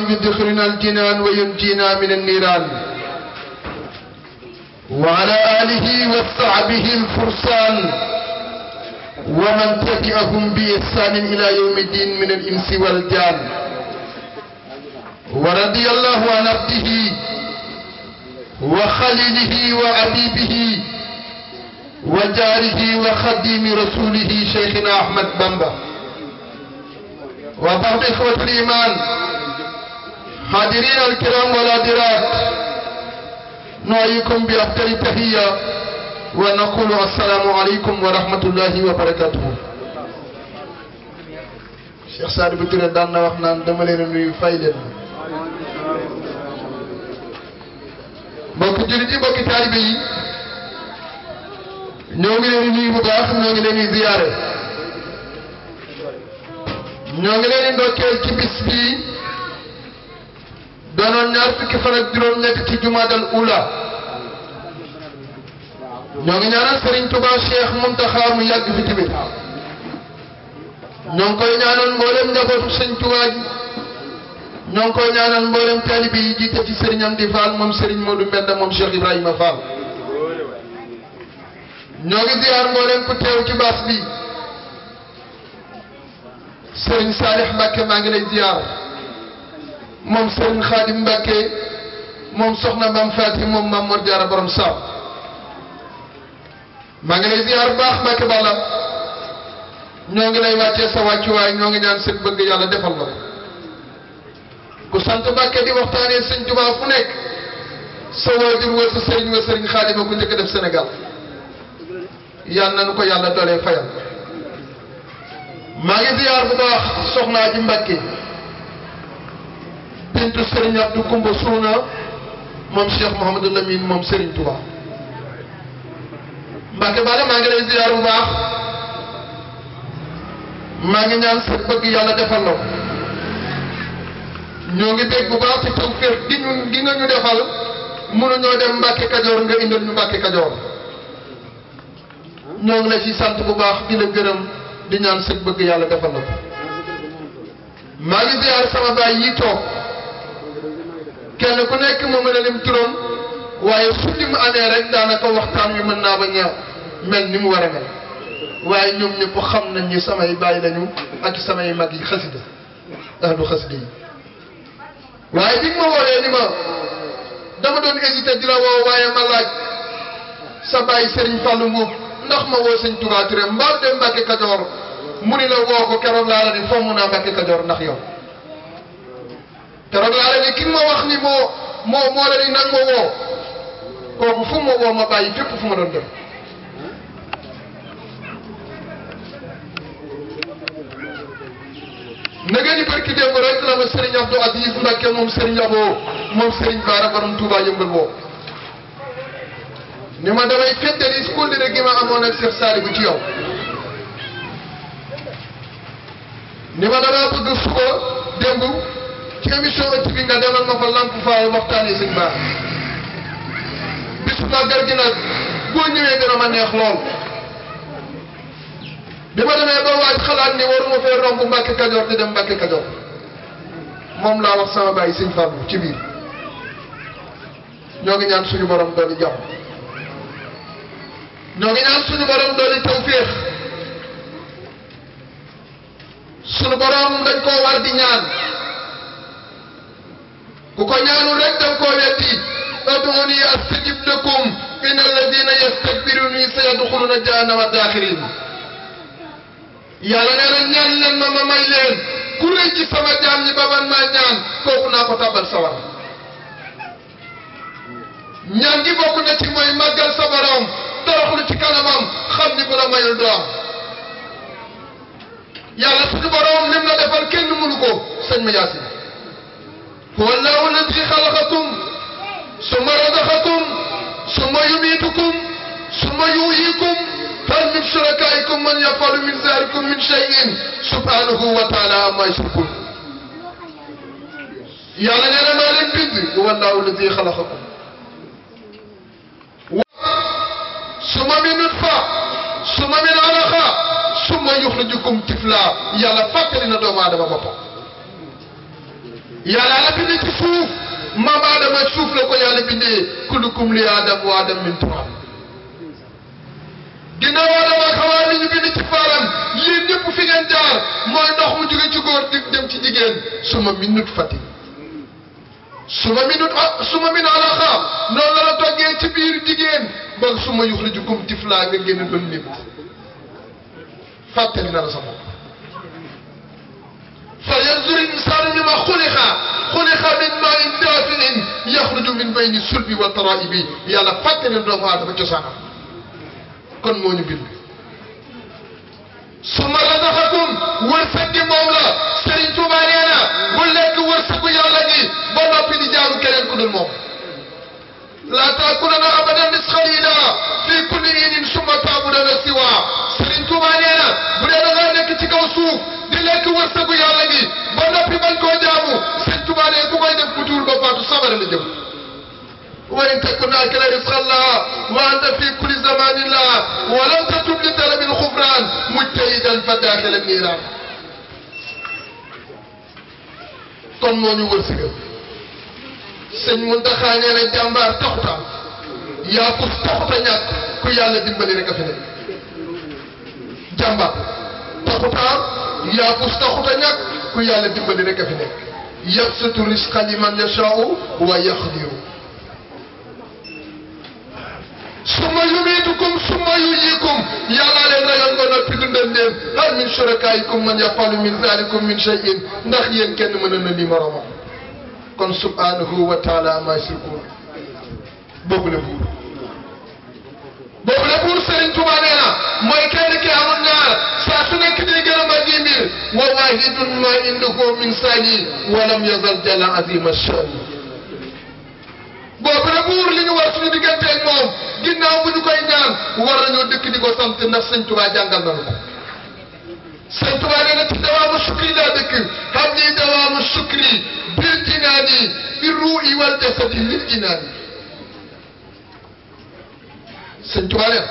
رب الجنان وينجينا من النيران وعلى آله وصحبه الفرسان ومن تبعهم بإحسان إلى يوم الدين من الإنس والجان ورضي الله عن عبده وخليله وأبيبه وجاره وخديم رسوله شيخنا أحمد بمبا وبعد إخوة الإيمان حاضرين الكرام والحاضرات نعيكم بأفضل التحية ونقول السلام عليكم ورحمة الله وبركاته Cheikh Sadibou Touré daan na wax naan dama leen a nuyu ngi leen di ngi leen doonoon ñaar fukki fan ak juróom-ñett ci jumaadal ula ñoo ngi ñaanal Serigne Touba Cheikh Mountakha mu yàgg fi tamit ñoo ngi koy ñaanal mboolem njabootu sëñ Touba ji ñoo ngi koy ñaanal mboolem taalibe yi jiite ci Serigne Amdi Fall moom Serigne Modou Mbenda moom Cheikh Ibrahima Fall ñoo ngi ziar mboolem ku teew ci bi Serigne Salih Mbacke maa ngi lay ziar. moom Serigne Khadim Mbacke moom Soxna Mame Faty moom Mame Mor Diarra borom Saam maa ngi lay ziar baax Mbacke Balla ñoo ngi lay wàccee sa wàccuwaay ñoo ngi ñaan seen bëgg yàlla defal la ko ku sant Mbacke di waxtaanee nekk sa waajur wa sa sëriñ wa def Sénégal yal ko yàlla doolee fayal maa ngi Soxna ji Mbacke. bintu Serigne Abdou Koumba Suuna moom Cheikh Mouhamadou Lamine moom Serigne Touba Mbacke Balla maa ngi lay maa ngi ñaan sa bëgg yàlla defal la ñoo ngi bég bu baax ci tawfeex gi ñu gi nga ñu defal mënuñoo dem Mbacke Kajoor nga indil ñu Mbacke Kajoor ñoo ngi la ci sant bu baax di la gërëm di ñaan sa bëgg yàlla defal la maa ngi ziar sama baay yi toog. kenn ku nekk ma mën a lim turam waaye su lim amee rek daanaka waxtaan wi mën naa ba ñaaw mel ni mu war a mel waaye ñoom ñëpp xam nañ ni samay bàyyi lañu ak samay mag yi xasida ahlu xasida yi waaye bi ma wooyee ni ma dama doon hésité di la woo waaye ma laaj sa bàyyi Serigne Fallou Mbuub ndax ma woo sëñ Touba Touré mbaal de Mbacke Kajoor mu ni la woo ko keroog laa la di fomm naa Mbacke Kajoor ndax yow keroog laa ni ki wax ni moo moo moo la ni nag ma woo kooku fu ma woo ma bàyyi fépp fu ma doon dem nega ni barki démb rek la ma sëriñ Abdou Aziz Mbacke moom sëriñ moom sëriñ Baara borom Touba yëmbal boo ni ma damay feddali si kóllëre gi ma amoon ak Cheikh Saliou ci yow ni ma damaa bëgg suba démb commission bi nga demal ma fa Lamp Fall waxtaanee sëñ Ba bisu màggal gi nag boo ñëwee dina ma neex lool bi ma demee ba waaj xalaat ni waruma fee romb Mbàkke Kajoor di dem Mbàkke Kajoor moom laa wax sama bàyyi sëñ Fallou ci biir ñoo ngi ñaan suñu borom dooli jàmm ñoo ngi ñaan suñu borom dooli tawféex suñu borom dañ koo war di ñaan ku ko ñaanul rek daf koo wetti ud'uuni astajib lakum inna alladiina yastakbiruuna sayadxuluuna jahannama daaxiriin yàlla nee na ñaan leen ma ma may leen ku rëy ci sama jaam baban maa ñaan kooku naa ko tàbbal sawar ñaan gi bokk na ci mooy màggal sa borom toroxlu ci kanamam xam ni bu la mayul doom yàlla suñu borom lim la defal kenn mënu ko sëñ ma yaasin هو الله الذي خلقكم ثم رزقكم ثم يميتكم ثم يحييكم فهل من شركائكم من يفعل من ذلكم من شيء سبحانه وتعالى عما يشركون yàlla nee na maa leen bind wallaahu alladi xalaqakum summa min nutfa summa min alaqa summa yuxrijukum tifla yàlla fàttali na doomu aadama boppam yàlla la bind ci suuf maam Adama suuf la ko yàlla bindee kullukum li Adam wa Adam min turab ginnaaw Adama ak Hawa ñu bind ci faaram yéen ñëpp fi ngeen jaar mooy ndox mu jóge ci góor di dem ci jigéen suma min nutfatin suma min nut ah, suma min alaqa noonu la la toggee ci biir jigéen ba suma yuxrijukum tiflaa nga génn doon nit fàttali na la sa bopp fa yanzuri الإنسان بما خلق خلق من ماء دافن يخرج من بين السلب والترائب يا يلا الله هذا آدم جسانا كن موني بند ثم رزقكم ورسك مولا سرين توبا نينا ولك ورسك يلا جي بنا في دجال كلام كل الموم لا تأكلنا أبدا نسخلينا في كل إن ثم تعبدون سوا سرين توبا نينا بدنا نغنى كتير di lekk wërsëgu yàlla gi ba noppi bañ koo jaamu sëñ Tuubaa ne ku koy def ku tuur ba faatu sabara la jëm وإن تكن أكل رزق الله وأنت في كل زمان الله ولم تتب لطلب الغفران مجتهدا فداخل النيران kon moo ñu wërsëgal sëñ Muntaxa nee na jàmbaar taxuta yaa ko taxuta ñàkk ku yàlla dimbali rek a fi nekk jàmbaar taxu xaar yaa bus taxut a ñàkk ku yàlla dimbali rek a fi nekk yabsutu risqa liman yashaau wa yaqdiru summa yumiitukum summa yuhyiikum yàlla leen rayoon ba noppi dundal leen hal min shurakaaikum man yafalu min zaalikum min shay'in ndax yéen kenn mën na ni moromam kon subhaanahu wa taala maa sirkuun boobu la buur boobu la buur Serigne mooy kenn ki amul ñaar saa su nekk day gën a màgg mbir wa waahidun ma indiko min saani walam yazal jalla azima shan boobu la li ñu war suñu digganteeg moom ginnaaw bu ñu koy ñaan war nañoo dëkk di ko sant ndax sëñ Touba jàngal na ko. sëñ Tuba nee na ci dawaamu sukri laa jinaani bi ruu yi wal jasadi lil jinaani سنتواليا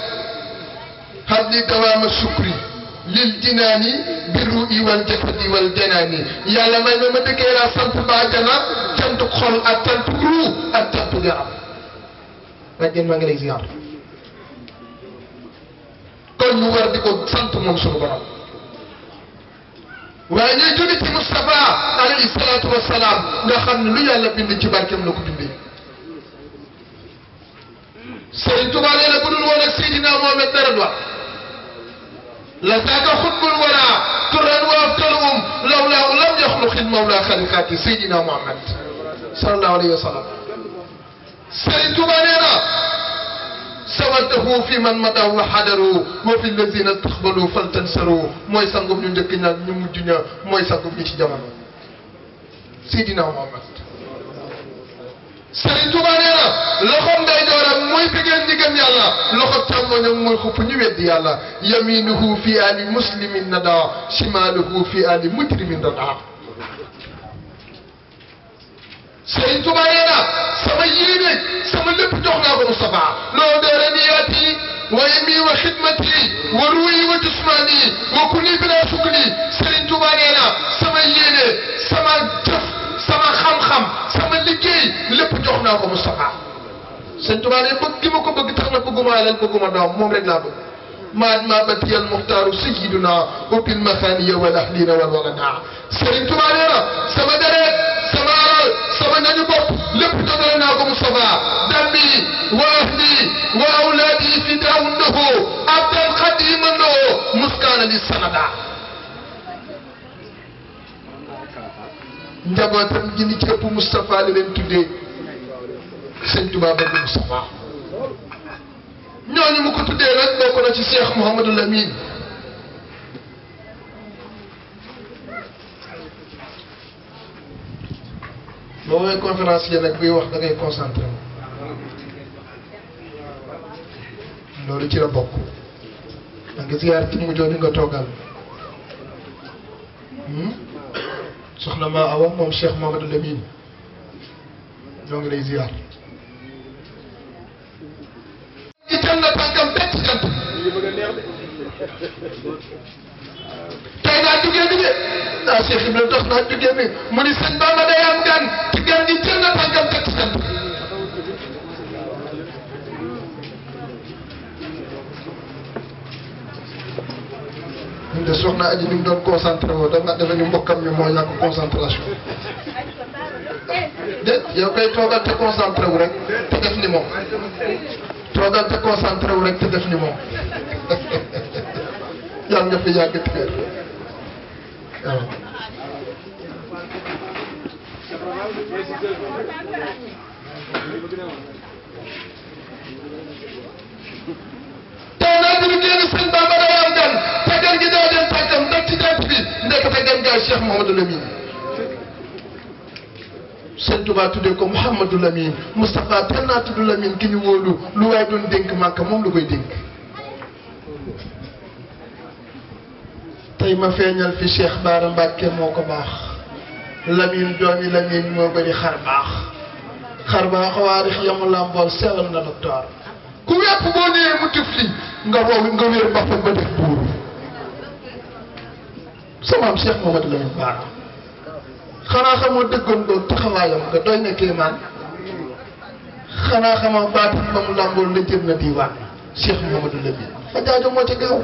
هذه دوام الشكري للجناني بالرؤي والجفد والجناني يا لما ما بك يا سنت باجنا سنت خل أتنت رو أتنت يا رجل مانجل إزيار كل نور ديكو سنت من شبرا وأن يجب مصطفى عليه الصلاة والسلام لخن لي الله بندي تبارك الله كبير Sëriñ Tuubaa nee na bu dul woon ak Seydina Mohamed dara wax la saaka xutbul wara turan waa talum law laa lam yaxlu xin mawla xalikaati Seydina Mohamed sallallahu alayhi wa sallam Sëriñ Tuubaa nee na sawatahu fi man madaw wa xadaru wa fi lazina taxbalu fal tansaru mooy sangum ñu njëkk ña ñu mujj ña mooy sangum ñi ci jamono Seydina Mohamed Sëriñ Tuuba nee na day dooram mooy bëggeel ñi gëm yàlla loxo càmmoñam mooy xupp ñu fi ali muslimin na daa shimaluhu fi ali mujrimin na daa Sëriñ Tuuba nee na sama yéene sama lépp jox naa ko Mustafa loolu dee la niyaati wa wa xidmati wa ruuyi wa jismaani wa kulli bila sukli Sëriñ Tuuba nee sama yéene sama xam-xam sama liggéey lépp jox naa ko Moustapha sëñ Tuubaa ne bëgg gi ma ko bëgg tax na bëgguma leen bëgguma doom moom rek laa bëgg maa ma batiyal muxtaaru sayiduna wa bil maxaaniya wal ahliina wal walada sëriñ Tuubaa nee na sama deret sama alal sama nañu bopp lépp dajale naa ko Moustapha dammi wa ahli wa awlaadi fidaa'un lahu abdan xadiman lahu muskaana li sanada njabootam gi li ci ëpp Moustapha la leen tuddee sëñ Touba bëgg Moustapha ñooñu mu ko tuddee nag bokk na ci Cheikh Mouhamadul Amine boo woowee conférence yi nag buy wax da ngay concentré wu loolu ci la bokk da nga ziar ci mu jooju nga toogal. Hmm? soxna maa awa moom Cheikh Mamadou Lamine ñoo ngi lay ziar. ci teel na tànkam teg ci ni de ah Cheikh mu ni sëñ Bamba day am gan ci gan gi teel na tànkam teg ci te soxna aji ni mu doon concentré woo dama defe ni mbokkam mi moo ñàkk concentration déet yow kay toogal te concentré wu rek te def ni moom toogal te concentré wu rek te def ni moom [LAUGHS] yàlla nga fi yàgg te wér waaw tey naa dina génn seen bambara Mouhamadul Amin sëñ ko Mouhamadul Amin Moustapha teel naa tudd Lamine ki ñu wóolu lu waay doon dénk màkk moom la koy dénk. tey ma feeñal fi Cheikh Baara Mbacke moo ko baax Lamine doomi Lamine moo bëri xar baax xar baax waarix yamu làmbool sewal na docteur ku wépp boo nee mu tifli nga wow nga wér mbappam ba def buur. sama am Cheikh Mamadou Lamine Bara xanaa xamoo dëggoon loolu taxawaayam nga doy na kéemaan xanaa xamoo baatu ba mu làmbool la jëm na diwaan Cheikh Mamadou Lamine fa jaajo moo ci gaaw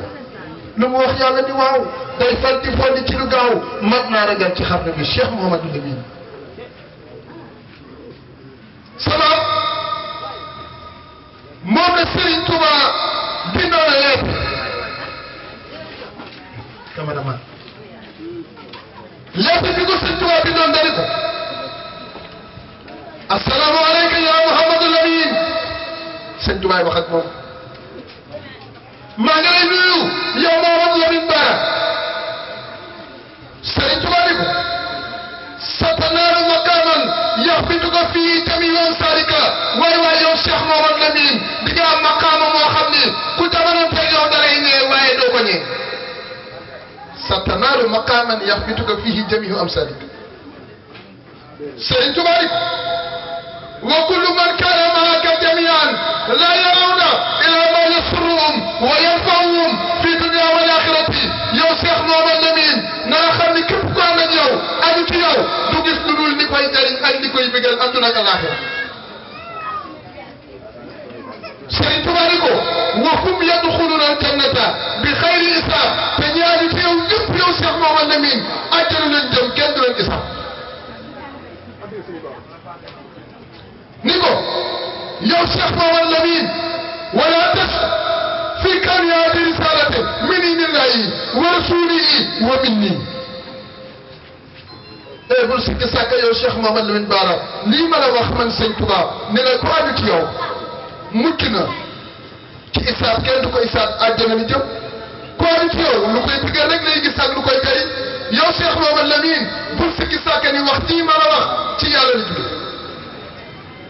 lu mu wax yàlla ni day fal di folli ci lu gaaw mag naa ragal ci xam ne bi Cheikh Mamadou Lamine sama moom la Serigne Touba bindoon na lépp cameraman lépp ni ko sëñ Tuubaa bi doon dali ko asalaamu aleyka yaa Muhammadul Amiin sëñ Tuubaa wax ak moom maa ngi lay nuyu yow Muhammadul Amiin Bara sëñ Tuubaa ni ko satanaaru makaaman yaxbituka fii jamii'u saarika waay waay yow Cheikh Muhammadul Amiin di nga am maqaama moo xam ni ku jamono teg yow dalay ñëwee waaye doo ko ñëwee ستنال مقاما يحبطك فيه جميع امثالك سيد مالك وكل من كان معك جميعا لا يرون الا ما يسرهم وينفعهم في الدنيا والاخره يا شيخ محمد لمين نا خامي كيف كان اليوم ادي اليوم دوجس دول ني فاي جاري اي كالاخره Sëriñ Tuubaa ni ko wa hum yadxuluuna aljannata bi xayri isaab te ñaari réew ñëpp yow Cheikh Mouhamad Lamine àjjana leen jëm kenn du leen isaab ni ko yow Cheikh Mouhamad Lamine wala tas fi kanyaati risalati min indillahi wa rasulihi wa minni tey eh, bul sikki sàkka yow Cheikh Mouhamad Lamine Bara lii ma la wax man Sëriñ Tuubaa ni la ko amit yow mucc na ci isaat kenn du ko isaat àjjana bi jëm coalition lu koy digal rek lay gis ak lu koy tey yow Cheikh Mouhamad Lamine bul sikki sàkka ni wax jii ma la wax ci yàlla la jóge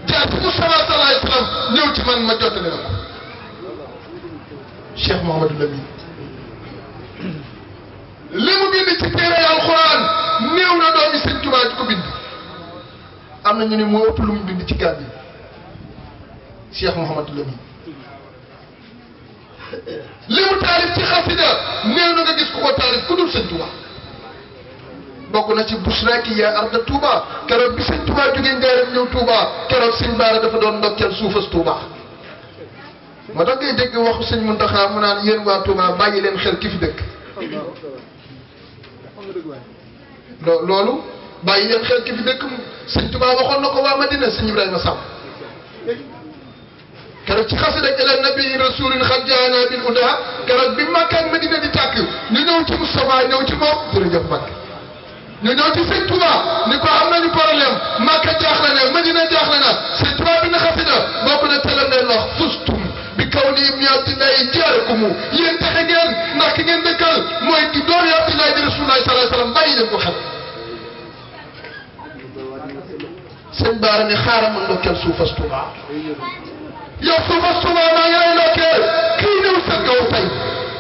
jaar ci Mustafa sallallahu alayhi wasallam ñëw ci man ma jottali la ko Cheikh Mouhamad Lamine li mu bind ci téere alxuraan néew na doomi Sëñ Tuubaa ci ko bind am na ñu ne moo ëpp lu mu bind ci gàddu Cheikh Mouhamadou Lamine li mu taalif ci xasida néew na nga gis ku ku dul sëñ Touba bokk na ci busraki yaa arda Touba keroog bi sëñ Touba jógee njaaram ñëw Touba keroog dafa doon ndokkeel suufas Touba moo tax ngay dégg waxu sëñ Muntaxa mu leen xel ki fi dëkk loolu bàyyi leen xel ki fi dëkk sëñ Touba waxoon na ko waa Madina sëñ Ibrahima Samb كرت قصد إلى النبي رسول خجانا بالهدى كرت بما كان مدينة تاكي نيوت مصطفى نيوت مو درجة مك نيوت سنتوا نكو عمنا نبرلهم ما كان جاخلنا مدينة جاخلنا سنتوا بنا خفنا ما بنا تلنا الله فستم بكوني مياتنا إجاركم ينتهنين ناكن ينتقل مويت دور يأتي لأي رسول الله صلى الله عليه وسلم بايد المحب سنبارني خارم الله كان سوفستوا yow suba suba naa ngi lay ndokkee kii ñëw sa gaw tey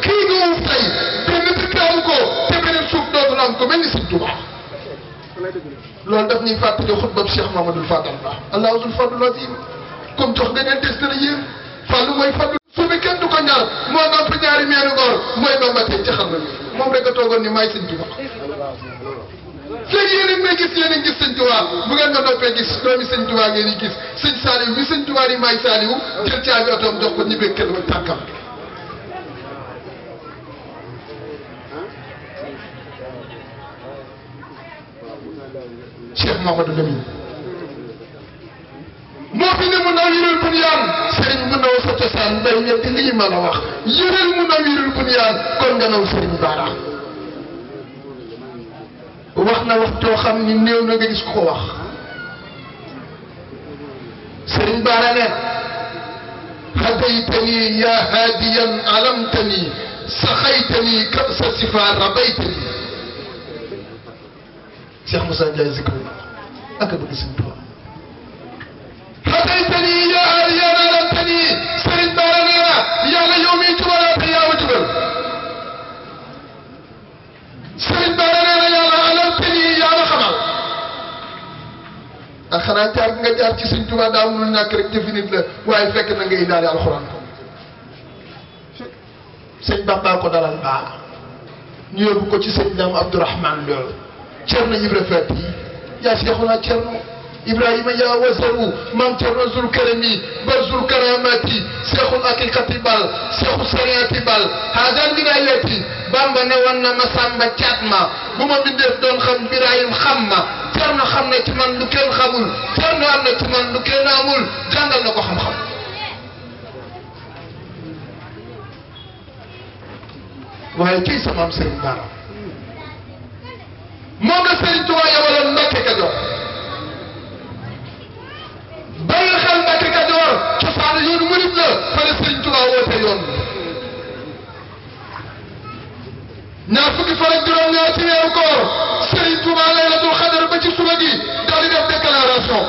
kii ñëwul tey te nit ki am ko te beneen suuf dootul am ko mel ni Sëñ Tuubaa loolu daf ñuy fàttali xutbab Cheikh Mamadou Fadal Ba allahu zul fadlul azim comme jox nga leen des na yéen fàllu mooy fàllu su fi kenn du ko ñaar moo nopp ñaari meeru ngoor mooy ndombatee ci xam na moom rek a toogoon ni maay Sëñ Tuubaa fekk yéen a may gis yéen a gis sëñ Tuubaa bu ngeen ko noppee gis doomi sëñ Tuubaa ngeen di gis sëñ Saaliw bi sëñ Tuubaa di may Saaliw jël caabi otoom jox ko ñibbee kër ba tànkam Cheikh Mouhamadou Lamine moo fi ne mu nawirul bunyaan sëriñ bu cosaan day ñetti lii mën a wax yëral mu nawirul bunyaan kon nga naw sëriñ Baara wax na wax joo xam ni néew na nga gis ko wax sëriñ Baara ne hadaytani ya haadiyan alamtani saxaytani kabsa sifa rabaytani Cheikh Moussa Ndiaye zikru ak a bëgg sëriñ Tuubaa hadaytani ya haadiyan alamtani sëriñ Baara ne xanaa jaar nga jaar ci sëñ Tuubaa daa mënul ñàkk rek jëfi la waaye fekk na nga indaale alxuraan ko sëñ Bamba ko dalal baa ñu yóbbu ko ci sëñ Daam Abdourahman loolu Cerno Ibra Faati yaa Seexuna Cerno Ibrahima Dia wasawu maam Thierno Zul Karami ba Zul Karamati seexul aqiqati bal seexul sariati bal haadal wilaayati Bamba ne woon ma Samba caat bu ma bindeef doon xam Birayim xam ma Thierno ci man lu kenn xamul Thierno am ci man lu kenn amul jàngal na ko xam-xam. waaye kii sama am Serigne Bara moom la Serigne Touba yowaloon Mbacke Kajoor bàyyi xel Mbàkke Kajoor cosaan yoonu murit la fa la yoon ñaar fukki fan ak juróom ñaar koor Sëriñ Tuubaa laylatul xadar ba ci suba gi daal di def déclaration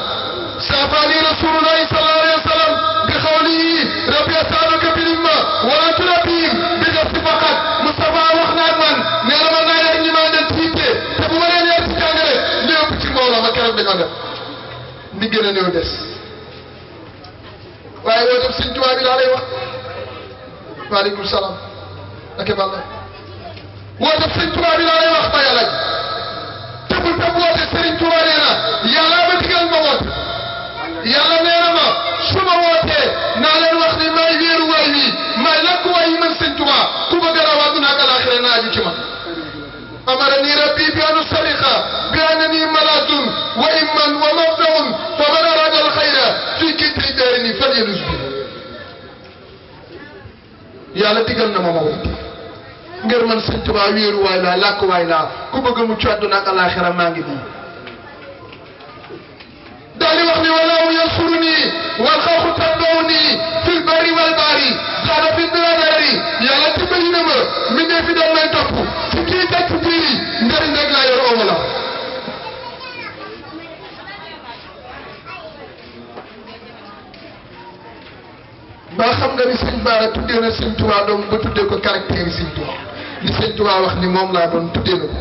bi xawlihi rabbi asaanuka bil himma wala turabihim bi nafsi faqat Moustapha wax na ak man nee na maa leen tiite te bu ma leen yar ci jàngale ci mbooloo ma keroog dañoo ni gën a néew waaye woo def sëñ tubaab bi laa lay wax waaleykum salaam ake balla woo def sëñ tubaab bi laa lay wax ba yàlla te bu tam woote sëriñ tubaab nee na yàlla ma digal ma woote yàlla nee na ma su ma wootee naa leen wax ni may wéeru waay wi may lakk waay yi man sëñ tubaab ku bëgg a rawaat naa ko laaxira naa ju ci man أمرني ربي بأن أصرخ بأنني ملاذ وإما ومبدأ فمن أراد dara yéen bi yàlla digal na ma ma wattu ngir man sëñ Tuubaa wéeru waay laa làkk ku bëgg mu àdduna ak alaaxira maa ngi nii daal di wax ni walaahu yansuruni wal xawfu tatbawni fil barri wal bahri xaada fi dradari yàlla dimbali na ma mi ne fi doon may topp ci kii teg ci kii yi njëriñ rek laa yor ba xam nga ni sëñ Bara tuddee na sëñ Tuubaa doom ba tuddee ko caractère yi sëñ li sëñ Tuubaa wax ni moom laa doon tuddee na ko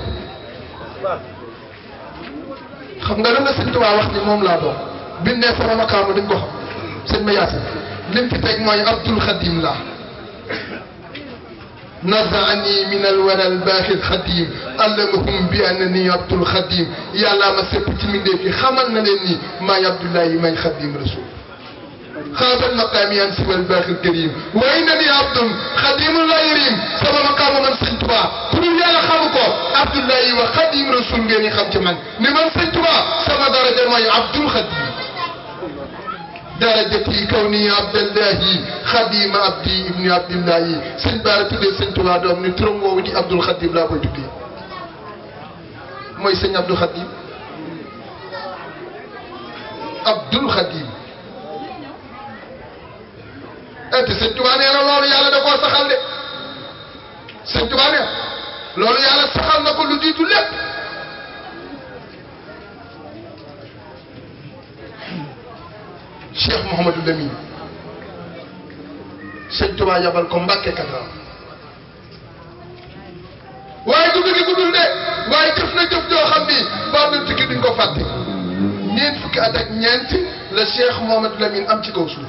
xam nga lan la sëñ Tuubaa wax ni moom laa doon biñ ne sama makaamu dañ ko xam sëñ ma yaasin lim fi teg mooy Abdul Xadim laa nazaani min alwara albaaxi alxadim allamahum bi annani Abdul Xadim yàllaa ma sëpp ci mbindéef yi xamal na leen ni maay Abdullahi maay Xadim Rasul خاب المقام ينسب الباخ الكريم وإنني عبد خديم لا يريم سبا مقام من سن تبا كل يالا خمكو عبد الله وخديم رسول غني خمت من لمن سن تبا سبا درجة ما عبد خديم درجتي كوني عبد الله خديم عبدي ابن عبد الله سن بارتي دي سن تبا دوم ني ترم وو دي عبد الخديم لا كوي تودي موي سن عبد الخديم عبد الخديم enti eh, sëñ Tuba nee na loolu yàlla da koo saxal de sëñ Tuba nee loolu yàlla saxal na ko lu de waaye fukki at ak ñeent la Cheikh Mouhamadou Lamine am ci kaw suuf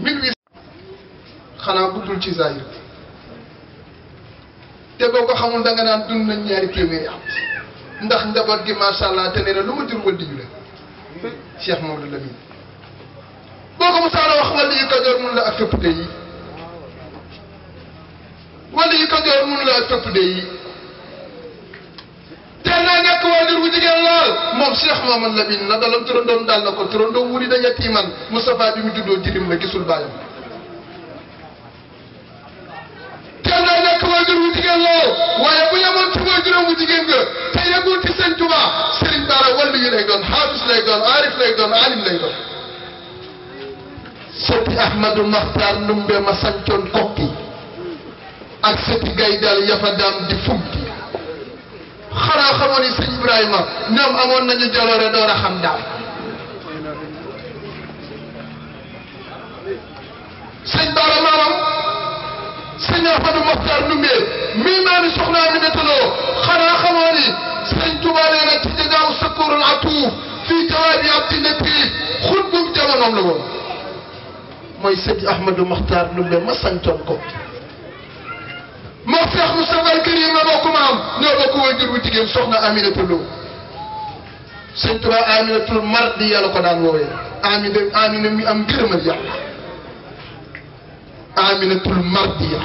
mille huit xanaa guddul ci zahir te boo ko xamul da nga naan dund nañ ñaari téeméeri at ndax njaboot gi macha allah te nee na lu ma jur wëddi ñu la Cheikh Maodo Lamine boo ko musaana wax wala yu Kajoor mun la ak topp de yi. teel naa ñàkk waajur bu jigéen lool moom Cheikh Mamadou Lamine la dalam turandoom daal na ko turandoom wuri daña tiiman Moustapha bi mu juddoo jirim la gisul baayam teel naa ñàkk waajur bu jigéen lool bu yemoon ci waajuram bu jigéen nga te yegul ci sëñ Tuba Serigne Bara wàllu yu lay doon xaafis aarif lay doon alim lay doon sëti Ahmadou Maxtaar ma sancoon kokki ak sëti Gaydal yafa daam di fumti xanaa xamoon ni sëñ Ibrahima ñoom amoon nañu jaloore door a xam daal sëñ Bara maamam sëñ Ahmadou Mokhtar Ndoumbé mii maami soxna Aminata Lo xanaa xamoon ni sëñ Touba nee na ci jagaaw sakkuurul atu fii jawaab yi ab ci nekk xutbum jamonoom la woon mooy sëñ Ahmadou Mokhtar Ndoumbé ma santoon ko Moustapha al Karim ma bokk maam ñoo bokk waajur bu jigéen soxna Aminata Lo ko daan woowee Amina Amina mi am ngërëmal yàlla Aminatul Mardi ya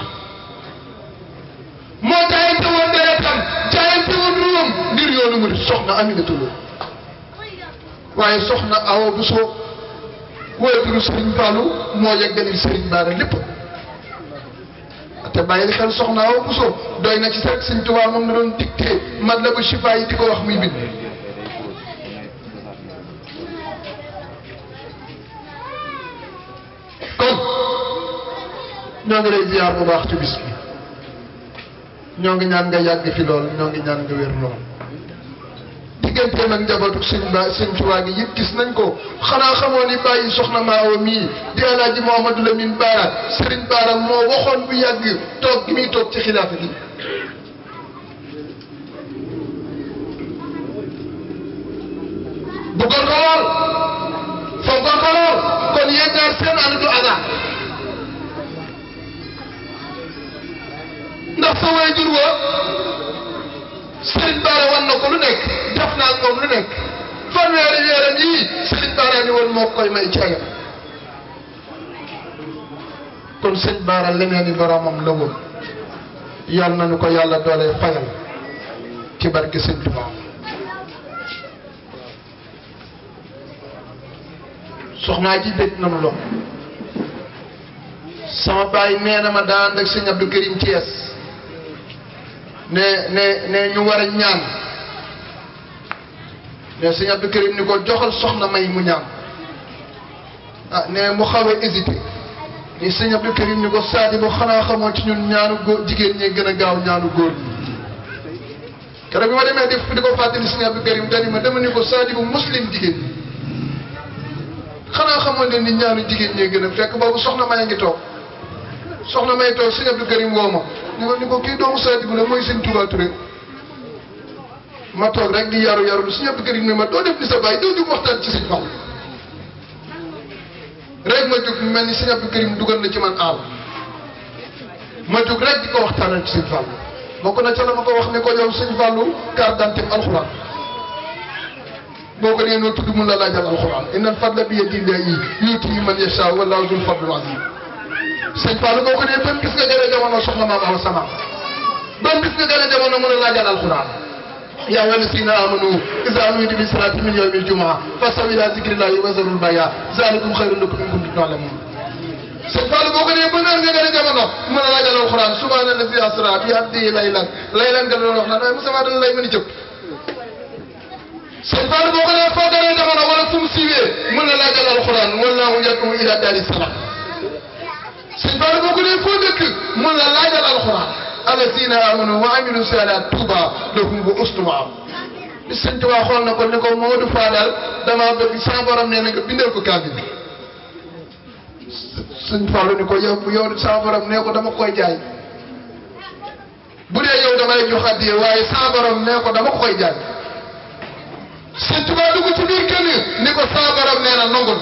moo jaayante woon deretam jaayante woon ruum ngir yoonu mu di soxna Aminata Lo waaye soxna Awa Bousso waajuru te bàyyil xel soxna Awa Bousso doy na ci sax Sëñ Tuubaa moom la doon dicté Matlabu Chifa yi di ko wax mi bind. kon ñoo ngi lay bu baax ci bis bi ñoo ngi ñaan nga yàgg fi lool ñoo ngi ñaan nga weer lool. diggante nag njabootu sëñ ba sëñ Tuubaa gi yëpp gis nañ ko xanaa xamoo ni bàyyi soxna Maawa mii di Alaaji Mouhamadou Lamine Baara Serigne Baara moo waxoon bu yàgg toog gi muy toog ci xilaafa gi bu ko xool foog wa Serigne Bara wan na ko lu nekk def naa ko lu nekk fanweeri weeram yii ni woon koy may caayam kon Serigne Bara leneen i boromam la woon yal nañu ko yàlla doole fayal ci barke Serigne Touba soxnaa ji bét nanu lo sama baay nee na ma daan ànd ak Serigne Karim Thiès ne ne ne ñu war a ñaan ne sëñ Abdou Karim ni ko joxal soxna may mu ñaan ah ne mu xaw a hésité ni sëñ Abdou Karim ni ko saadi bu xanaa xamoon ci ñun ñaanu góor jigéen ñee gën a gaaw ñaanu góor ñi keroog bi a demee di di ko fàttali sëñ Abdou Karim dani ma dama ni ko saadi bu muslim jigéen ñi xanaa xamoon leen ni ñaanu jigéen ñee gën a fekk boobu soxna may a ngi toog soxna may toog sëñ Abdou Karim woo ma ni ko ni ko kii doomu Sadibou la mooy sëñ Touba Touré ma toog rek di yaru yaru sëñ Abdou Karim ne ma doo def ni sa baay doo jóg waxtaan ci sëñ Fall rek ma jóg mel ni sëñ Abdou Karim dugal na ci man aal ma jóg rek di ko waxtaanal ci sëñ Fall bokk na ca la ma ko wax ne ko yow sëñ Fallu carte d'identité alxuraan boo ko nee noo tudd mun la laajal alxuraan innal fadla bi yadillahi yuutiihi man yashaa wallaahu zul fadlil aziim sëñ Fallou boo ko nee ban gis nga gën a jamono soxna maam awa sama ban gis nga gën a jamono mën a laajal alquran yaa ayyuhal lazina amanu izaa nuudiya lis-salaati min yawmil jumu'a fasaw ilaa zikrillaahi wa zarul bay'a zaalikum khayrun lakum in kuntum ta'lamuun sëñ Fallou boo ko nee ban heure nga gën a jamono mën a laajal alquran subhaana llazii asraa bi abdihi laylan laylan nga doon wax naan waaye Moussa dana lay mën a jëpp sëñ Fallou boo ko nee foo gën a jamono wala fu mu siiwee mën a laajal alquran wallaahu yad'uu ilaa daaris salaam sëñ Ba boo ko la laajal alxuraan allazina amanu wa amilu saalihaat tuuba lahum wa husnu maab bi sëñ Tuubaa xool na ko ne ko Maodo nee na nga bindal ko kàddu bi ni ko yow nee ko dama koy jaay bu dee yow dama lay jox addiya waaye sa borom nee ko dama koy ni ko sa borom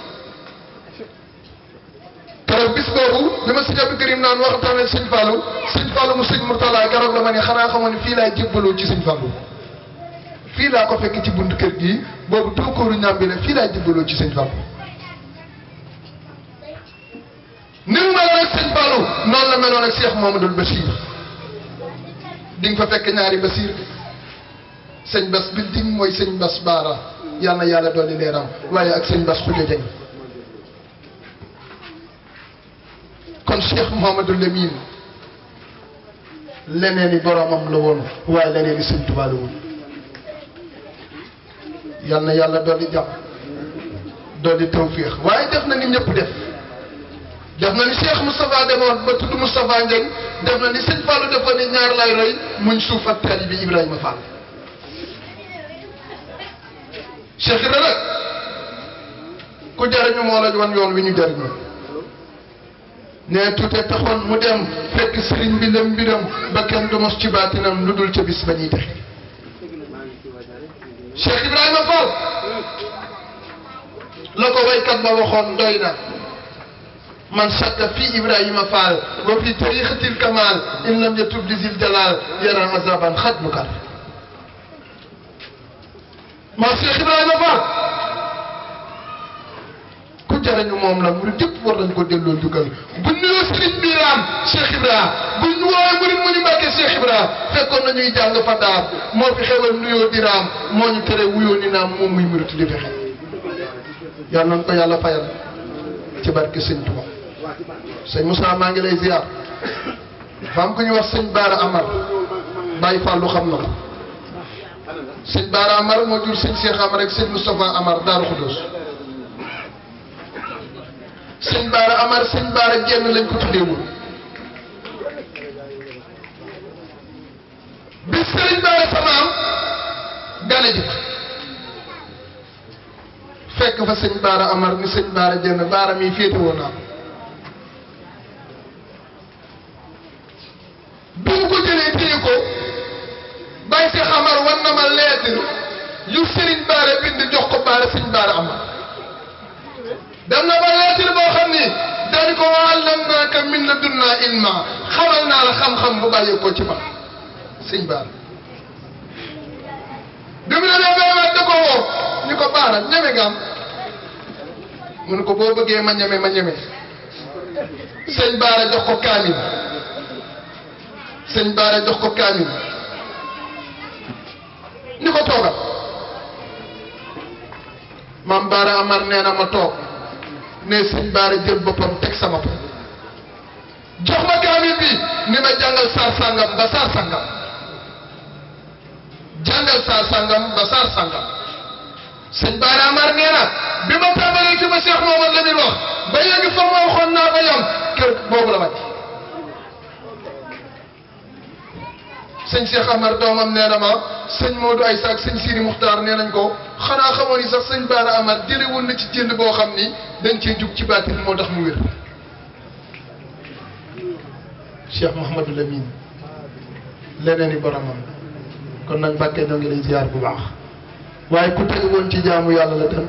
bis boobu bi ma sëñ Karim naan waxtaan ak sëñ Fallou sëñ Fallou mu sëñ Mourtala garab la ma ne xanaa xamoon ne fii laay jébbaloo ci sëñ Fallou fii laa ko fekk ci buntu kër gi boobu tuukooru ñaam bi ne fii laay jébbaloo ci sañ Fallou. ni meloon ak sëñ Fallou noonu la meloon ak Cheikh Mamadou Bachir di nga fa fekk ñaari Bachir sëñ Bas bi di mooy sëñ Bas Baara yàlla yàlla dolli leeram waaye ak sëñ Bas Khoudia Diagne. kon Cheikh Mouhamadou Lamine leneen i boromam la woon waaye leneen i sëñ Tuubaa la woon yal na yàlla dolli jàmm dolli tawféex waaye def na ni ñëpp def def na ni Cheikh Moustapha demoon ba tudd Moustapha Ndiaye def na ni sëñ Fallou dafa ni ñaar lay roy muñ suuf ak tali bi Ibrahima Fall Cheikh Ibrahima ku jariñu moo la wan yoon wi ñu jariñu نتوتا تخون مدام فك سرين بلم بلم بكام دموس تباتنا ندول تبس بني تحي شيخ ابراهيم فو لكو وي كان بوخون دوينا من شك في ابراهيم فال وفي تاريخ الكمال ان لم يتوب لذي الدلال يرى مذابا خد ما شيخ ابراهيم فو jariñu moom la murid yëpp war nañ ko delloo njukkal bu nuyoo sëriñ biiraam Cheikh Ibra bu ñu woowee murid mu ñu mbàkkee Cheikh Ibra fekkoon na ñuy jàng fandaar moo fi xewal nuyoo diraam moo ñu tere wuyoo ni naam moom muy murid fexe yal nañ ko yàlla fayal ci barke sëñ Tuba sëñ Moussa maa ngi lay ziar faam ku ñu wax sëñ Baara Amar Baye Fallou xam na ko sëñ Baara Amar moo jur sëñ Cheikh Amar ak sëñ Moustapha Amar Daaru Xudoos sëñ Baara Amar sëñ Baara génn lañ ko tuddee woon bi sëriñ Baara samaam gane fekk fa sëñ Baara Amar ni sëñ Baara jenn Baara mi féete woon naa ko bi mu ko jëlee téye ko Amar dem na ba leetir boo xam ni dañ ko wa allamnaaka min ladunnaa ilma xamal naa xam-xam bu bàyyi ko ci ma sëñ Baar bi mu demee béykat da ko woo ñu ko baara ñeme nga ma ñeme ma ñeme sëñ Baara ko kaamil sëñ ko kaamil ñu ko toogal maam nee na ma ne sëñ Baara jël boppam teg sama bopp jox ma kaamil bi ni ma jàngal saar sàngam ba saar sàngam jàngal saar sàngam ba bi ma tàmbalee ci ma Cheikh Mohamad Lamine wax ba yegg fa ma waxoon naa ba yam kër boobu sëñ Cheikh Amar doomam nee na ma sëñ Modou Aïssa ak sëñ Siri Muxtaar nee nañ ko xanaa xamoon ni sax sëñ Baara Amar jële woon na ci jënd boo xam ni dañ cee jug ci baatin moo tax mu wér. Cheikh Mouhamadou Lamine leneen i nag Mbàkke ñoo ngi lay bu baax waaye ku ci jaamu yàlla la daan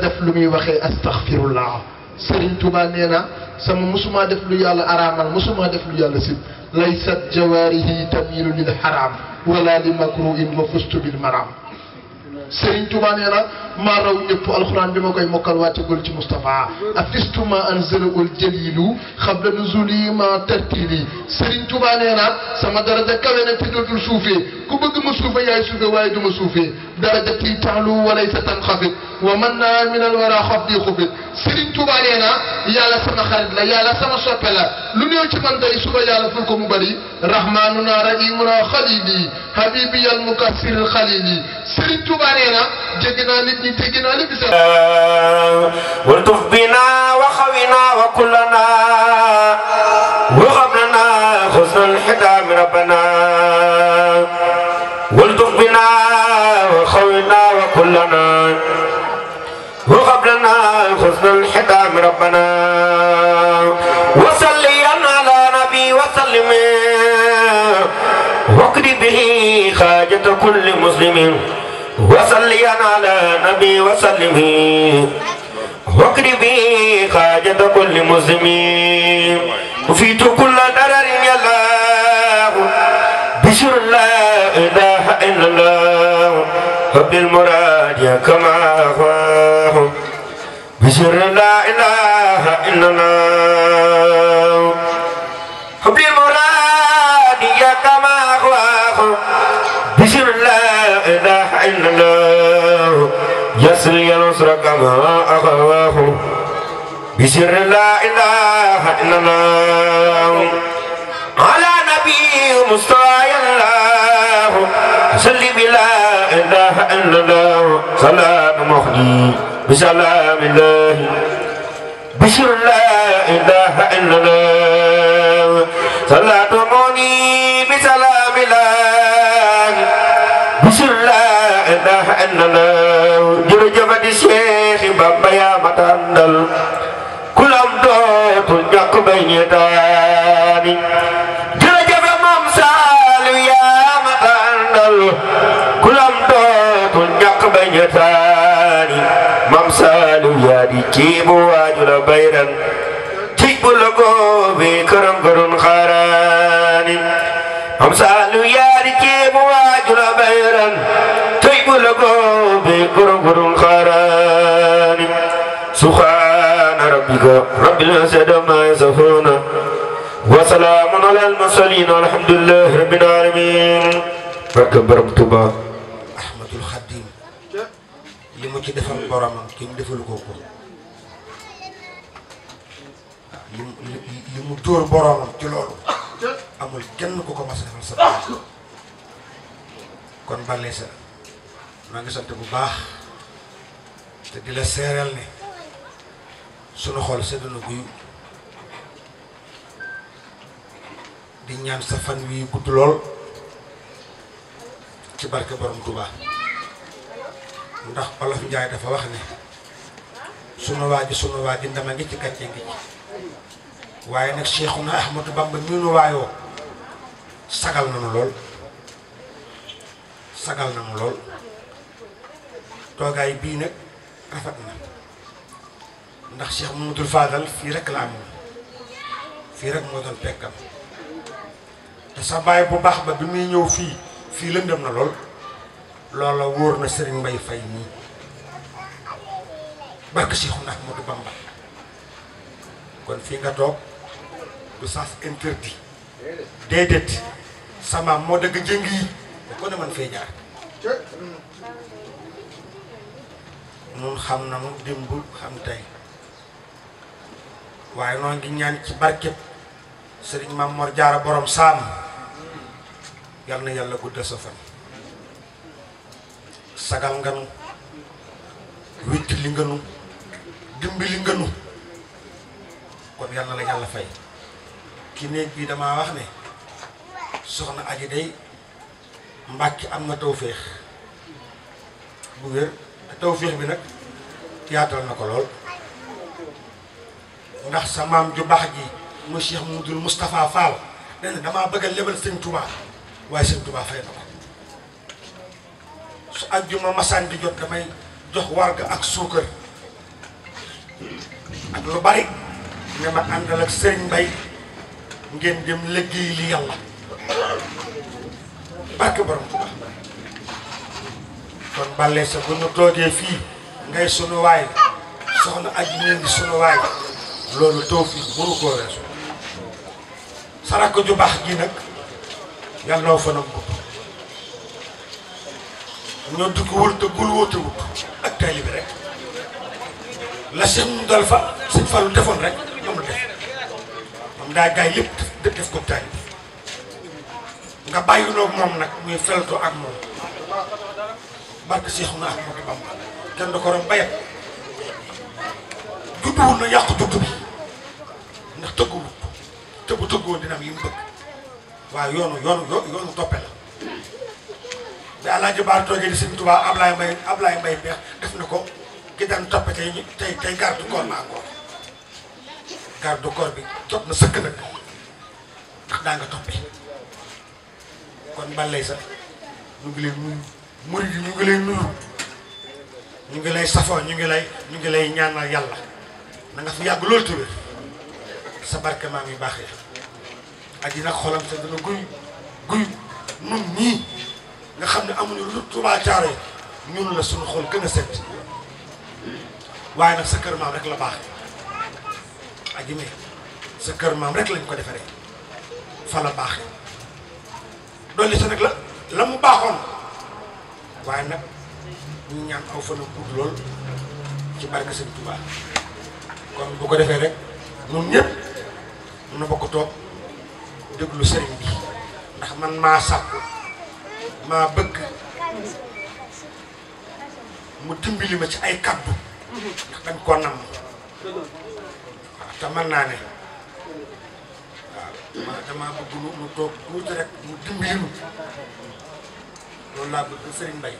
def lu muy waxe astaghfirullah Serigne Touba nee na sama musuma def lu yàlla araamal musuma def lu yàlla sib ليست جواره تميل للحرام ولا لمكروء وفست بالمرام سيرين توبا نينا ما راو نيب القران بما كاي موكال واتي بول سي مصطفى افست ما انزل الجليل قبل نزول ما ترتلي سيرين توبا نينا سما درجه كاوي نتي دوتو سوفي كو بوج ما سوفي درجه تعلو وليس تنخفض ومن من الورى خفض خفض سيرن توبا لينا يا لا سما خالد لا يا لا سما شوكلا لو نيو تي مان داي سوبا يالا فلكو مو بري رحماننا رحيمنا خليلي حبيبي المكسر الخليلي سيرن توبا لينا جيجنا نيت ني تيجنا لي بيسا ولتف بنا وخوينا وكلنا ومسلم وصلي على نبي وسلم واقربي حاجة كل مسلم وفيت كل درر يا الله بشر لا إله إلا الله وبالمراد يا كما هو بشر لا إله إلا الله ما أغواه بسر لا إله إلا الله على نبي مصطفى الله صلي بلا إله إلا الله سلام مخدي بسلام الله بسر لا إله إلا الله سلام الشيطان جرجف ممسال يا مطندل كلام دوت نقب يتاني ممسال يا دي كيب واجل بيرن جيب لغو بكرم قرن خاراني ممسال يا دي كيب واجل بيرن جيب لغو بكرم قرن خاراني سخان ربك رب العزة ما يصفون وسلام على المرسلين الحمد لله رب العالمين ركب رمتوبا احمد الخديم اللي مو كيدفع البرامة كيدفع الكوكو اللي مو دور برامة كيلولو امو الكن كوكو مسافة مسافة كون باليسة نجي سنتو باه تدي لا سيرالني سنو خول سيدنا بيو di ñaan sa fan wi gudd lool ci barke borom Touba ndax Olof Njaay dafa wax ne suma waa ji sunu waa ji ngi ci gàcce ngi ci waaye nag Cheikhuna Ahmadou Bamba ñu nu waayoo sagal na nu lool sagal na nu lool toogaay bii nag rafet na ndax Cheikh Mamadou Fadal fii rek la amoon fii rek moo doon pekkam te sa baay bu baax ba bi muy ñëw fii fii lëndëm na lool loola wóor na Serigne Mbaye Faye nii barke Cheikhouna Ahmadou Bamba kon fii nga toog du sens interdit déedéet sama moo dëgg jëng yi da ko ne xam na mu démb xam tey waaye noo ngi ñaan ci barkeb sëriñ Maam Mor Jaara borom saam yal na yàlla gudd sa fan sagal nganu witt li nganu dimbali nganu kon yal na la yàlla fay ki néeg bi damaa wax ne soxna aji day mbàkki am na tawféex bu wér bi nag yaatal na ko lool ndax sa maam ju baax ji mu Cheikh Mouhamadoul Moustapha Fall nee na damaa bëgg a lebal sëñ waaye sëñ Touba fay na ko su àjjuma masaan di jot damay jox warga ak suukar ak lu bari ne ma àndal ak sëriñ Mbay ngeen dem liggéey li yàlla barke borom Touba kon bàllee sa bu toogee fii ngay sunu waay soxna aji ngeen sunu waay loolu tawfiq bu ko reesu sarako ju baax gi nag yàlla na fanam bopp ñoo dugguwul te gul woote wut ak tayli rek la seen dal fa seen fa lu defoon rek ñoom la def moom daa gaay lépp def def ko tayli nga bàyyi noog moom nag muy feltu ak moom barke Seexu na Ahmadu Bamba kenn da ko rom bayat judduwul na yàq juddu bi ndax tëgguwut te bu tëggoon dina am yi mu bëgg waaw yoonu yoonu yoonu toppe la bi Alaaji Baar toogee di Sëñ Tuubaa Ablaye Mbaye Ablaye Mbaye beex def na ko ki daan toppe tey tey tey garde du corps ma garde du bi jot na sëkk nag ndax daa nga toppe kon balay ñu ngi lay nuyu murid ñu ngi lay nuyu ñu ngi lay safoo ñu ngi lay ñu ngi lay ñaanal yàlla na nga fi yàgg loolu tamit sa barke maam yu baax ya yi nag xolam sa dana guy guy nun ñii nga xam ne amuñu lu Tuubaa caare ñun la suñu xool gën a set waaye nag sa kër maam rek la baax aji me sa kër maam rek lañ ko defaree fa la baax dolli sa nag la la mu baaxoon waaye nag ñu ñaan aw fan a gudd lool ci barke sëñ Tuubaa kon bu ko defee rek ñun ñëpp mun na bokk toog déglu sëriñ bi ndax man maa sàkku maa bëgg mu dimbali ma ci ay kaddu ndax dañ koo nam naa ne waaw ma dama bëgg nu toog tuuti rek mu dimbali nu loolu laa bëgg sëriñ Mbay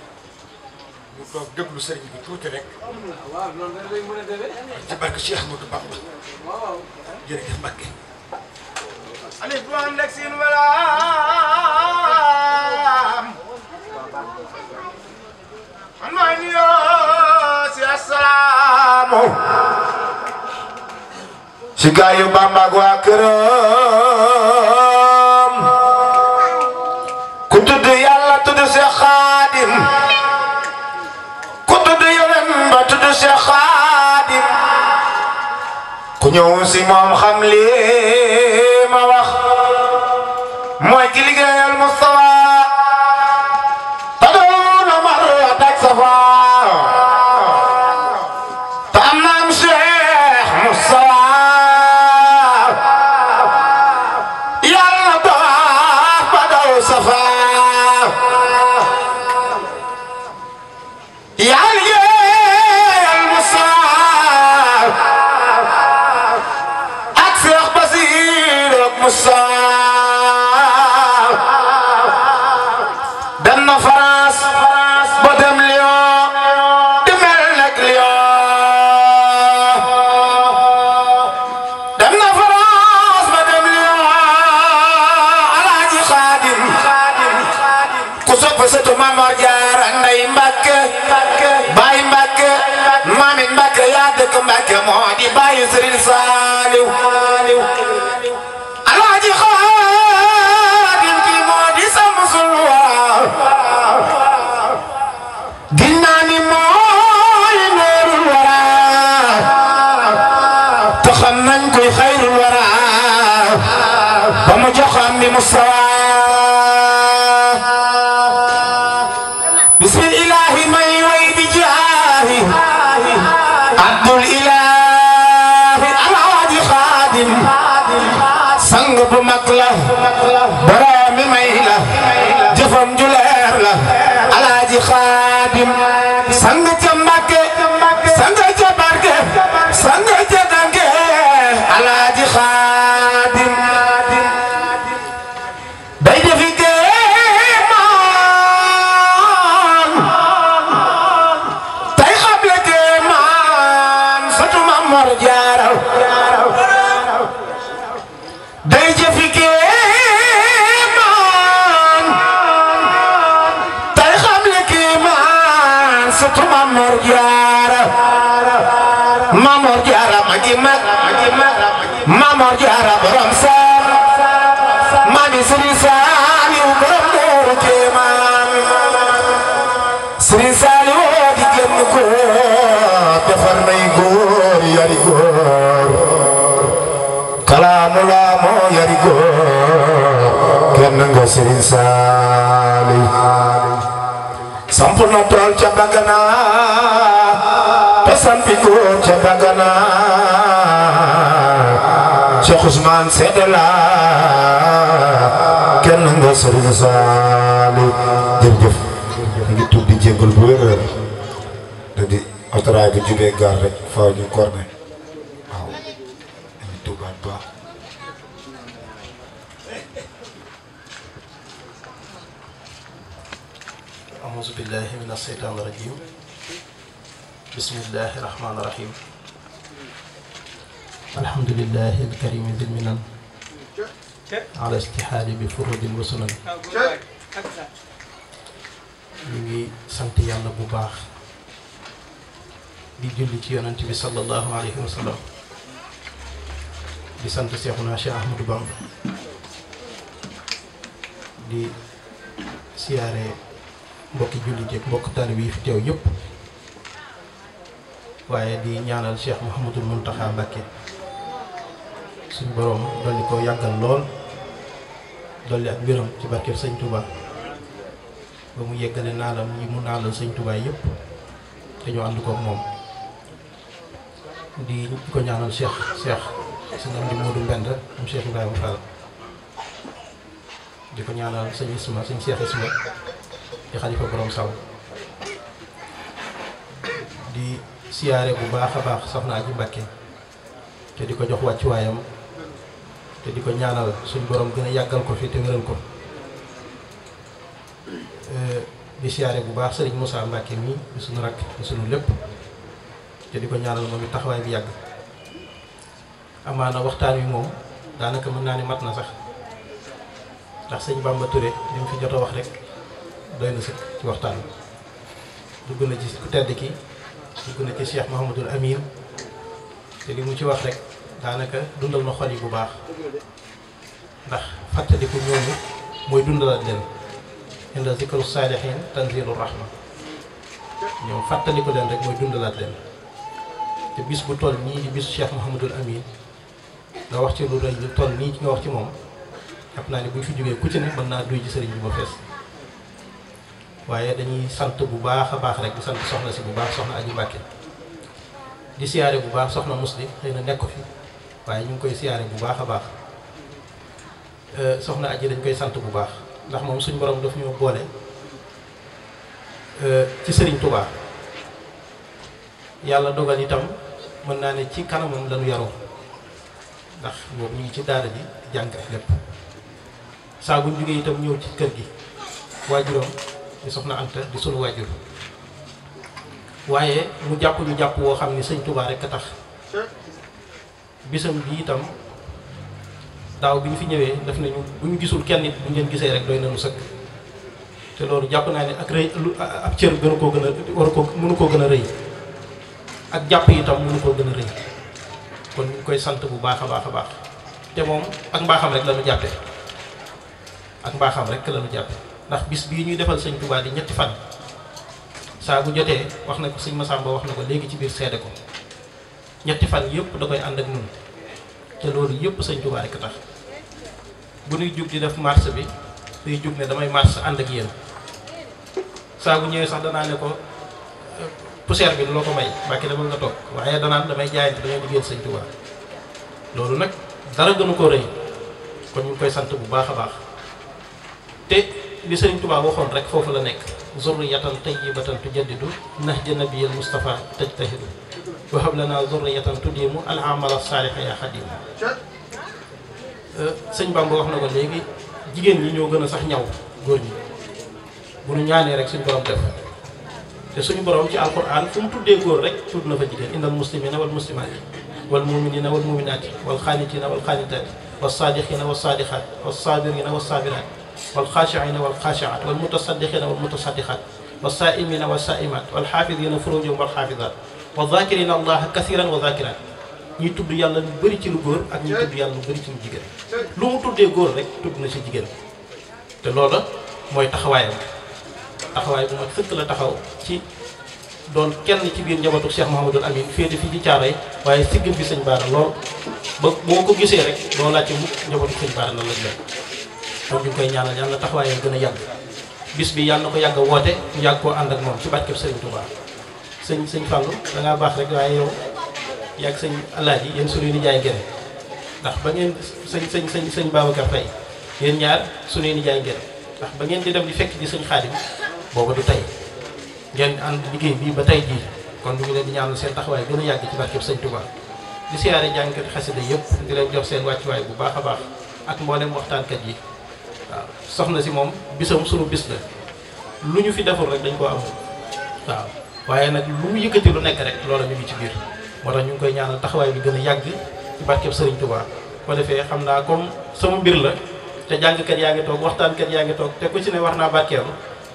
ñu toog déglu sëriñ bi tuuti rek ci barke Cheikh Ahmadou Bamba jërëjëf Mbacke Alif Lam Lexin Walam Sikayu Bamba Gua Kerem Kutudu Yalla Tudu Siya Khadim Kutudu Yalemba Tudu Siya Khadim Kunyo Simam Khamlim ಹೆಸರಿನ ಸಾಲಿ ಸಂಪೂರ್ಣ ಟೋಲ್ ಚಬಗನ ಪಸಂಪಿಕೋ ಚಬಗನ Syekh Usman Sedela kenn nga Serigne Saliou jërëjëf ñu ngi jadi, di jégal bu wér di autoraay bi بالله من الشيطان الرجيم بسم الله الرحمن الرحيم الحمد لله الكريم ذي المنن على استحاله بفرد وسنن نجي سنتي يالا بو باخ دي جولي تي يونتي صلى الله عليه وسلم دي سنت شيخنا شيخ احمد بامب دي سياره mbokki jullit yi mbokk taalibe yi fi teew yëpp waaye di ñaanal mu Mouhamadul Mountakha Mbacké suñ boroom dolli ko yàggal lool dolli ak wéram ci barkeb sëñ Touba ba mu yeggale naalam yi mu naalal sëñ Touba yëpp te ñu ànd koog moom di ko ñaanal Cheikh Cheikh sëñ am di Modou Mbend am Cheikh Ibrahima Fall di ko ñaanal sëñ sëñ Cheikh Isma di xalifa borom saw di siare bu baax baax soxna ji mbàkke te di ko jox wàccuwaayam te di ko ñaanal suñ borom gëna yagal ko fi te wéral ko di siare bu baax serigne Moussa mi di suñu rak di suñu lepp te diko ñaanal momi taxaway bi yàgg amana waxtaan wi mom danaka mën na ni mat sax ndax serigne Bamba Touré li fi jotta wax rek doy na sëkk ci waxtaan dugg na ci tedd ki dugg na ci Cheikh Mouhamadul Amin te li mu ci wax rek daanaka dundal na xol yi bu baax ndax fàttaliku ñooñu mooy dundalaat leen inda zikru saalihin tanzilu rahma ñoom fàttaliku leen rek mooy dundalaat leen te bis bu toll nii di bisu Cheikh Mouhamadul Amin nga wax ci lu rëy lu toll nii ci nga wax ci moom jàpp naa ne bu fi jógee ku ci ne mën naa duy ci sëriñ bi ba fees waaye dañuy sant bu baax a baax rek di sant soxna si bu baax soxna Aji Mbàkke di siyaare bu baax soxna muslim xëy na nekk fi waaye ñu ngi koy siyaare bu baax a baax euh, soxna Aji dañ koy sant bu baax ndax moom suñ boroom daf ñu boole euh, ci Sëriñ tubaa yàlla dogal itam mën naa ne ci kanamam lañu yaroo ndax boobu ñu ngi ci daara bi jàng ak lépp saa buñ jógee itam ñëw ci kër gi waajuram ci soxna Anta di sunu waajur waaye mu jàpp ñu jàpp woo xam ni sëñ Touba rekk a tax bisam bi itam daaw bi ñu fi ñëwee def nañu bu ñu gisul kenn nit bu ngeen gisee rek dooy nañu sëkk te loolu jàpp naa ne ak rëy ab cër gënu koo gën a war ko mënu koo gën a rëy ak jàpp itam mënu koo gën a rëy kon ñu koy sant bu baax a baax a baax te moom ak mbaaxam rek la ñu jàppe ak mbaaxam rek la ñu jàppe ndax bis bii ñuy defal sëñ Tuubaa yi ñetti fan saa bu jotee wax na ko ma Masamba wax na ko léegi ci biir seede ko ñetti fan yëpp da koy ànd ak ñun te loolu yëpp sëñ Tuubaa rek tax bu ñuy jug di def marche bi day jub ne damay marche ànd ak yéen saa bu ñëwee sax danaa ne ko poussière bi loo ko may mbàkki demal nga toog waaye danaan damay jaayante damay liggéeyal sëñ Tuubaa loolu nag dara gënu ko rëy kon ñu koy sant bu baax a baax te. li sëriñ Tuubaa waxoon rek fofu la nek zurriyatan tayyibatan tujaddidu nahja nabiyil Mustafa tajtahidu wa hab lana zurriyatan tudimu al a'mal as salih ya khadim serigne Bamba wax na ko léegi jigéen ñi ñoo gëna sax ñaw góor ñi bu nu ñaané rek suñ borom def te suñu borom ci alquran fu mu tuddé góor rek tud na fa jigen indal muslimina wal muslimat wal muminina wal mu'minat wal xaanitina wal xaanitaati والصادقين والصادقات والصابرين والصابرات والخاشعين والخاشعات والمتصدقين والمتصدقات والصائمين والصائمات والحافظين فروجهم والحافظات والذاكرين الله كثيرا وذاكرات ñuy tudd yàlla lu bëri ci lu góor ak ñuy tudd yàlla lu bëri ci lu jigéen lu mu tuddee góor rek tudd na si jigéen te loola mooy taxawaayam taxawaay bu mag sëkk la taxaw ci doon kenn ci biir njabootu Cheikh Mouhamadul Amin féete fii ci caaray waaye siggil bi sëñ Baara lool ba boo ko gisee rek doo laajte mukk njabootu sëñ Baara nan lañ mel moom ñu ngi la ñaanal yàlla taxawaayam gën a yàgg bi yàlla na ko yàgg a woote ñu yàgg koo ànd ak moom ci barkeb sëriñ Touba sëñ sëñ Fallou da ngaa baax rek waaye yow yàgg sëñ Alaaji yéen suñuy nijaay ngeen ndax ba ngeen sëñ sëñ sëñ sëñ Babacar Faye yéen ñaar suñuy nijaay ngeen ndax ba ngeen di dem di fekk ji sëñ Xaadim booba du tey ngeen ànd liggéey bii ba tey jii kon ñu ngi leen di ñaanal seen taxawaay gën a yàgg ci barkeb sëñ Touba di siyaare jàngkat xasida yëpp di leen jox seen wàccuwaay bu baax a baax ak mboolem waxtaankat yi waaw soxna si moom bisam sunu bis la lu ñu fi deful rek dañ koo amul waaw waaye nag bi mu yëkkati lu nekk rek loola ñu ngi ci biir moo tax ñu ngi koy ñaanal taxawaay bi gën a yàgg ci barkeb Sëriñ Tuubaa ko defee xam naa comme sama mbir la te jàngkat yaa ngi toog waxtaankat yaa ngi toog te ku ci ne wax naa barkeelu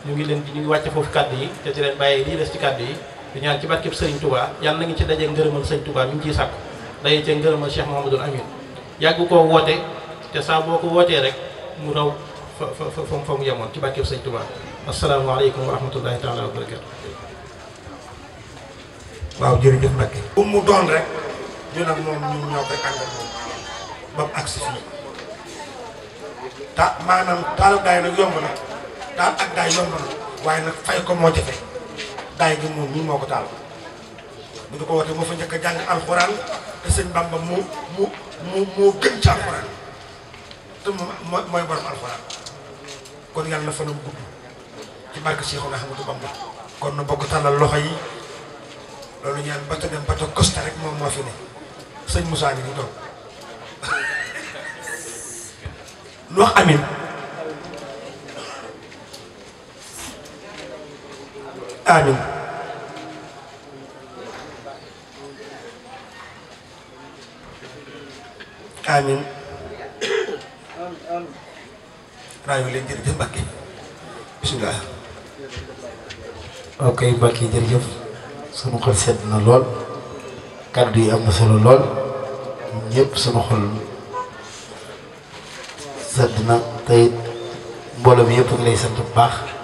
ñu ngi leen ñu ngi wàcce foofu kàdd yi te di leen bàyyi lii des ci kàdd yi di ñaan ci barkeb Sëriñ Tuubaa yàlla na ngi ci dajee ngërëmal Sëriñ Tuubaa mi ngi ciy sàkk dajee ci ngërëmal Cheikh Mouhamadoul Amine yàgg koo woote te saa boo ko wootee rek mu raw fa fa fa fa mu yemoon ci barkeb sëñ Tuubaa asalaamaaleykum wa rahmatullahi taala wa barakatu waaw jërëjëf Mbacke bu mu doon rek ñu nag moom ñu ñoo koy àndal ba mu agsi fii ta maanaam taal daay nag yomb na taal ak daay yomb na waaye nag fay ko moo jafe daay gi moom ñii moo ko taal bu ñu ko wootee moo fa njëkk jàng alxuraan te sëñ Bamba mu mu mu moo gën ci alxuraan te mooy mooy alxuraan kon yàlla na fanam gudd ci barke Seexuna Ahmadu Bamba kon nu bokk tàllal loxo yi loolu ñaan bato dem bato [LAUGHS] amin amin raayoo leen ok Mbacke jërëjëf sunu xol sedd na lool kàddu yi am na solo lool ñëpp sunu xol sedd na tey mbooloo mi yëpp ngi lay sant bu baax.